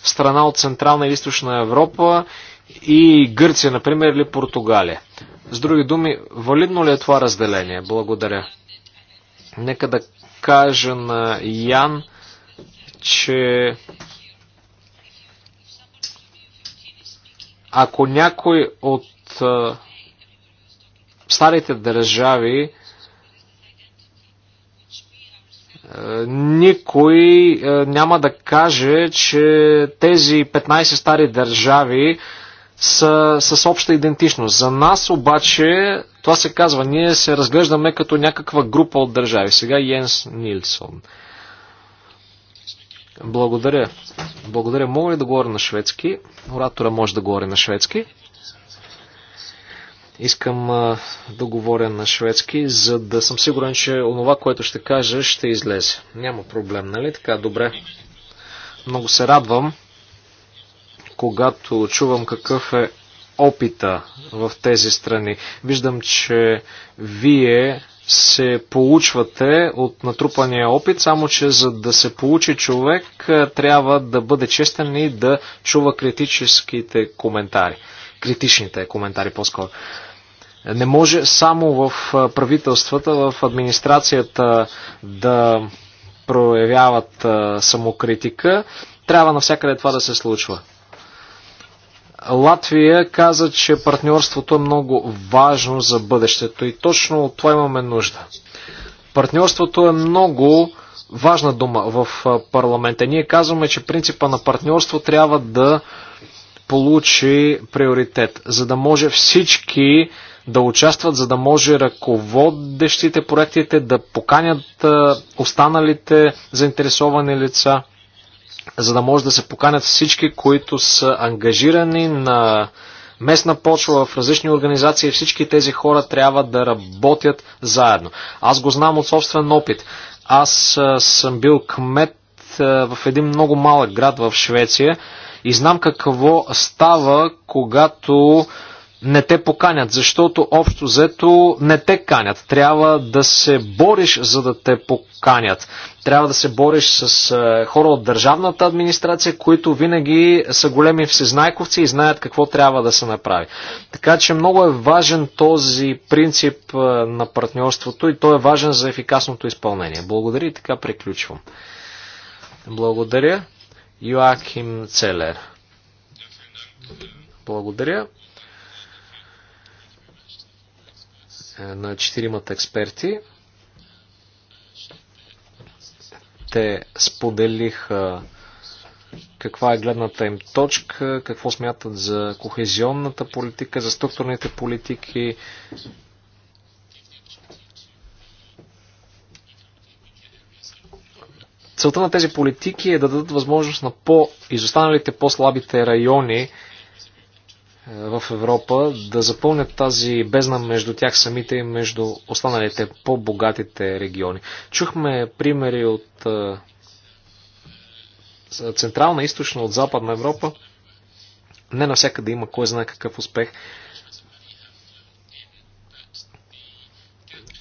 страна от Централна и Източна Европа и Гърция, например, или Португалия. С други думи, валидно ли е това разделение? Благодаря. Нека да кажа на Ян, че ако някой от старите държави никой е, няма да каже, че тези 15 стари държави са с обща идентичност. За нас обаче, това се казва, ние се разглеждаме като някаква група от държави. Сега Йенс Нилсон. Благодаря. Благодаря. Мога ли да говоря на шведски? Оратора може да говори на шведски. Искам да говоря на шведски, за да съм сигурен, че онова, което ще кажа, ще излезе. Няма проблем, нали? Така, добре. Много се радвам, когато чувам какъв е опита в тези страни. Виждам, че вие се получвате от натрупания опит, само че за да се получи човек, трябва да бъде честен и да чува критическите коментари критичните коментари по-скоро. Не може само в правителствата, в администрацията да проявяват самокритика. Трябва навсякъде това да се случва. Латвия каза, че партньорството е много важно за бъдещето и точно от това имаме нужда. Партньорството е много важна дума в парламента. Ние казваме, че принципа на партньорство трябва да получи приоритет, за да може всички да участват, за да може ръководещите проектите да поканят останалите заинтересовани лица, за да може да се поканят всички, които са ангажирани на местна почва в различни организации. Всички тези хора трябва да работят заедно. Аз го знам от собствен опит. Аз съм бил кмет в един много малък град в Швеция и знам какво става, когато не те поканят, защото общо взето не те канят. Трябва да се бориш, за да те поканят. Трябва да се бориш с е, хора от държавната администрация, които винаги са големи всезнайковци и знаят какво трябва да се направи. Така че много е важен този принцип е, на партньорството и той е важен за ефикасното изпълнение. Благодаря и така приключвам. Благодаря. Йоахим Целер. Благодаря. Е, на четиримата експерти. Те споделиха каква е гледната им точка, какво смятат за кохезионната политика, за структурните политики, Целта на тези политики е да дадат възможност на по-изостаналите, по-слабите райони е, в Европа да запълнят тази бездна между тях самите и между останалите по-богатите региони. Чухме примери от е, Централна, Източна, от Западна Европа. Не навсякъде има кой знае какъв успех.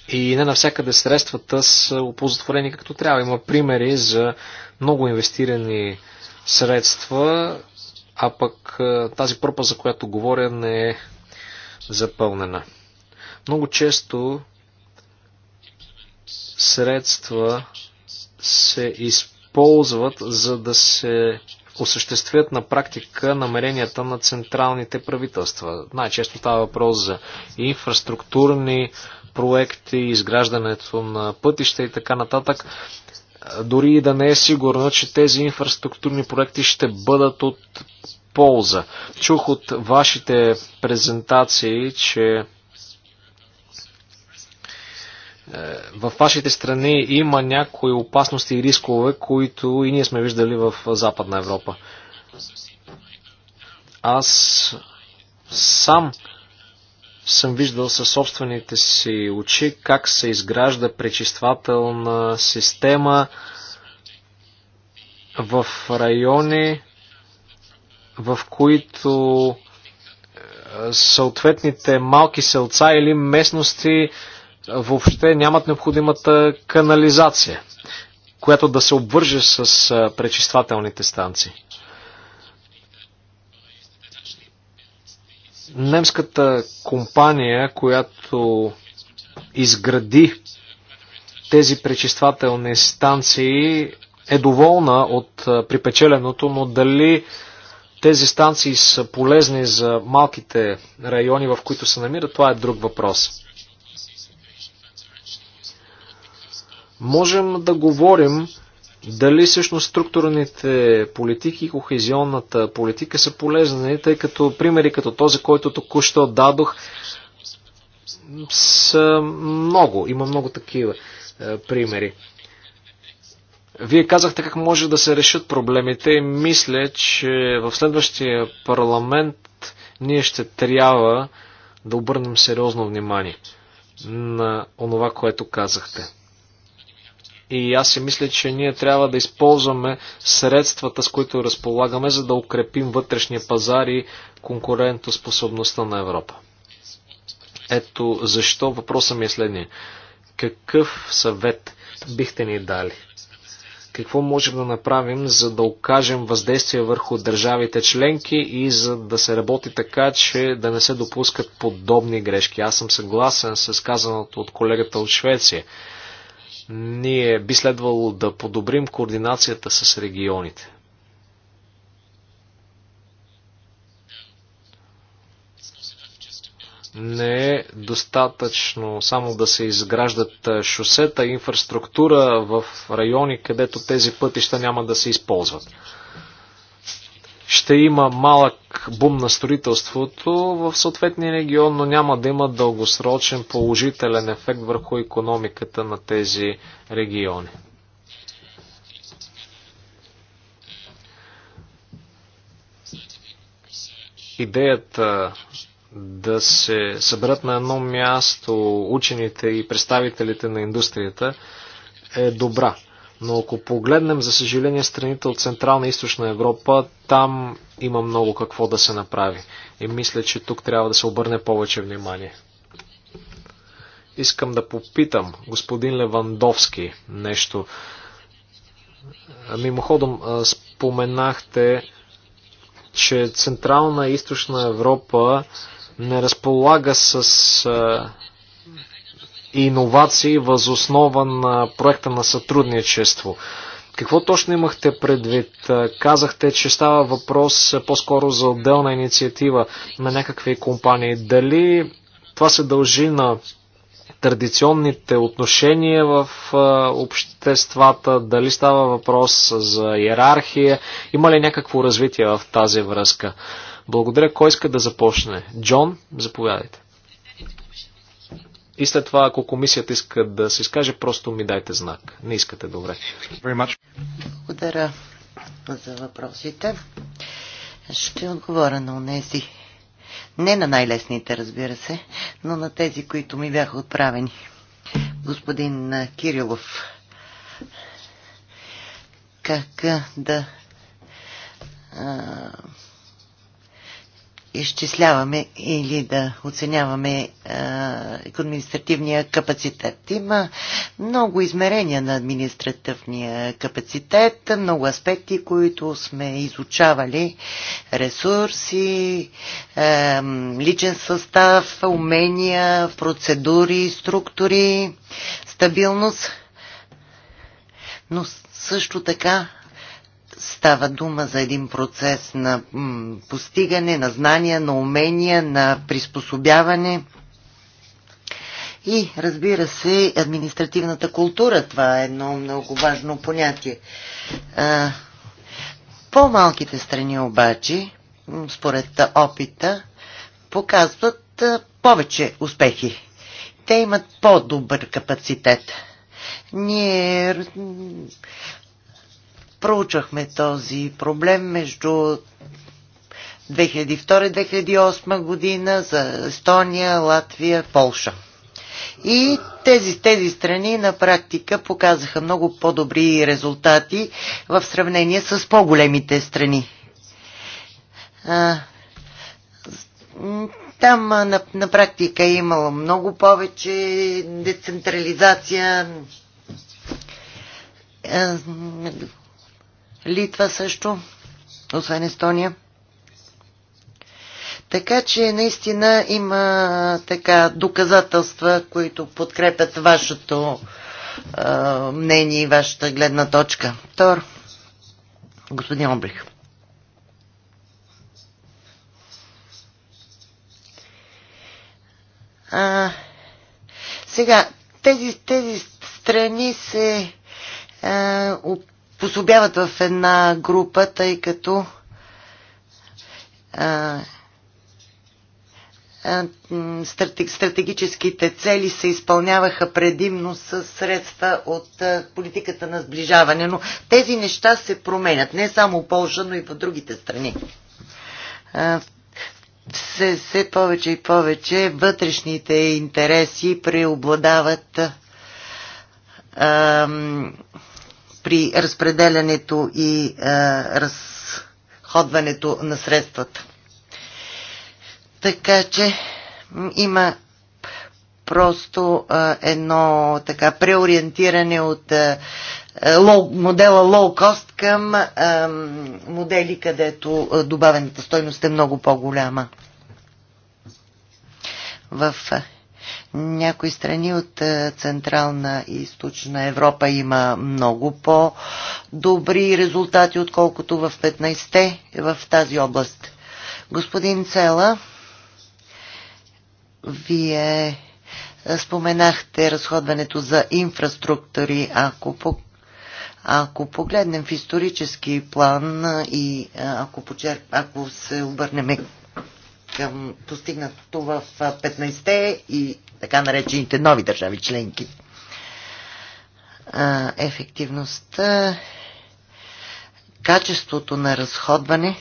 и не навсякъде средствата са оползотворени както трябва. Има примери за много инвестирани средства, а пък е, тази пропа, за която говоря, не е запълнена. Много често средства се използват, за да се осъществят на практика намеренията на централните правителства. Най-често става въпрос за инфраструктурни проекти, изграждането на пътища и така нататък. Дори и да не е сигурно, че тези инфраструктурни проекти ще бъдат от полза. Чух от вашите презентации, че е, в вашите страни има някои опасности и рискове, които и ние сме виждали в Западна Европа. Аз сам съм виждал със собствените си очи как се изгражда пречиствателна система в райони, в които е, съответните малки селца или местности въобще нямат необходимата канализация, която да се обвърже с е, пречиствателните станции. немската компания, която изгради тези пречиствателни станции, е доволна от припечеленото, но дали тези станции са полезни за малките райони, в които се намират, това е друг въпрос. Можем да говорим дали всъщност структурните политики и кохезионната политика са полезни, тъй като примери като този, който току-що дадох, са много, има много такива е, примери. Вие казахте как може да се решат проблемите и мисля, че в следващия парламент ние ще трябва да обърнем сериозно внимание на онова, което казахте. И аз си мисля, че ние трябва да използваме средствата, с които разполагаме, за да укрепим вътрешния пазар и конкурентоспособността на Европа. Ето защо въпросът ми е следния. Какъв съвет бихте ни дали? Какво можем да направим, за да окажем въздействие върху държавите членки и за да се работи така, че да не се допускат подобни грешки? Аз съм съгласен с казаното от колегата от Швеция. Ние би следвало да подобрим координацията с регионите. не е достатъчно само да се изграждат шосета, инфраструктура в райони, където тези пътища няма да се използват ще има малък бум на строителството в съответния регион, но няма да има дългосрочен положителен ефект върху економиката на тези региони. Идеята да се съберат на едно място учените и представителите на индустрията е добра. Но ако погледнем, за съжаление, страните от Централна и Източна Европа, там има много какво да се направи. И мисля, че тук трябва да се обърне повече внимание. Искам да попитам господин Левандовски нещо. Мимоходом споменахте, че Централна и Източна Европа не разполага с иновации възоснова на проекта на сътрудничество. Какво точно имахте предвид? Казахте, че става въпрос по-скоро за отделна инициатива на някакви компании. Дали това се дължи на традиционните отношения в обществата, дали става въпрос за иерархия, има ли някакво развитие в тази връзка? Благодаря. Кой иска да започне? Джон, заповядайте. И след това, ако комисията иска да се изкаже, просто ми дайте знак. Не искате, добре. Благодаря за въпросите. Ще отговоря на унези. Не на най-лесните, разбира се, но на тези, които ми бяха отправени. Господин Кирилов, как да а, изчисляваме или да оценяваме административния е, капацитет. Има много измерения на административния капацитет, много аспекти, които сме изучавали. Ресурси, е, личен състав, умения, процедури, структури, стабилност. Но също така Става дума за един процес на постигане, на знания, на умения, на приспособяване и, разбира се, административната култура. Това е едно много важно понятие. По-малките страни обаче, според опита, показват повече успехи. Те имат по-добър капацитет. Ние проучахме този проблем между 2002-2008 година за Естония, Латвия, Полша. И тези, тези страни на практика показаха много по-добри резултати в сравнение с по-големите страни. там на, на практика е имало много повече децентрализация, Литва също, освен Естония. Така че наистина има така доказателства, които подкрепят вашето е, мнение и вашата гледна точка. Тор. господин Обрих. А, сега, тези, тези страни се е, обособяват в една група, тъй като а, стратегическите цели се изпълняваха предимно с средства от политиката на сближаване. Но тези неща се променят, не само Полша, но и в другите страни. Все, все повече и повече вътрешните интереси преобладават при разпределянето и а, е, разходването на средствата. Така че има просто а, е, едно така преориентиране от а, е, лоу, модела лоу-кост към а, модели, където добавената стойност е много по-голяма. В някои страни от е, Централна и Източна Европа има много по-добри резултати, отколкото в 15-те в тази област. Господин Цела, вие е, споменахте разходването за инфраструктури. Ако, по, ако погледнем в исторически план е, и ако, почерп, ако се обърнем към постигнато в 15-те и така наречените нови държави членки. Ефективността, качеството на разходване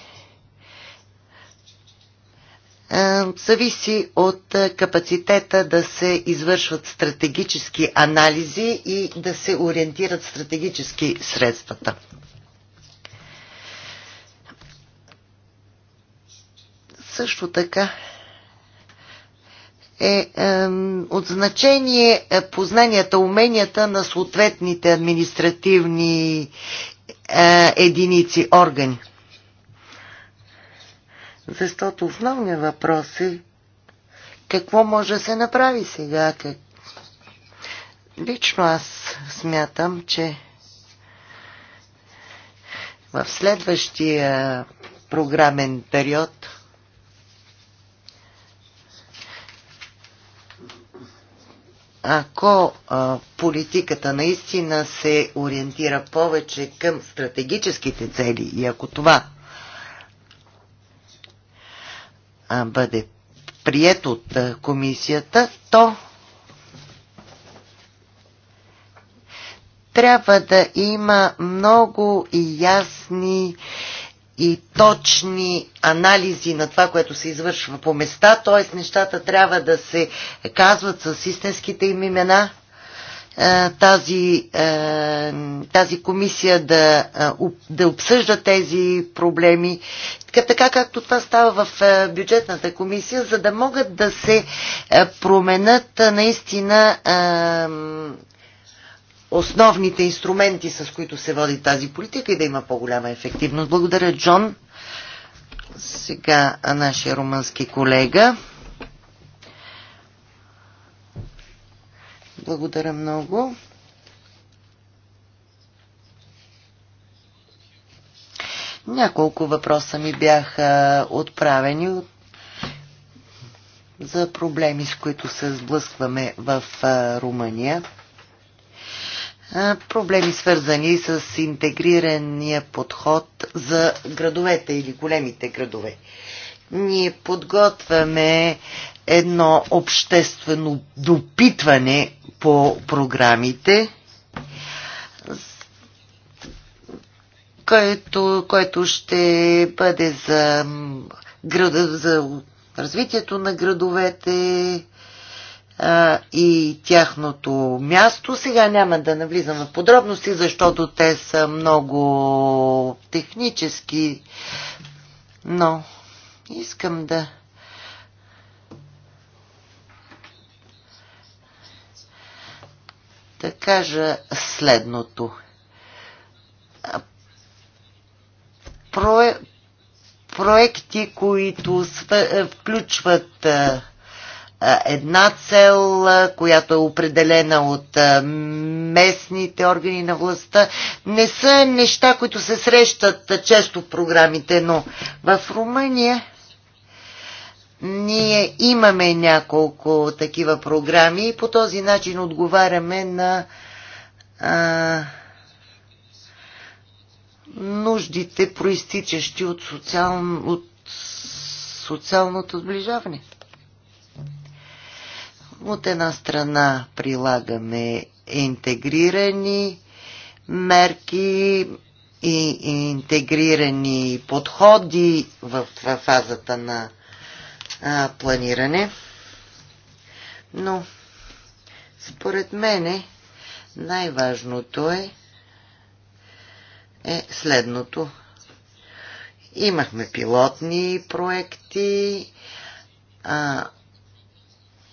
зависи от капацитета да се извършват стратегически анализи и да се ориентират стратегически средствата. Също така е, е от значение е, познанията, уменията на съответните административни е, единици, органи. Защото основният въпрос е какво може да се направи сега. Как... Лично аз смятам, че в следващия програмен период ако а, политиката наистина се ориентира повече към стратегическите цели и ако това а, бъде прието от а, комисията, то трябва да има много и ясни а, и точни анализи на това, което се извършва по места, т.е. нещата трябва да се казват с истинските им имена. Е, тази, е, тази комисия да, е, да обсъжда тези проблеми, така както това става в бюджетната комисия, за да могат да се променят наистина основните инструменти, с които се води тази политика и да има по-голяма ефективност. Благодаря, Джон. Сега нашия румънски колега. Благодаря много. Няколко въпроса ми бяха отправени за проблеми, с които се сблъскваме в Румъния проблеми свързани с интегрирания подход за градовете или големите градове. Ние подготвяме едно обществено допитване по програмите, което, което ще бъде за, за развитието на градовете, а, и тяхното място. Сега няма да навлизам в подробности, защото те са много технически, но искам да. да кажа следното. Про... Проекти, които свъ... включват а, една цел, която е определена от местните органи на властта. Не са неща, които се срещат често в програмите, но в Румъния ние имаме няколко такива програми и по този начин отговаряме на а, нуждите, проистичащи от, социал, от социалното сближаване. От една страна прилагаме интегрирани мерки и интегрирани подходи в фазата на а, планиране. Но, според мене, най-важното е, е следното. Имахме пилотни проекти, а,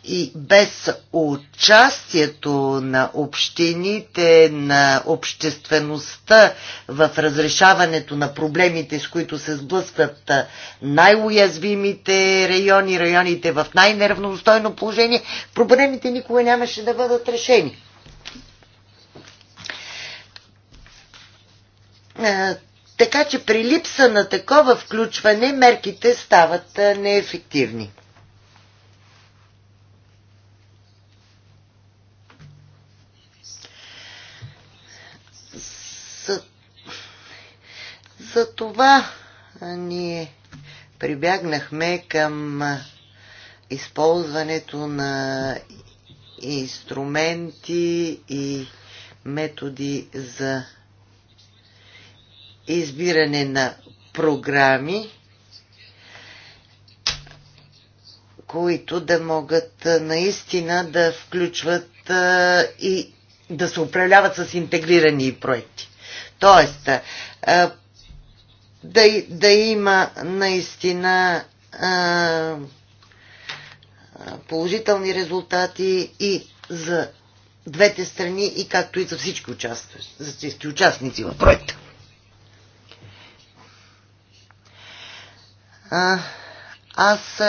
и без участието на общините, на обществеността в разрешаването на проблемите, с които се сблъскват най-уязвимите райони, районите в най-неравностойно положение, проблемите никога нямаше да бъдат решени. Така че при липса на такова включване мерките стават неефективни. За това ние прибягнахме към използването на инструменти и методи за избиране на програми, които да могат наистина да включват и да се управляват с интегрирани проекти. Тоест, да, да има наистина а, положителни резултати и за двете страни, и както и за всички участващи, за всички участници в проекта. А, аз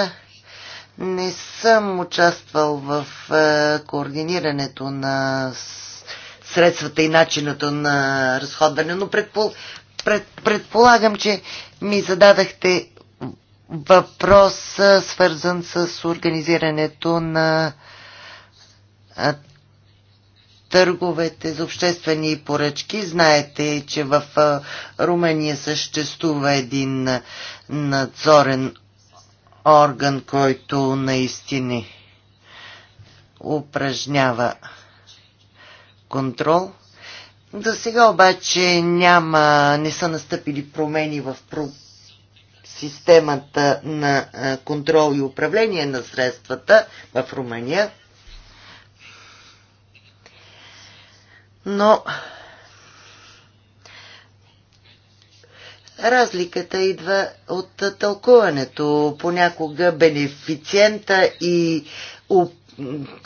не съм участвал в а, координирането на средствата и начината на разходване, но предпол пред, предполагам, че ми зададахте въпрос, свързан с организирането на търговете за обществени поръчки. Знаете, че в Румъния съществува един надзорен орган, който наистина упражнява контрол. За сега обаче няма, не са настъпили промени в про... системата на контрол и управление на средствата в Румъния. Но разликата идва от тълкуването. Понякога бенефициента и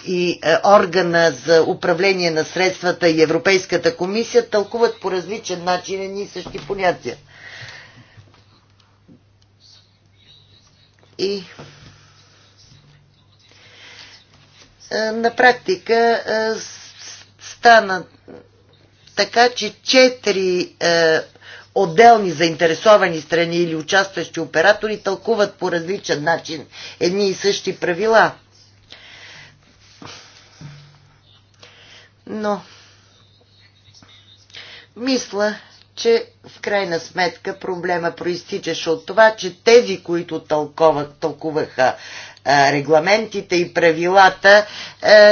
и е, органа за управление на средствата и Европейската комисия тълкуват по различен начин едни и същи понятия. И е, на практика е, стана така, че четири отделни заинтересовани страни или участващи оператори тълкуват по различен начин едни и същи правила – но мисля, че в крайна сметка проблема проистичаше от това, че тези, които тълковах, тълкуваха регламентите и правилата,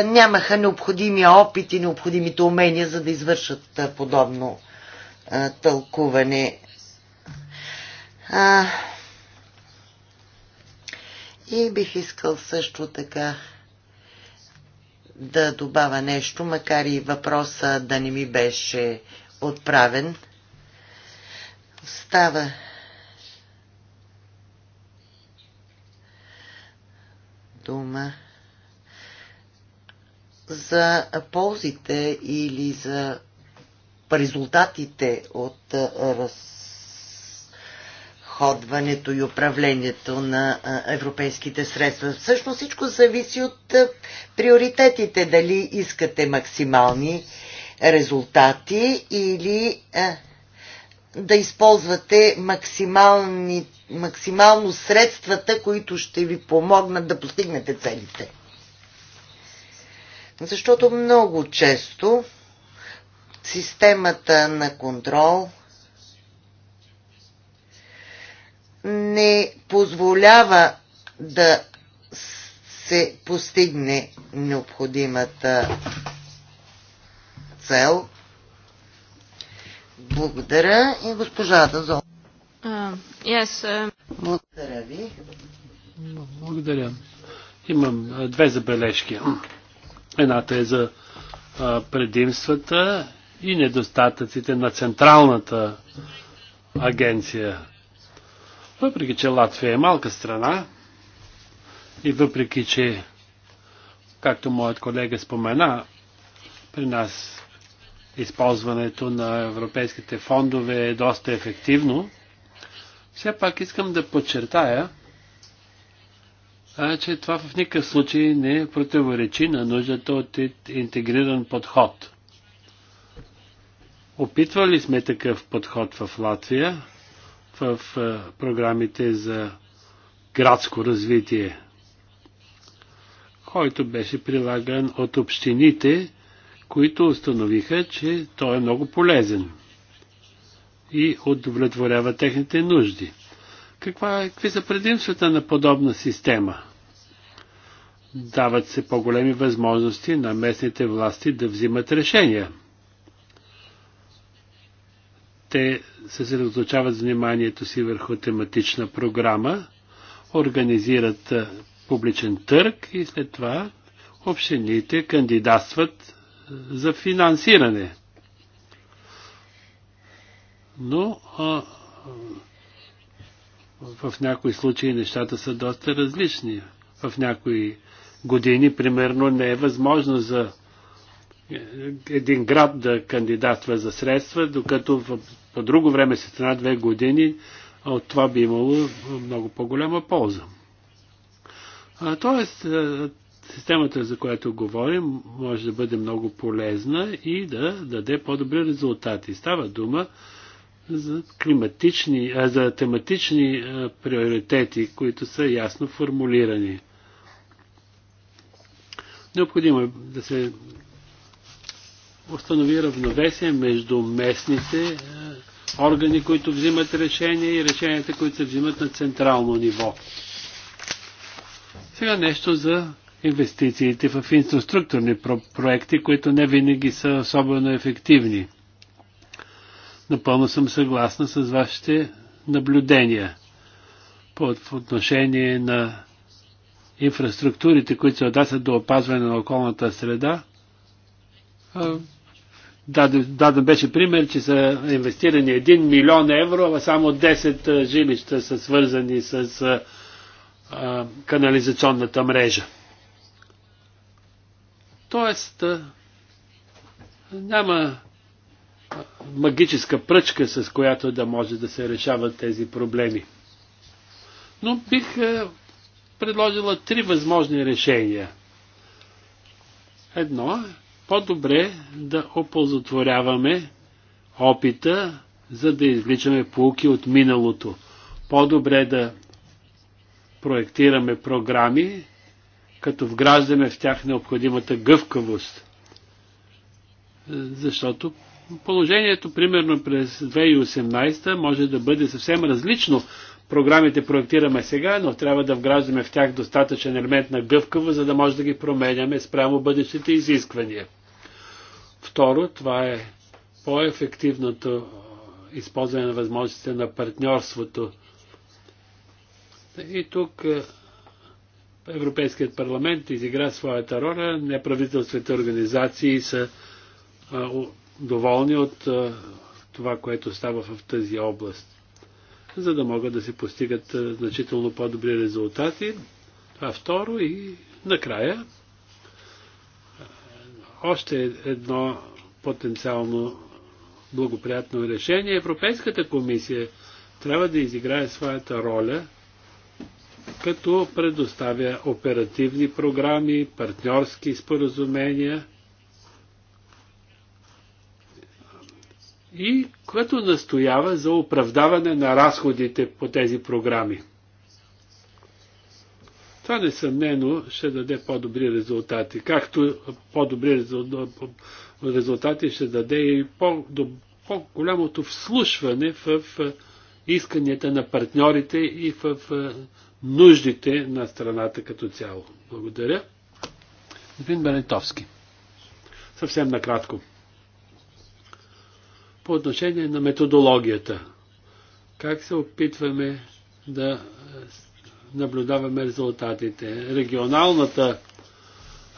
нямаха необходимия опит и необходимите умения, за да извършат подобно тълкуване. И бих искал също така да добавя нещо, макар и въпроса да не ми беше отправен. Става дума за ползите или за резултатите от раз разходването и управлението на европейските средства. Всъщност всичко зависи от приоритетите, дали искате максимални резултати или да използвате максимални, максимално средствата, които ще ви помогнат да постигнете целите. Защото много често системата на контрол – не позволява да се постигне необходимата цел. Благодаря и госпожата Зо. Uh, yes, uh... Благодаря ви. Благодаря. Имам две забележки. Едната е за предимствата и недостатъците на Централната агенция въпреки, че Латвия е малка страна и въпреки, че, както моят колега спомена, при нас използването на европейските фондове е доста ефективно, все пак искам да подчертая, а, че това в никакъв случай не противоречи на нуждата от интегриран подход. Опитвали сме такъв подход в Латвия в програмите за градско развитие, който беше прилаган от общините, които установиха, че той е много полезен и удовлетворява техните нужди. Каква, какви са предимствата на подобна система? Дават се по-големи възможности на местните власти да взимат решения – те се съсредоточават вниманието си върху тематична програма, организират публичен търг и след това общините кандидатстват за финансиране. Но а, в някои случаи нещата са доста различни. В някои години, примерно, не е възможно за един град да кандидатства за средства, докато в, по друго време се страна две години, от това би имало много по-голяма полза. А, тоест, системата, за която говорим, може да бъде много полезна и да даде по-добри резултати. Става дума за, климатични, а, за тематични а, приоритети, които са ясно формулирани. Необходимо е да се установи равновесие между местните е, органи, които взимат решения и решенията, които се взимат на централно ниво. Сега нещо за инвестициите в инфраструктурни про проекти, които не винаги са особено ефективни. Напълно съм съгласна с вашите наблюдения по отношение на инфраструктурите, които се отнасят до опазване на околната среда. Даден, даден беше пример, че са инвестирани 1 милион евро, а само 10 жилища са свързани с а, канализационната мрежа. Тоест, а, няма магическа пръчка, с която да може да се решават тези проблеми. Но бих а, предложила три възможни решения. Едно е по-добре да оползотворяваме опита, за да извличаме полки от миналото. По-добре да проектираме програми, като вграждаме в тях необходимата гъвкавост. Защото положението, примерно през 2018, може да бъде съвсем различно Програмите проектираме сега, но трябва да вграждаме в тях достатъчен елемент на гъвкаво, за да може да ги променяме спрямо бъдещите изисквания. Второ, това е по-ефективното използване на възможностите на партньорството. И тук Европейският парламент изигра своята роля, неправителствените организации са доволни от това, което става в тази област за да могат да се постигат значително по-добри резултати. Това второ и накрая още едно потенциално благоприятно решение. Европейската комисия трябва да изиграе своята роля, като предоставя оперативни програми, партньорски споразумения и което настоява за оправдаване на разходите по тези програми. Това несъмнено ще даде по-добри резултати, както по-добри резултати ще даде и по-голямото вслушване в исканията на партньорите и в нуждите на страната като цяло. Благодаря. Вин Бенетовски. Съвсем накратко по отношение на методологията. Как се опитваме да е, наблюдаваме резултатите? Регионалната,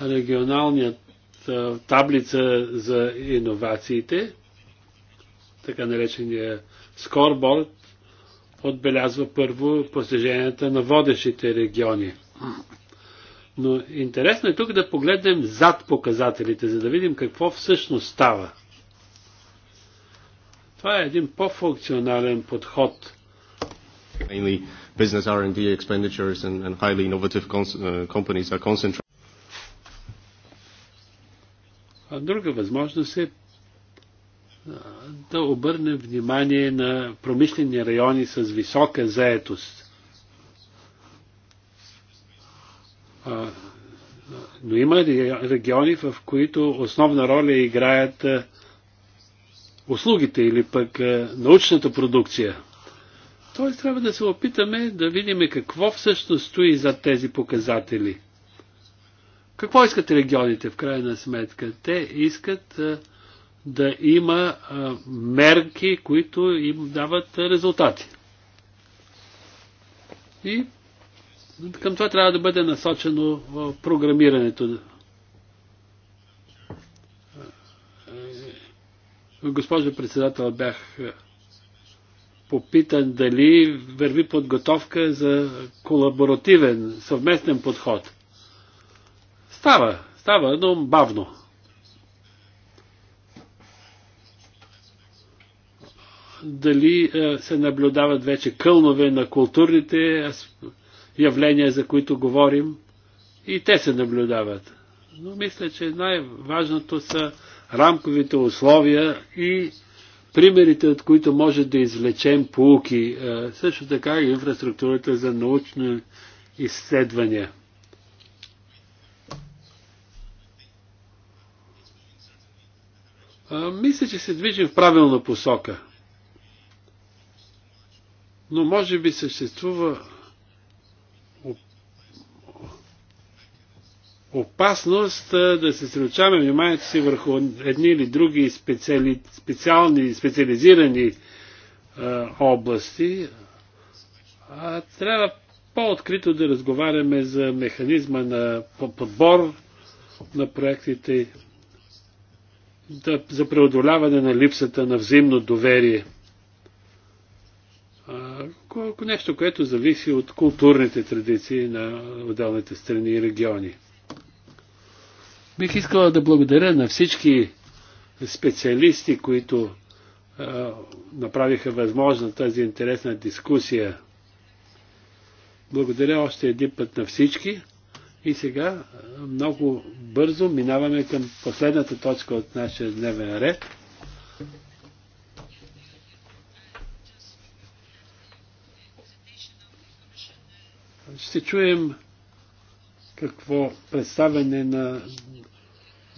регионалният е, таблица за иновациите, така наречения скорборд, отбелязва първо постиженията на водещите региони. Но интересно е тук да погледнем зад показателите, за да видим какво всъщност става. Това е един по-функционален подход. Mainly business R&D expenditures and, and highly innovative cons- uh, companies are concentrated. А друга възможност е да обърнем внимание на промишлени райони с висока заетост. Но има региони, в които основна роля играят услугите или пък е, научната продукция. т.е. трябва да се опитаме да видим какво всъщност стои за тези показатели. Какво искат регионите в крайна сметка? Те искат е, да има е, мерки, които им дават резултати. И към това трябва да бъде насочено програмирането Госпожо председател, бях е, попитан дали върви подготовка за колаборативен, съвместен подход. Става, става, но бавно. Дали е, се наблюдават вече кълнове на културните явления, за които говорим, и те се наблюдават. Но мисля, че най-важното са рамковите условия и примерите, от които може да извлечем полуки, е, също така и инфраструктурата за научни изследвания. Е, мисля, че се движим в правилна посока. Но може би съществува опасност да се сръчаваме вниманието си върху едни или други специали, специални, специализирани а, области, а трябва по-открито да разговаряме за механизма на подбор на проектите, да, за преодоляване на липсата на взаимно доверие. А, нещо, което зависи от културните традиции на отделните страни и региони. Бих искала да благодаря на всички специалисти, които а, направиха възможна тази интересна дискусия. Благодаря още един път на всички. И сега много бързо минаваме към последната точка от нашия дневен ред. Ще чуем какво представяне на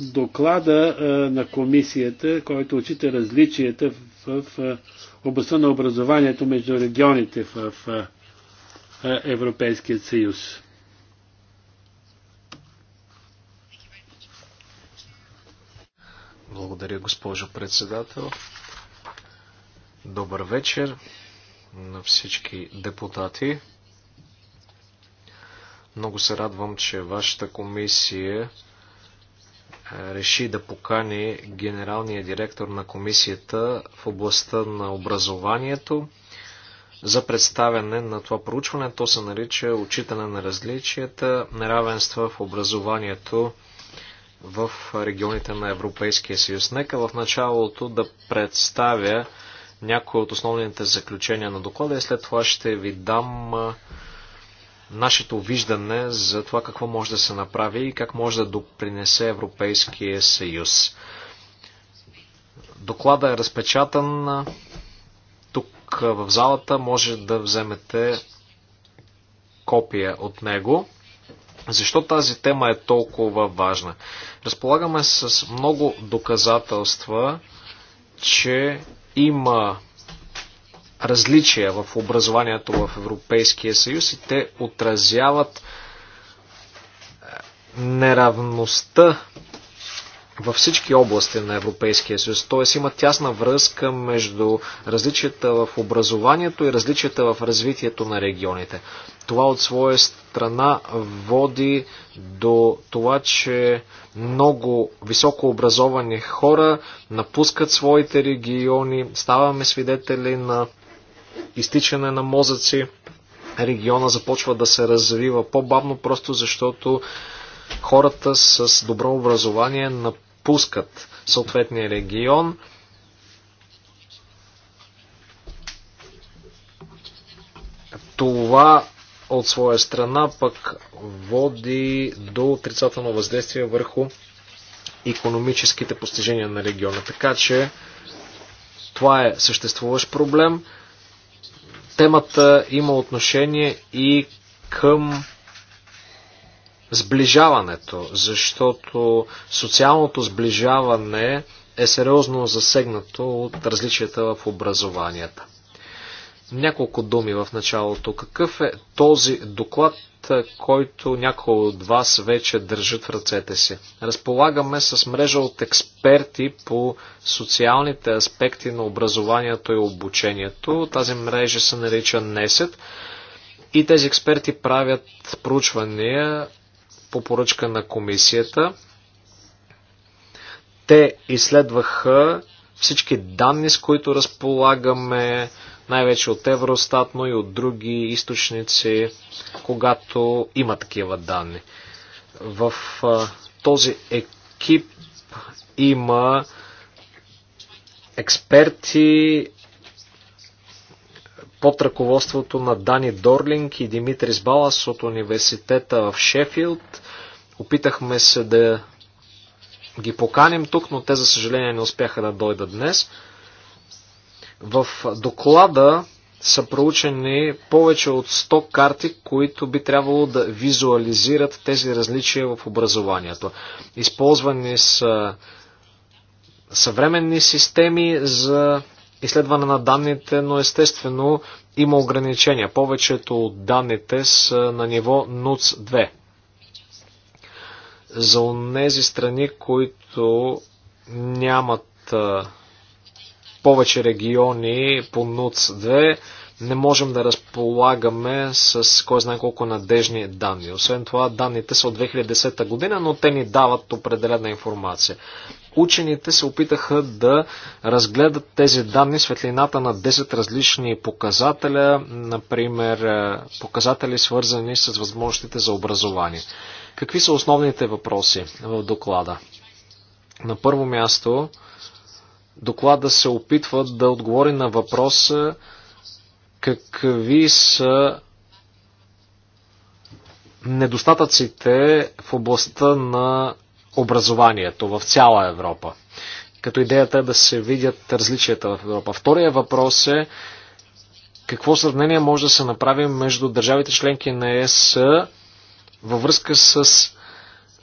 доклада на комисията, който отчита различията в, в областта на образованието между регионите в Европейския съюз. Благодаря, госпожо председател. Добър вечер на всички депутати. Много се радвам, че вашата комисия е, реши да покани генералния директор на комисията в областта на образованието за представяне на това проучване. То се нарича Отчитане на различията, неравенства в образованието в регионите на Европейския съюз. Нека в началото да представя някои от основните заключения на доклада и след това ще ви дам е, нашето виждане за това какво може да се направи и как може да допринесе Европейския съюз. Доклада е разпечатан тук в залата, може да вземете копия от него. Защо тази тема е толкова важна? Разполагаме с много доказателства, че има различия в образованието в Европейския съюз и те отразяват е, неравността във всички области на Европейския съюз. Т.е. има тясна връзка между различията в образованието и различията в развитието на регионите. Това от своя страна води до това, че много високообразовани хора напускат своите региони, ставаме свидетели на изтичане на мозъци. Региона започва да се развива по-бавно, просто защото хората с добро образование напускат съответния регион. Това от своя страна пък води до отрицателно въздействие върху економическите постижения на региона. Така че това е съществуващ проблем. Темата има отношение и към сближаването, защото социалното сближаване е сериозно засегнато от различията в образованията. Няколко думи в началото. Какъв е този доклад който някои от вас вече държат в ръцете си. Разполагаме с мрежа от експерти по социалните аспекти на образованието и обучението. Тази мрежа се нарича НЕСЕТ и тези експерти правят проучвания по поръчка на комисията. Те изследваха всички данни, с които разполагаме, най-вече от Евростат, но и от други източници, когато има такива данни. В този екип има експерти под ръководството на Дани Дорлинг и Димитрис Балас от университета в Шефилд. Опитахме се да ги поканим тук, но те за съжаление не успяха да дойдат днес. В доклада са проучени повече от 100 карти, които би трябвало да визуализират тези различия в образованието. Използвани са съвременни системи за изследване на данните, но естествено има ограничения. Повечето от данните са на ниво NUTS 2 За тези страни, които нямат повече региони по НУЦ-2 не можем да разполагаме с кой знае колко надежни данни. Освен това, данните са от 2010 година, но те ни дават определена информация. Учените се опитаха да разгледат тези данни светлината на 10 различни показателя, например е, показатели свързани с възможностите за образование. Какви са основните въпроси в доклада? На първо място, доклада се опитва да отговори на въпроса какви са недостатъците в областта на образованието в цяла Европа. Като идеята е да се видят различията в Европа. Втория въпрос е какво сравнение може да се направи между държавите членки на ЕС във връзка с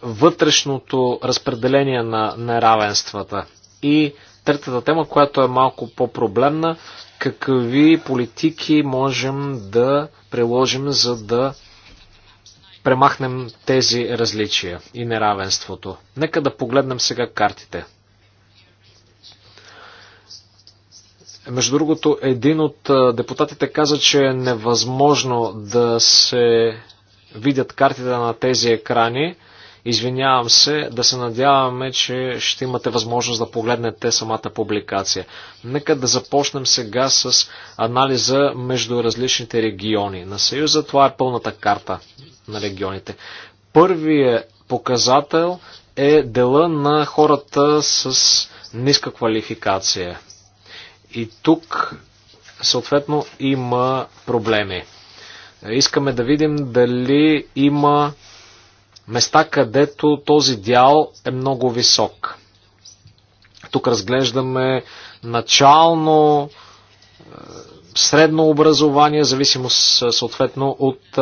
вътрешното разпределение на неравенствата и Третата тема, която е малко по-проблемна, какви политики можем да приложим, за да премахнем тези различия и неравенството. Нека да погледнем сега картите. Между другото, един от депутатите каза, че е невъзможно да се видят картите на тези екрани. Извинявам се, да се надяваме, че ще имате възможност да погледнете самата публикация. Нека да започнем сега с анализа между различните региони на Съюза. Това е пълната карта на регионите. Първият показател е дела на хората с ниска квалификация. И тук съответно има проблеми. Искаме да видим дали има места, където този дял е много висок. Тук разглеждаме начално, е, средно образование, зависимост е, съответно от е,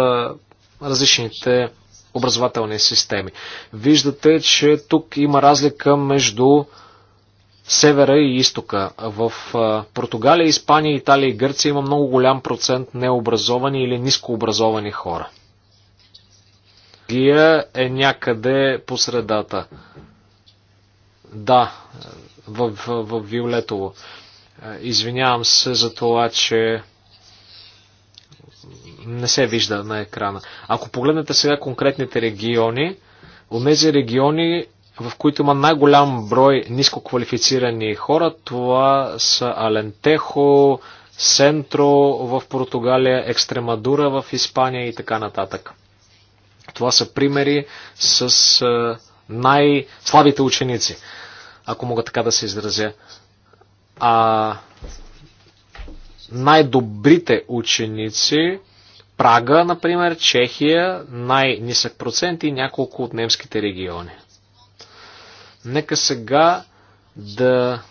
различните образователни системи. Виждате, че тук има разлика между севера и изтока. В Португалия, Испания, Италия и Гърция има много голям процент необразовани или нискообразовани хора. Гия е някъде по средата. Да, в, в, в Виолетово. Е, извинявам се за това, че не се вижда на екрана. Ако погледнете сега конкретните региони, от тези региони, в които има най-голям брой ниско квалифицирани хора, това са Алентехо, Сентро в Португалия, Екстремадура в Испания и така нататък. Това са примери с най-слабите ученици, ако мога така да се изразя. А най-добрите ученици, Прага, например, Чехия, най-нисък процент и няколко от немските региони. Нека сега да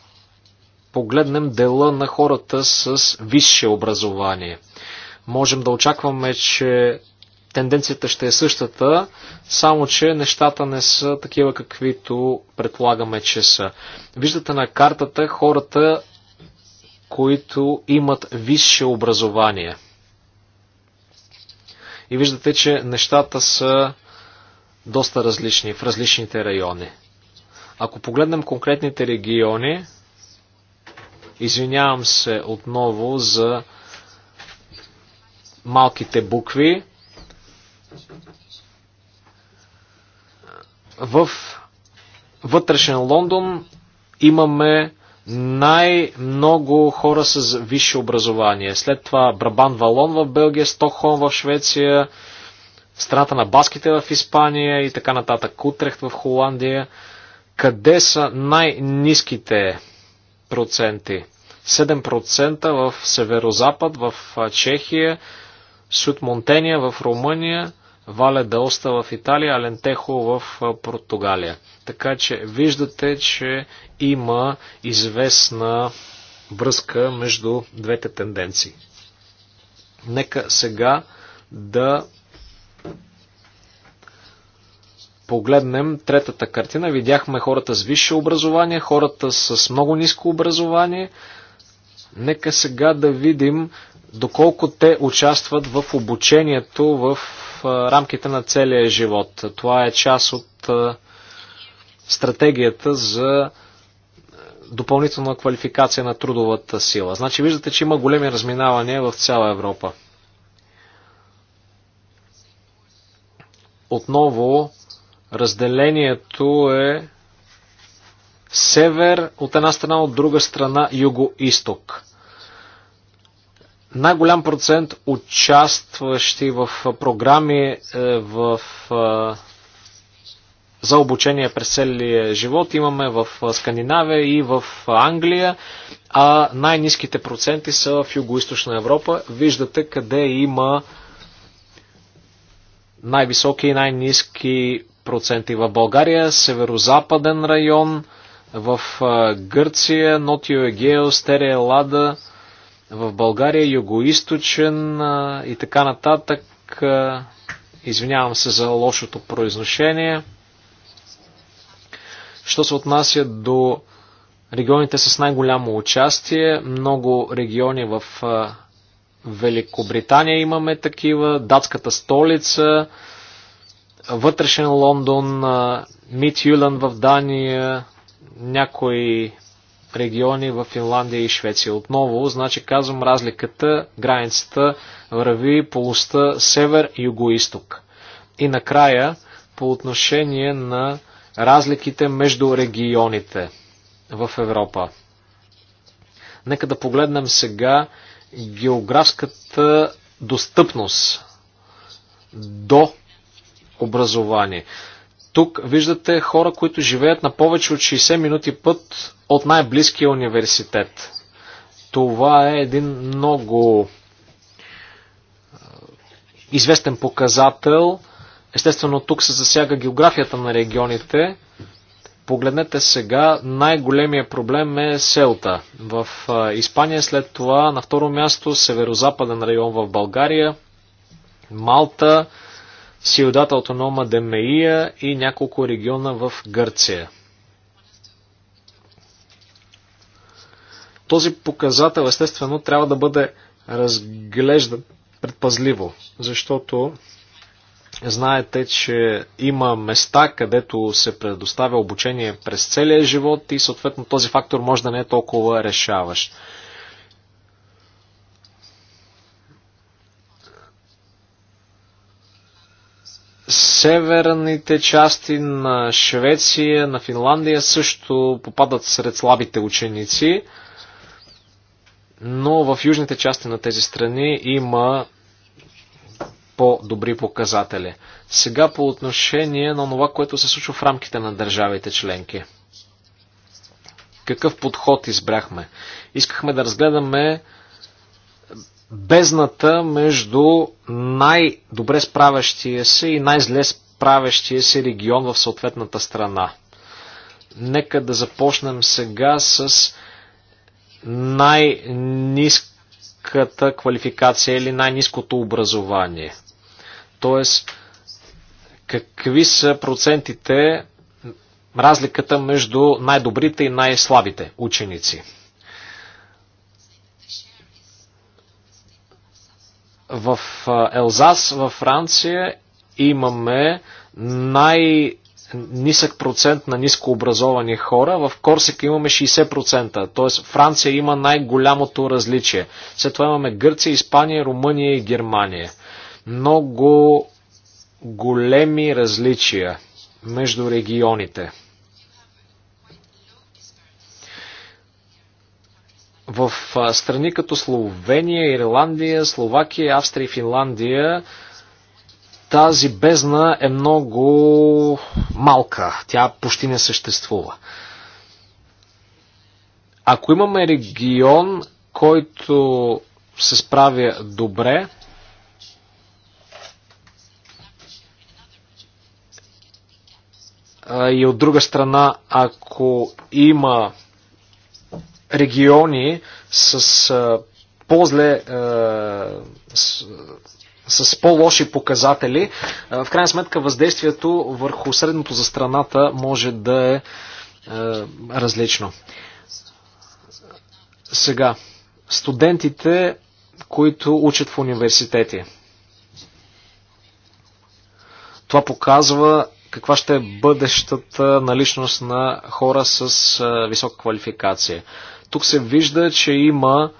погледнем дела на хората с висше образование. Можем да очакваме, че тенденцията ще е същата, само че нещата не са такива каквито предполагаме, че са. Виждате на картата хората, които имат висше образование. И виждате, че нещата са доста различни в различните райони. Ако погледнем конкретните региони, извинявам се отново за малките букви, в вътрешен Лондон имаме най-много хора с висше образование. След това Брабан Валон в Белгия, Стокхолм в Швеция, страната на баските в Испания и така нататък, Утрехт в Холандия. Къде са най-низките проценти? 7% в Северозапад, в Чехия, Суд Монтения в Румъния, Вале Оста в Италия, Алентехо в Португалия. Така че виждате, че има известна връзка между двете тенденции. Нека сега да погледнем третата картина. Видяхме хората с висше образование, хората с много ниско образование. Нека сега да видим доколко те участват в обучението в рамките на целия живот. Това е част от стратегията за допълнителна квалификация на трудовата сила. Значи виждате, че има големи разминавания в цяла Европа. Отново разделението е север от една страна, от друга страна юго-исток най-голям процент участващи в програми е, в, е, за обучение през целия живот имаме в Скандинавия и в Англия, а най-низките проценти са в Юго-Источна Европа. Виждате къде има най-високи и най-низки проценти в България, Северо-Западен район, в е, Гърция, Нотио Егео, Стерия Лада, в България, югоисточен и така нататък. Извинявам се за лошото произношение. Що се отнася до регионите с най-голямо участие, много региони в Великобритания имаме такива, датската столица, вътрешен Лондон, Мит Юлен в Дания, някои региони в Финландия и Швеция. Отново, значи казвам разликата, границата върви полуста север-юго-исток. И накрая, по отношение на разликите между регионите в Европа. Нека да погледнем сега географската достъпност до образование. Тук виждате хора, които живеят на повече от 60 минути път от най-близкия университет. Това е един много известен показател. Естествено, тук се засяга географията на регионите. Погледнете сега, най-големия проблем е Селта в Испания, след това на второ място Северо-Западен район в България, Малта, Сиодата Автонома Демеия и няколко региона в Гърция. Този показател, естествено, трябва да бъде разглеждан предпазливо, защото знаете, че има места, където се предоставя обучение през целия живот и съответно този фактор може да не е толкова решаващ. северните части на Швеция, на Финландия също попадат сред слабите ученици, но в южните части на тези страни има по-добри показатели. Сега по отношение на това, което се случва в рамките на държавите членки. Какъв подход избрахме? Искахме да разгледаме бездната между най-добре справящия се и най-зле справящия се регион в съответната страна. Нека да започнем сега с най-низката квалификация или най-низкото образование. Тоест, какви са процентите, разликата между най-добрите и най-слабите ученици? В Елзас, във Франция, имаме най- нисък процент на нискообразовани хора. В Корсика имаме 60%, т.е. Франция има най-голямото различие. След това имаме Гърция, Испания, Румъния и Германия. Много големи различия между регионите. В страни като Словения, Ирландия, Словакия, Австрия и Финландия тази бездна е много малка. Тя почти не съществува. Ако имаме регион, който се справя добре, и от друга страна, ако има региони с а, по-зле, а, с, с по-лоши показатели, а, в крайна сметка въздействието върху средното за страната може да е а, различно. Сега, студентите, които учат в университети. Това показва каква ще е бъдещата наличност на хора с висока квалификация. Тук се вижда, че има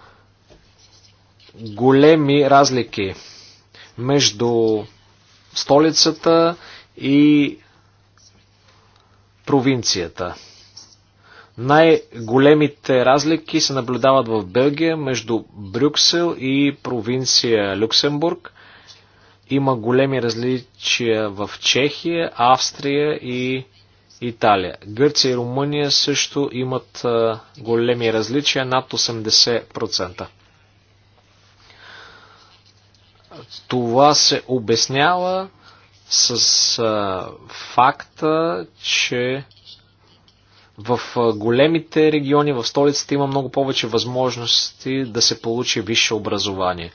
големи разлики между столицата и провинцията. Най-големите разлики се наблюдават в Белгия между Брюксел и провинция Люксембург. Има големи различия в Чехия, Австрия и Италия. Гърция и Румъния също имат големи различия, над 80%. Това се обяснява с а, факта, че в големите региони, в столицата има много повече възможности да се получи висше образование.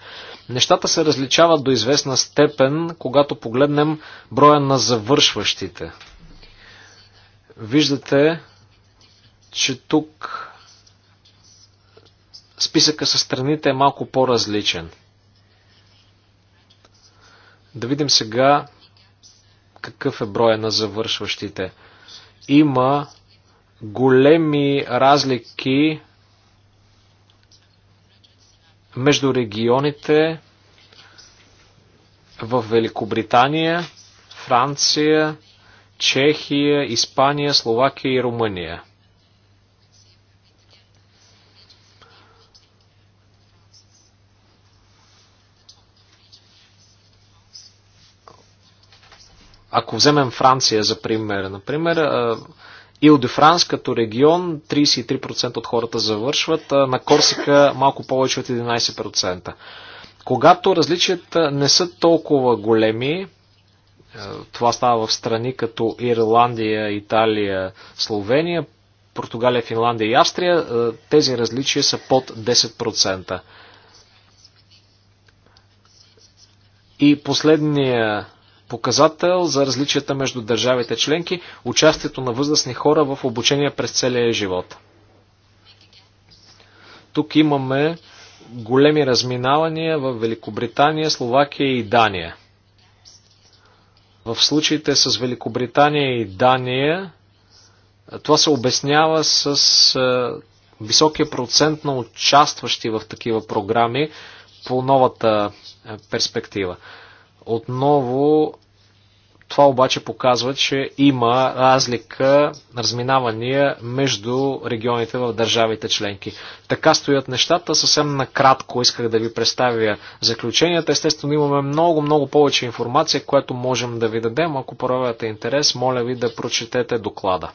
Нещата се различават до известна степен, когато погледнем броя на завършващите Виждате, че тук списъка с страните е малко по-различен. Да видим сега какъв е броя на завършващите. Има големи разлики между регионите в Великобритания, Франция, Чехия, Испания, Словакия и Румъния. Ако вземем Франция за пример, например, Ил де Франс като регион 33% от хората завършват, на Корсика малко повече от 11%. Когато различията не са толкова големи, е, това става в страни като Ирландия, Италия, Словения, Португалия, Финландия и Австрия. Е, тези различия са под 10%. И последния показател за различията между държавите членки – участието на възрастни хора в обучение през целия живот. Тук имаме големи разминавания в Великобритания, Словакия и Дания – в случаите с Великобритания и Дания това се обяснява с високия процент на участващи в такива програми по новата перспектива. Отново това обаче показва, че има разлика, разминавания между регионите в държавите членки. Така стоят нещата. Съвсем накратко исках да ви представя заключенията. Естествено имаме много, много повече информация, която можем да ви дадем. Ако проявявате интерес, моля ви да прочетете доклада.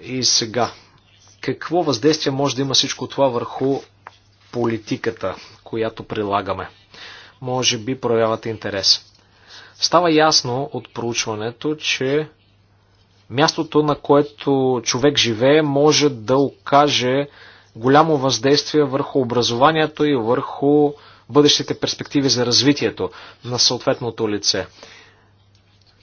И сега, какво въздействие може да има всичко това върху политиката, която прилагаме? Може би проявявате интерес. Става ясно от проучването, че мястото, на което човек живее, може да окаже голямо въздействие върху образованието и върху бъдещите перспективи за развитието на съответното лице.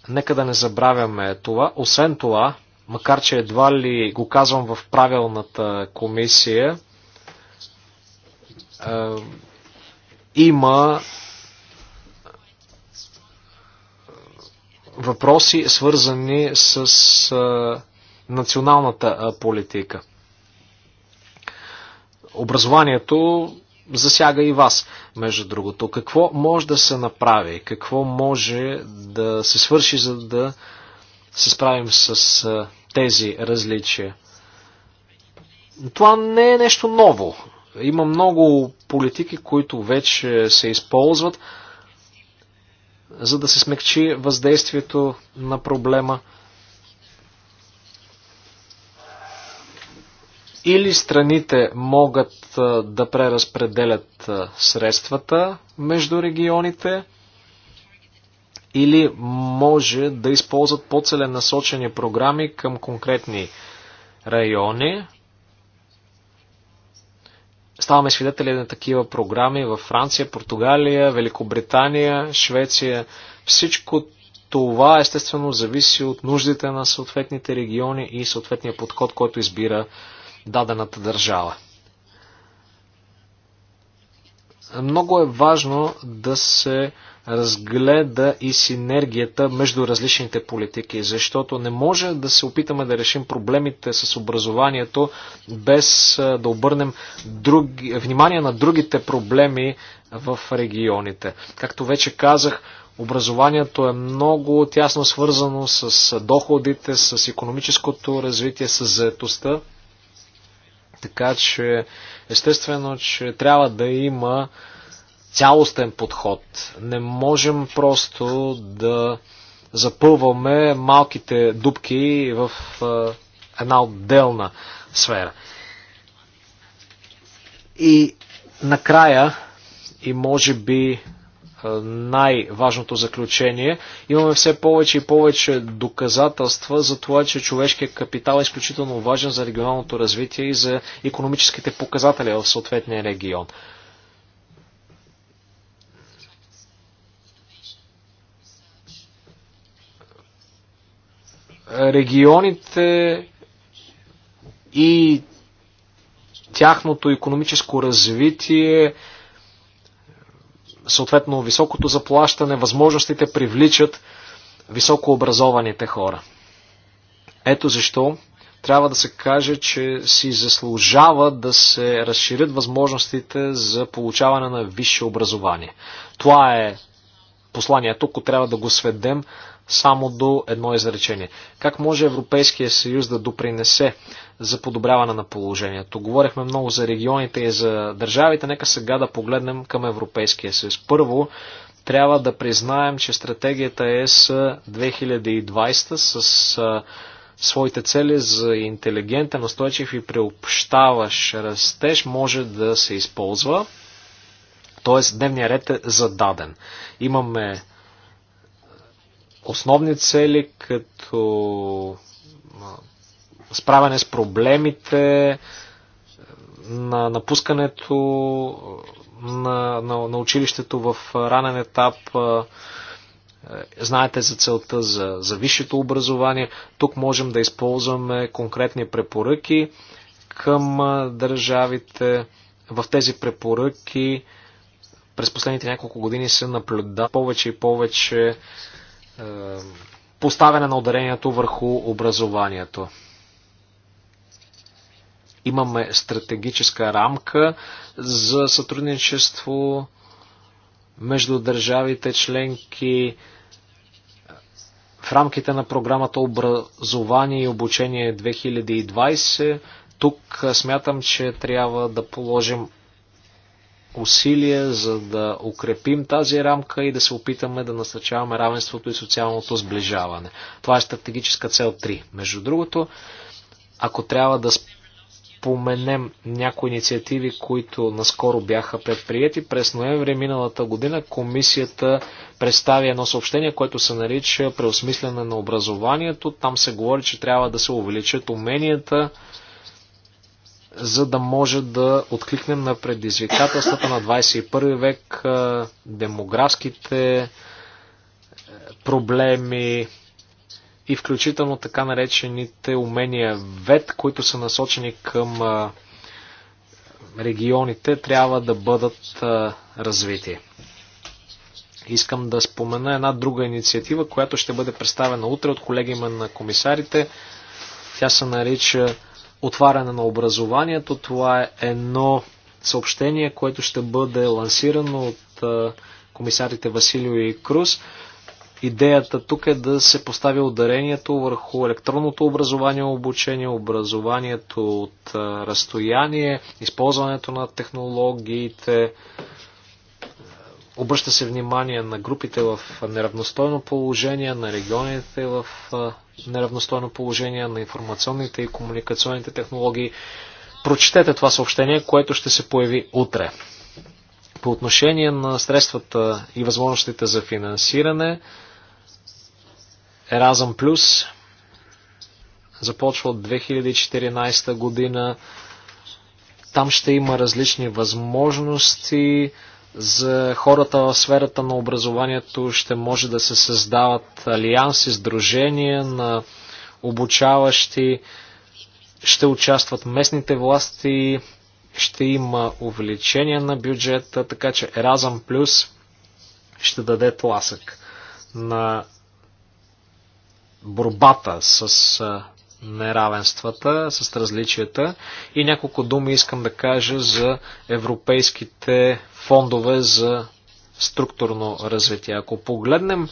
Нека да не забравяме това. Освен това, макар че едва ли го казвам в правилната комисия, е, има въпроси, свързани с националната политика. Образованието засяга и вас, между другото. Какво може да се направи? Какво може да се свърши, за да се справим с тези различия? Това не е нещо ново. Има много политики, които вече се използват за да се смекчи въздействието на проблема. Или страните могат да преразпределят средствата между регионите, или може да използват по-целенасочени програми към конкретни райони. Ставаме свидетели на такива програми във Франция, Португалия, Великобритания, Швеция. Всичко това естествено зависи от нуждите на съответните региони и съответния подход, който избира дадената държава. Много е важно да се разгледа и синергията между различните политики, защото не може да се опитаме да решим проблемите с образованието без да обърнем друг... внимание на другите проблеми в регионите. Както вече казах, Образованието е много тясно свързано с доходите, с економическото развитие, с заетостта. Така че естествено, че трябва да има цялостен подход. Не можем просто да запълваме малките дубки в една отделна сфера. И накрая, и може би най-важното заключение, имаме все повече и повече доказателства за това, че човешкият капитал е изключително важен за регионалното развитие и за економическите показатели в съответния регион. регионите и тяхното економическо развитие, съответно високото заплащане, възможностите привличат високообразованите хора. Ето защо трябва да се каже, че си заслужава да се разширят възможностите за получаване на висше образование. Това е посланието, ако трябва да го сведем само до едно изречение. Как може Европейския съюз да допринесе за подобряване на положението? Говорихме много за регионите и за държавите, нека сега да погледнем към Европейския съюз. Първо, трябва да признаем, че стратегията ЕС 2020 с своите цели за интелигентен, устойчив и приобщаващ растеж може да се използва. Тоест, дневния ред е зададен. Имаме основни цели, като справяне с проблемите, на напускането на, на, на училището в ранен етап, е, знаете за целта за, за висшето образование. Тук можем да използваме конкретни препоръки към държавите. В тези препоръки през последните няколко години се наблюдава повече и повече е, поставяне на ударението върху образованието. Имаме стратегическа рамка за сътрудничество между държавите членки е, в рамките на програмата Образование и обучение 2020. Тук е, смятам, че трябва да положим усилия, за да укрепим тази рамка и да се опитаме да насърчаваме равенството и социалното сближаване. Това е стратегическа цел 3. Между другото, ако трябва да споменем някои инициативи, които наскоро бяха предприяти. През ноември миналата година комисията представи едно съобщение, което се нарича преосмислене на образованието. Там се говори, че трябва да се увеличат уменията, за да може да откликнем на предизвикателствата на 21 век, демографските е, проблеми и включително така наречените умения вет, които са насочени към регионите, трябва да бъдат развити. Искам да спомена една друга инициатива, която ще бъде представена утре от колегима на комисарите. Тя се нарича отваряне на образованието. Това е едно съобщение, което ще бъде лансирано от комисарите Василио и Круз. Идеята тук е да се постави ударението върху електронното образование, обучение, образованието от разстояние, използването на технологиите. Обръща се внимание на групите в неравностойно положение, на регионите в неравностойно положение на информационните и комуникационните технологии. Прочетете това съобщение, което ще се появи утре. По отношение на средствата и възможностите за финансиране, Erasmus Плюс започва от 2014 година. Там ще има различни възможности за хората в сферата на образованието ще може да се създават алианси, сдружения на обучаващи, ще участват местните власти, ще има увеличение на бюджета, така че Еразъм Плюс ще даде тласък на борбата с неравенствата, с различията. И няколко думи искам да кажа за европейските фондове за структурно развитие. Ако погледнем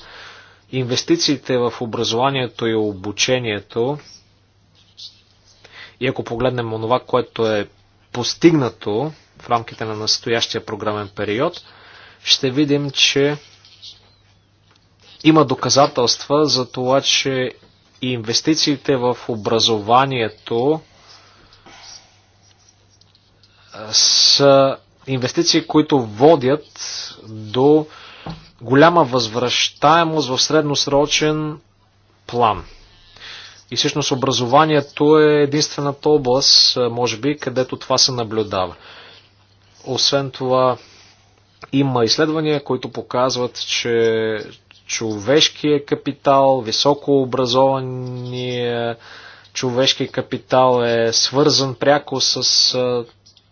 инвестициите в образованието и обучението, и ако погледнем онова, което е постигнато в рамките на настоящия програмен период, ще видим, че има доказателства за това, че и инвестициите в образованието са инвестиции, които водят до голяма възвръщаемост в средносрочен план. И всъщност образованието е единствената област, може би, където това се наблюдава. Освен това, има изследвания, които показват, че човешкия капитал, високо човешки капитал е свързан пряко с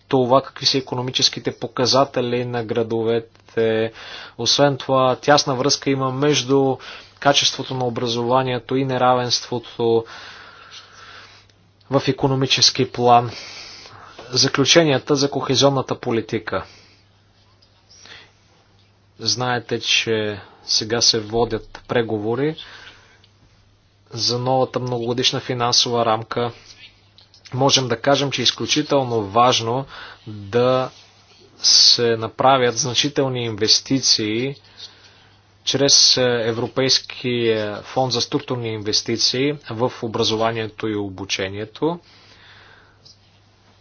това какви са економическите показатели на градовете. Освен това, тясна връзка има между качеството на образованието и неравенството в економически план. Заключенията за кохезионната политика. Знаете, че сега се водят преговори за новата многогодишна финансова рамка. Можем да кажем, че е изключително важно да се направят значителни инвестиции чрез Европейски фонд за структурни инвестиции в образованието и обучението.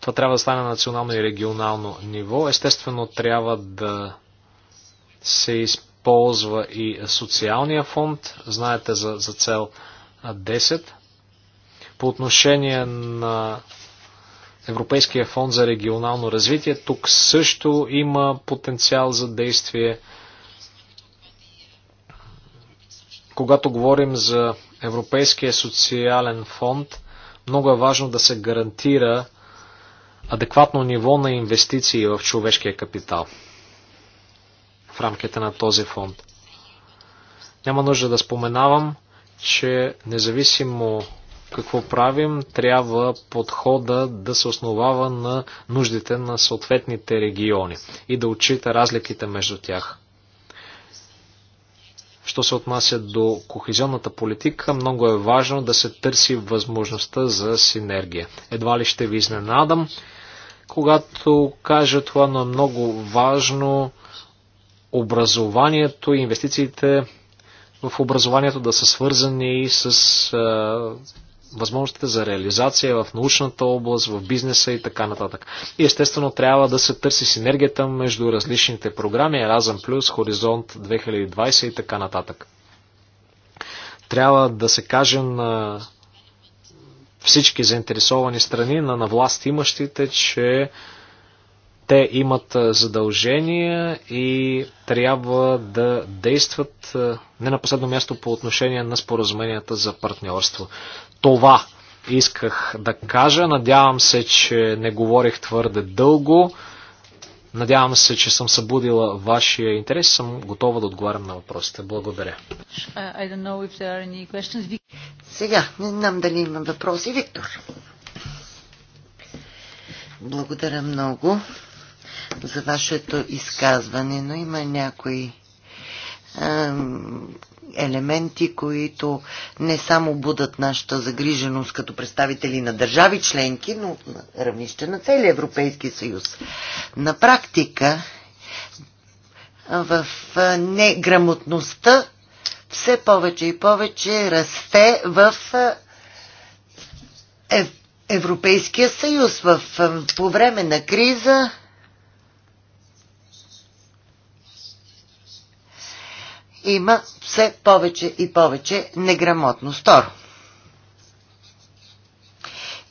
Това трябва да стане на национално и регионално ниво. Естествено, трябва да се използва и социалния фонд, знаете за, за цел 10. По отношение на Европейския фонд за регионално развитие, тук също има потенциал за действие. Когато говорим за Европейския социален фонд, много е важно да се гарантира адекватно ниво на инвестиции в човешкия капитал в рамките на този фонд. Няма нужда да споменавам, че независимо какво правим, трябва подхода да се основава на нуждите на съответните региони и да отчита разликите между тях. Що се отнася до кохезионната политика, много е важно да се търси възможността за синергия. Едва ли ще ви изненадам, когато кажа това, но е много важно образованието и инвестициите в образованието да са свързани и с възможностите за реализация в научната област, в бизнеса и така нататък. И естествено трябва да се търси синергията между различните програми, Еразъм Плюс, Хоризонт 2020 и така нататък. Трябва да се каже на всички заинтересовани страни, на, на власт имащите, че те имат задължения и трябва да действат не на последно място по отношение на споразуменията за партньорство. Това исках да кажа. Надявам се, че не говорих твърде дълго. Надявам се, че съм събудила вашия интерес. Съм готова да отговарям на въпросите. Благодаря. Uh, Сега, не знам дали има въпроси. Виктор. Благодаря много за вашето изказване, но има някои елементи, които не само будат нашата загриженост като представители на държави членки, но на равнище на целия Европейски съюз. На практика в неграмотността все повече и повече расте в Европейския съюз. В, по време на криза има все повече и повече неграмотно Второ,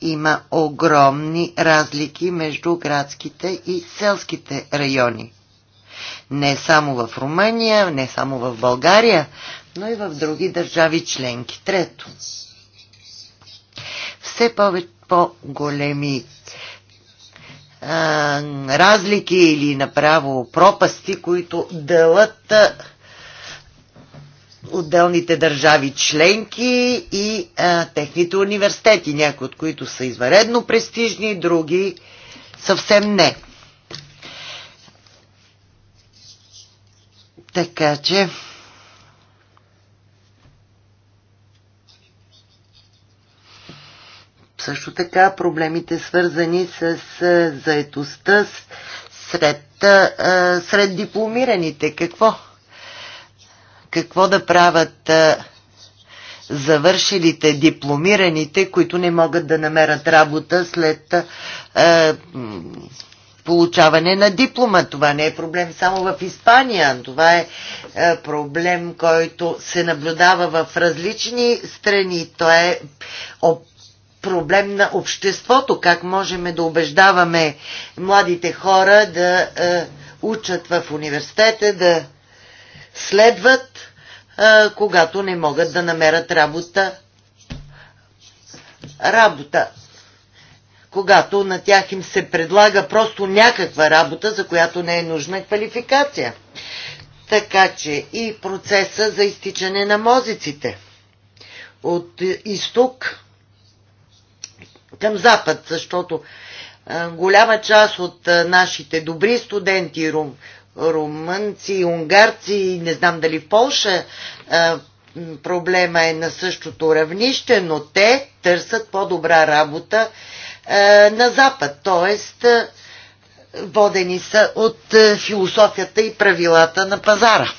има огромни разлики между градските и селските райони. Не само в Румъния, не само в България, но и в други държави членки. Трето, все повече по-големи разлики или направо пропасти, които делът отделните държави членки и а, техните университети, някои от които са изваредно престижни, други съвсем не. Така че... Също така проблемите свързани с заетостта сред, сред дипломираните. Какво? какво да правят завършилите, дипломираните, които не могат да намерят работа след е, получаване на диплома. Това не е проблем само в Испания, това е, е проблем, който се наблюдава в различни страни. То е проблем на обществото, как можем да убеждаваме младите хора да е, учат в университета, да следват, когато не могат да намерят работа. Работа. Когато на тях им се предлага просто някаква работа, за която не е нужна квалификация. Така че и процеса за изтичане на мозиците от изток към запад, защото голяма част от нашите добри студенти, рум, румънци, унгарци, не знам дали в Полша проблема е на същото равнище, но те търсят по-добра работа на Запад, т.е. водени са от философията и правилата на пазара.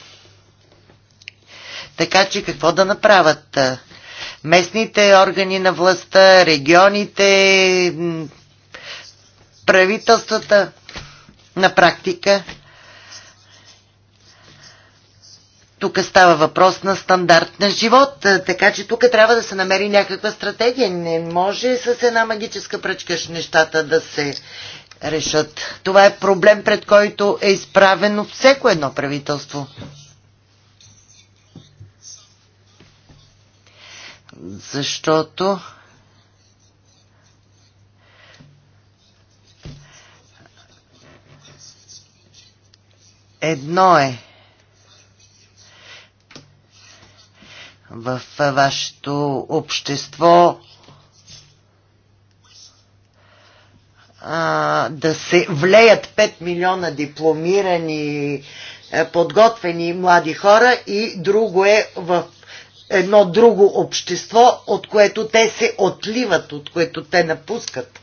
Така че какво да направят? Местните органи на властта, регионите, правителствата на практика тук става въпрос на стандарт на живот, така че тук трябва да се намери някаква стратегия. Не може с една магическа пръчка нещата да се решат. Това е проблем, пред който е изправено всеко едно правителство. Защото едно е в вашето общество а, да се влеят 5 милиона дипломирани, е, подготвени млади хора и друго е в едно друго общество, от което те се отливат, от което те напускат.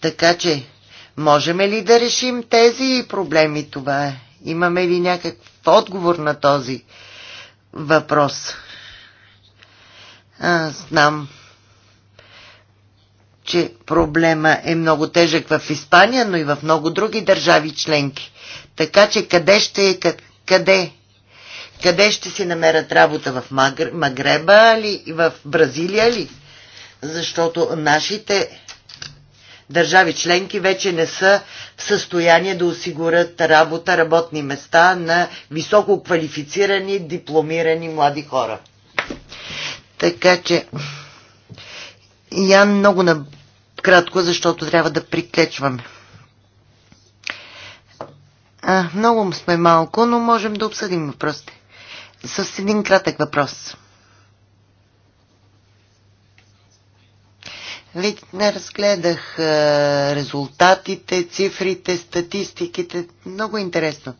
Така че, можем ли да решим тези проблеми? Това е. Имаме ли някакъв отговор на този въпрос. А, знам, че проблема е много тежък в Испания, но и в много други държави членки. Така че къде ще къде? Къде ще си намерят работа? В Магреба ли? В Бразилия ли? Защото нашите държави членки вече не са в състояние да осигурят работа, работни места на високо квалифицирани, дипломирани млади хора. Така че, я много на кратко, защото трябва да приклечваме. А, много сме малко, но можем да обсъдим въпросите. С един кратък въпрос. не разгледах резултатите, цифрите, статистиките. Много интересно.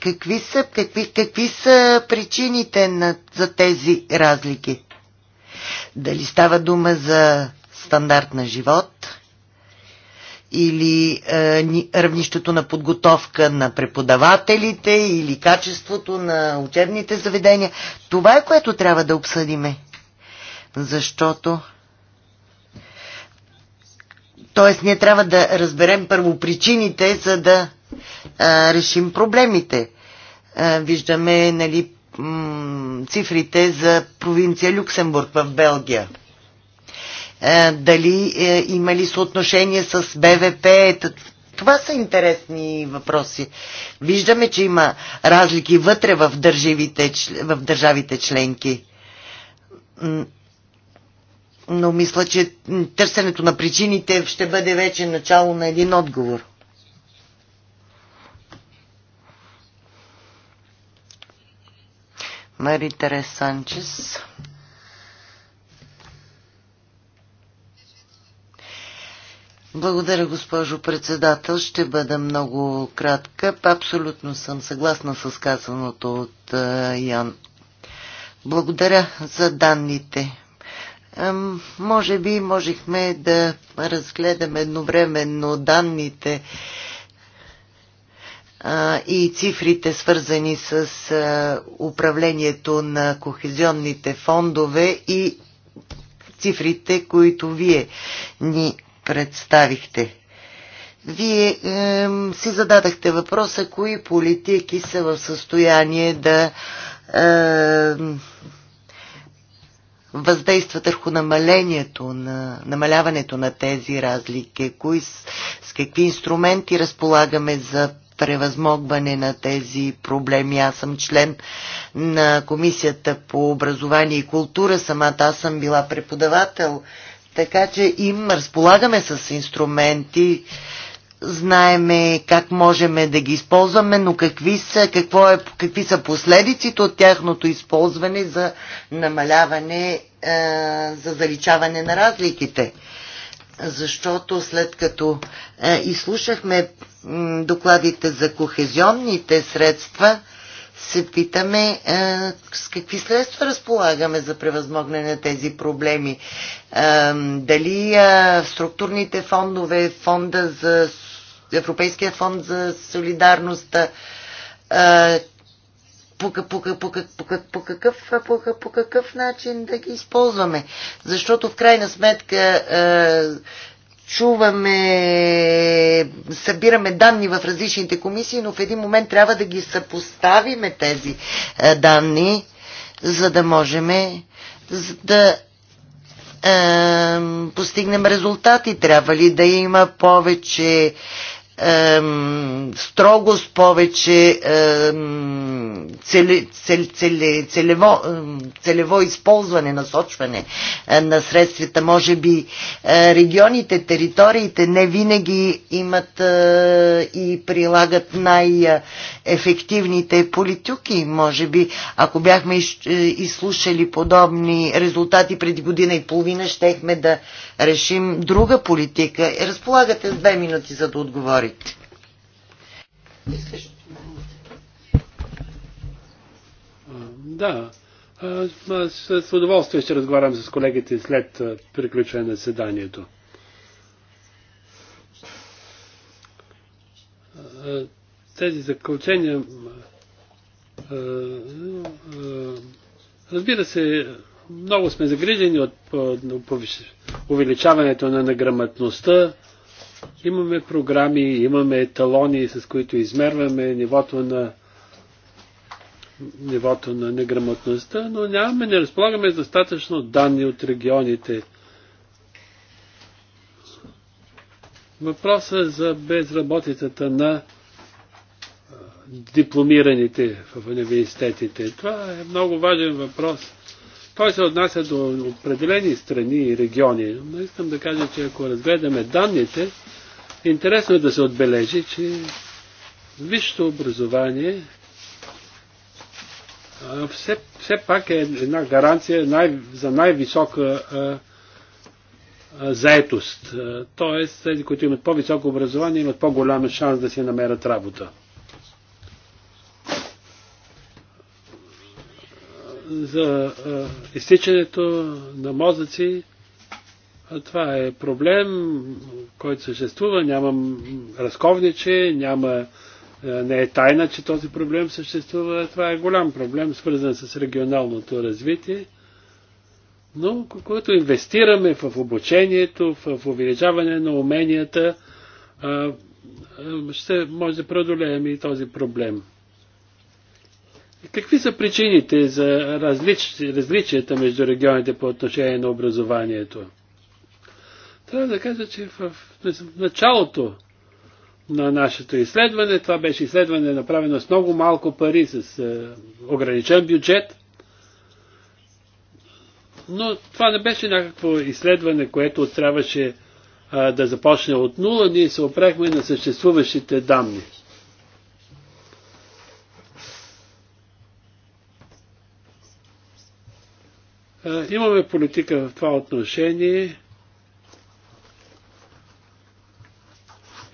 Какви са, какви, какви са причините на, за тези разлики? Дали става дума за стандарт на живот или е, равнището на подготовка на преподавателите или качеството на учебните заведения? Това е което трябва да обсъдиме защото Тоест, ние трябва да разберем първо причините, за да а, решим проблемите. А, виждаме нали, цифрите за провинция Люксембург в Белгия. А, дали а, е, има ли съотношение с БВП? Това са интересни въпроси. Виждаме, че има разлики вътре в, в държавите членки но мисля, че търсенето на причините ще бъде вече начало на един отговор. Мари Терес Санчес. Благодаря, госпожо председател. Ще бъда много кратка. Абсолютно съм съгласна с казаното от Ян. Благодаря за данните. Може би можехме да разгледаме едновременно данните и цифрите свързани с е, управлението на кохезионните фондове и цифрите, които вие ни представихте. Вие е, си зададахте въпроса, кои политики са в състояние да е, въздействат върху намалението на, намаляването на тези разлики? Кои, с какви инструменти разполагаме за превъзмогване на тези проблеми. Аз съм член на Комисията по образование и култура. Самата аз съм била преподавател. Така че им разполагаме с инструменти, знаеме как можем да ги използваме, но какви са, какво е, какви са последиците от тяхното използване за намаляване, е, за заличаване на разликите. Защото след като е, изслушахме докладите за кохезионните средства, се питаме е, с какви средства разполагаме за превъзмогне на тези проблеми. Е, дали е, структурните фондове, фонда за Европейския фонд за солидарност. По, по, по, по, по, по, какъв, по, по какъв начин да ги използваме? Защото в крайна сметка чуваме, събираме данни в различните комисии, но в един момент трябва да ги съпоставиме тези данни, за да можем да постигнем резултати. Трябва ли да има повече строгост, повече цели, цели, цели, целево, целево използване, насочване е, на средствата. Може би е, регионите, териториите не винаги имат е, и прилагат най-ефективните политики. Може би, ако бяхме изслушали подобни резултати преди година и половина, щехме да решим друга политика. Разполагате с две минути, за да отговорите. Заповядайте. Да, аз с удоволствие ще разговарям с колегите след приключване на заседанието. Тези заключения. Разбира се, много сме загрижени от увеличаването на неграмотността, Имаме програми, имаме еталони, с които измерваме нивото на нивото на неграмотността, но нямаме, не разполагаме достатъчно данни от регионите. Въпросът за безработицата на дипломираните в университетите. Това е много важен въпрос. Той се отнася до определени страни и региони. Но искам да кажа, че ако разгледаме данните, Интересно е да се отбележи, че висшето образование все, все пак е една гаранция най, за най-висока заетост. Тоест, тези, които имат по-високо образование, имат по-голям шанс да си намерят работа. За изтичането на мозъци това е проблем, който съществува. Няма разковниче, няма, е, не е тайна, че този проблем съществува. Това е голям проблем, свързан с регионалното развитие. Но когато инвестираме в обучението, в увеличаване на уменията, е, е, ще може да преодолеем и този проблем. Какви са причините за различ... различията между регионите по отношение на образованието? Трябва да кажа, че в началото на нашето изследване, това беше изследване направено с много малко пари, с е, ограничен бюджет, но това не беше някакво изследване, което трябваше е, да започне от нула, ние се опрехме на съществуващите данни. Е, имаме политика в това отношение.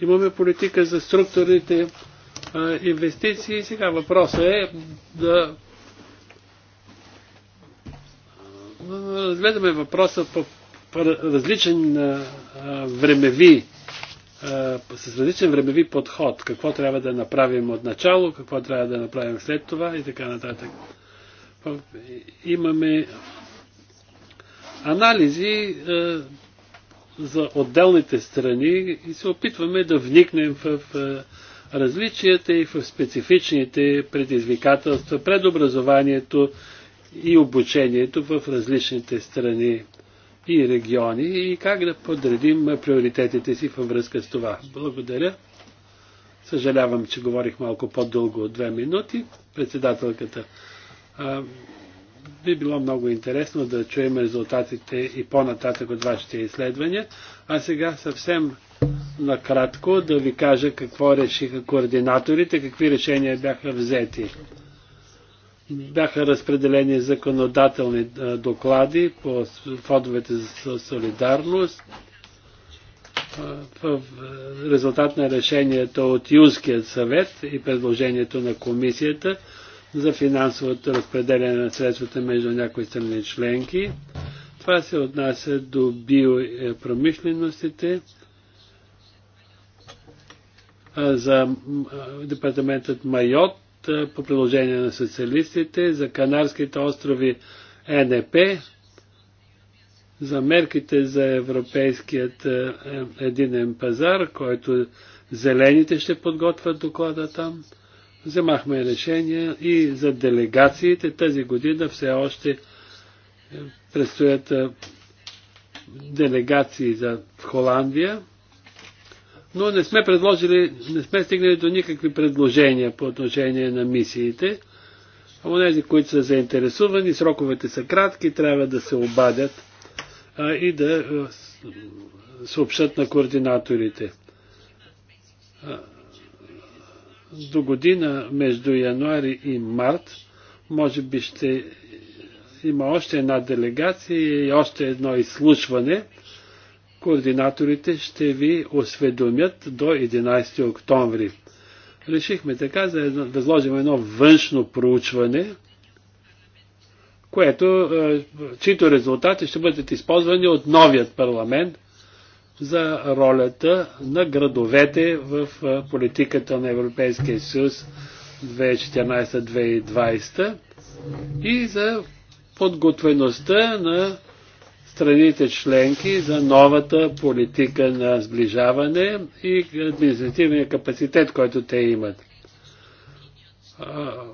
Имаме политика за структурните а, инвестиции. Сега въпросът е да разгледаме въпроса по, по различен а, времеви а, с различен времеви подход. Какво трябва да направим от начало, какво трябва да направим след това и така нататък. Имаме анализи, за отделните страни и се опитваме да вникнем в различията и в специфичните предизвикателства пред образованието и обучението в различните страни и региони и как да подредим приоритетите си във връзка с това. Благодаря. Съжалявам, че говорих малко по-дълго от две минути. Председателката би било много интересно да чуем резултатите и по-нататък от вашите изследвания. А сега съвсем накратко да ви кажа какво решиха координаторите, какви решения бяха взети. Бяха разпределени законодателни доклади по фондовете за солидарност. В резултат на решението от Юнският съвет и предложението на комисията – за финансовото разпределение на средствата между някои страни членки. Това се отнася до биопромишленостите, за департаментът Майот по приложение на социалистите, за Канарските острови е НП, за мерките за европейският е, единен пазар, който зелените ще подготвят доклада там, вземахме решения и за делегациите. Тази година все още е, предстоят е, делегации за Холандия, но не сме предложили, не сме стигнали до никакви предложения по отношение на мисиите. Онези, които са заинтересувани, сроковете са кратки, трябва да се обадят а, и да е, съобщат на координаторите. А, до година между януари и март може би ще има още една делегация и още едно изслушване. Координаторите ще ви осведомят до 11 октомври. Решихме така за едно, да сложим едно външно проучване, което, е, чието резултати ще бъдат използвани от новият парламент за ролята на градовете в политиката на Европейския съюз 2014-2020 и за подготвеността на страните членки за новата политика на сближаване и административния капацитет, който те имат.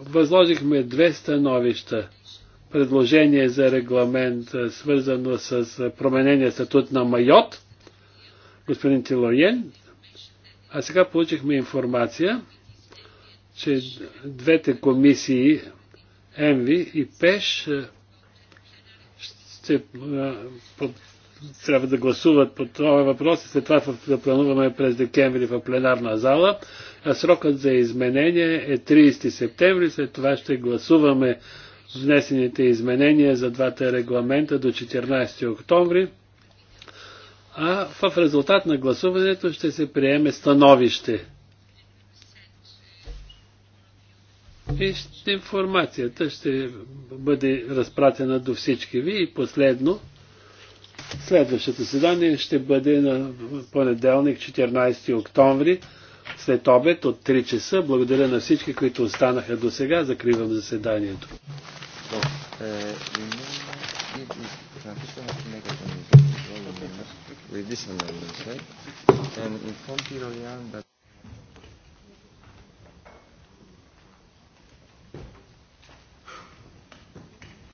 Възложихме две становища. Предложение за регламент, свързано с променения статут на Майот – господин Тилоен. А сега получихме информация, че двете комисии ЕМВИ и ПЕШ ще по, трябва да гласуват по това въпрос и след това да плануваме през декември в пленарна зала. А срокът за изменение е 30 септември, след това ще гласуваме внесените изменения за двата регламента до 14 октомври а в резултат на гласуването ще се приеме становище. И информацията ще бъде разпратена до всички ви. И последно, следващото седание ще бъде на понеделник, 14 октомври, след обед от 3 часа. Благодаря на всички, които останаха до сега. Закривам заседанието. Е, with this amendment, right? And in Peter Young that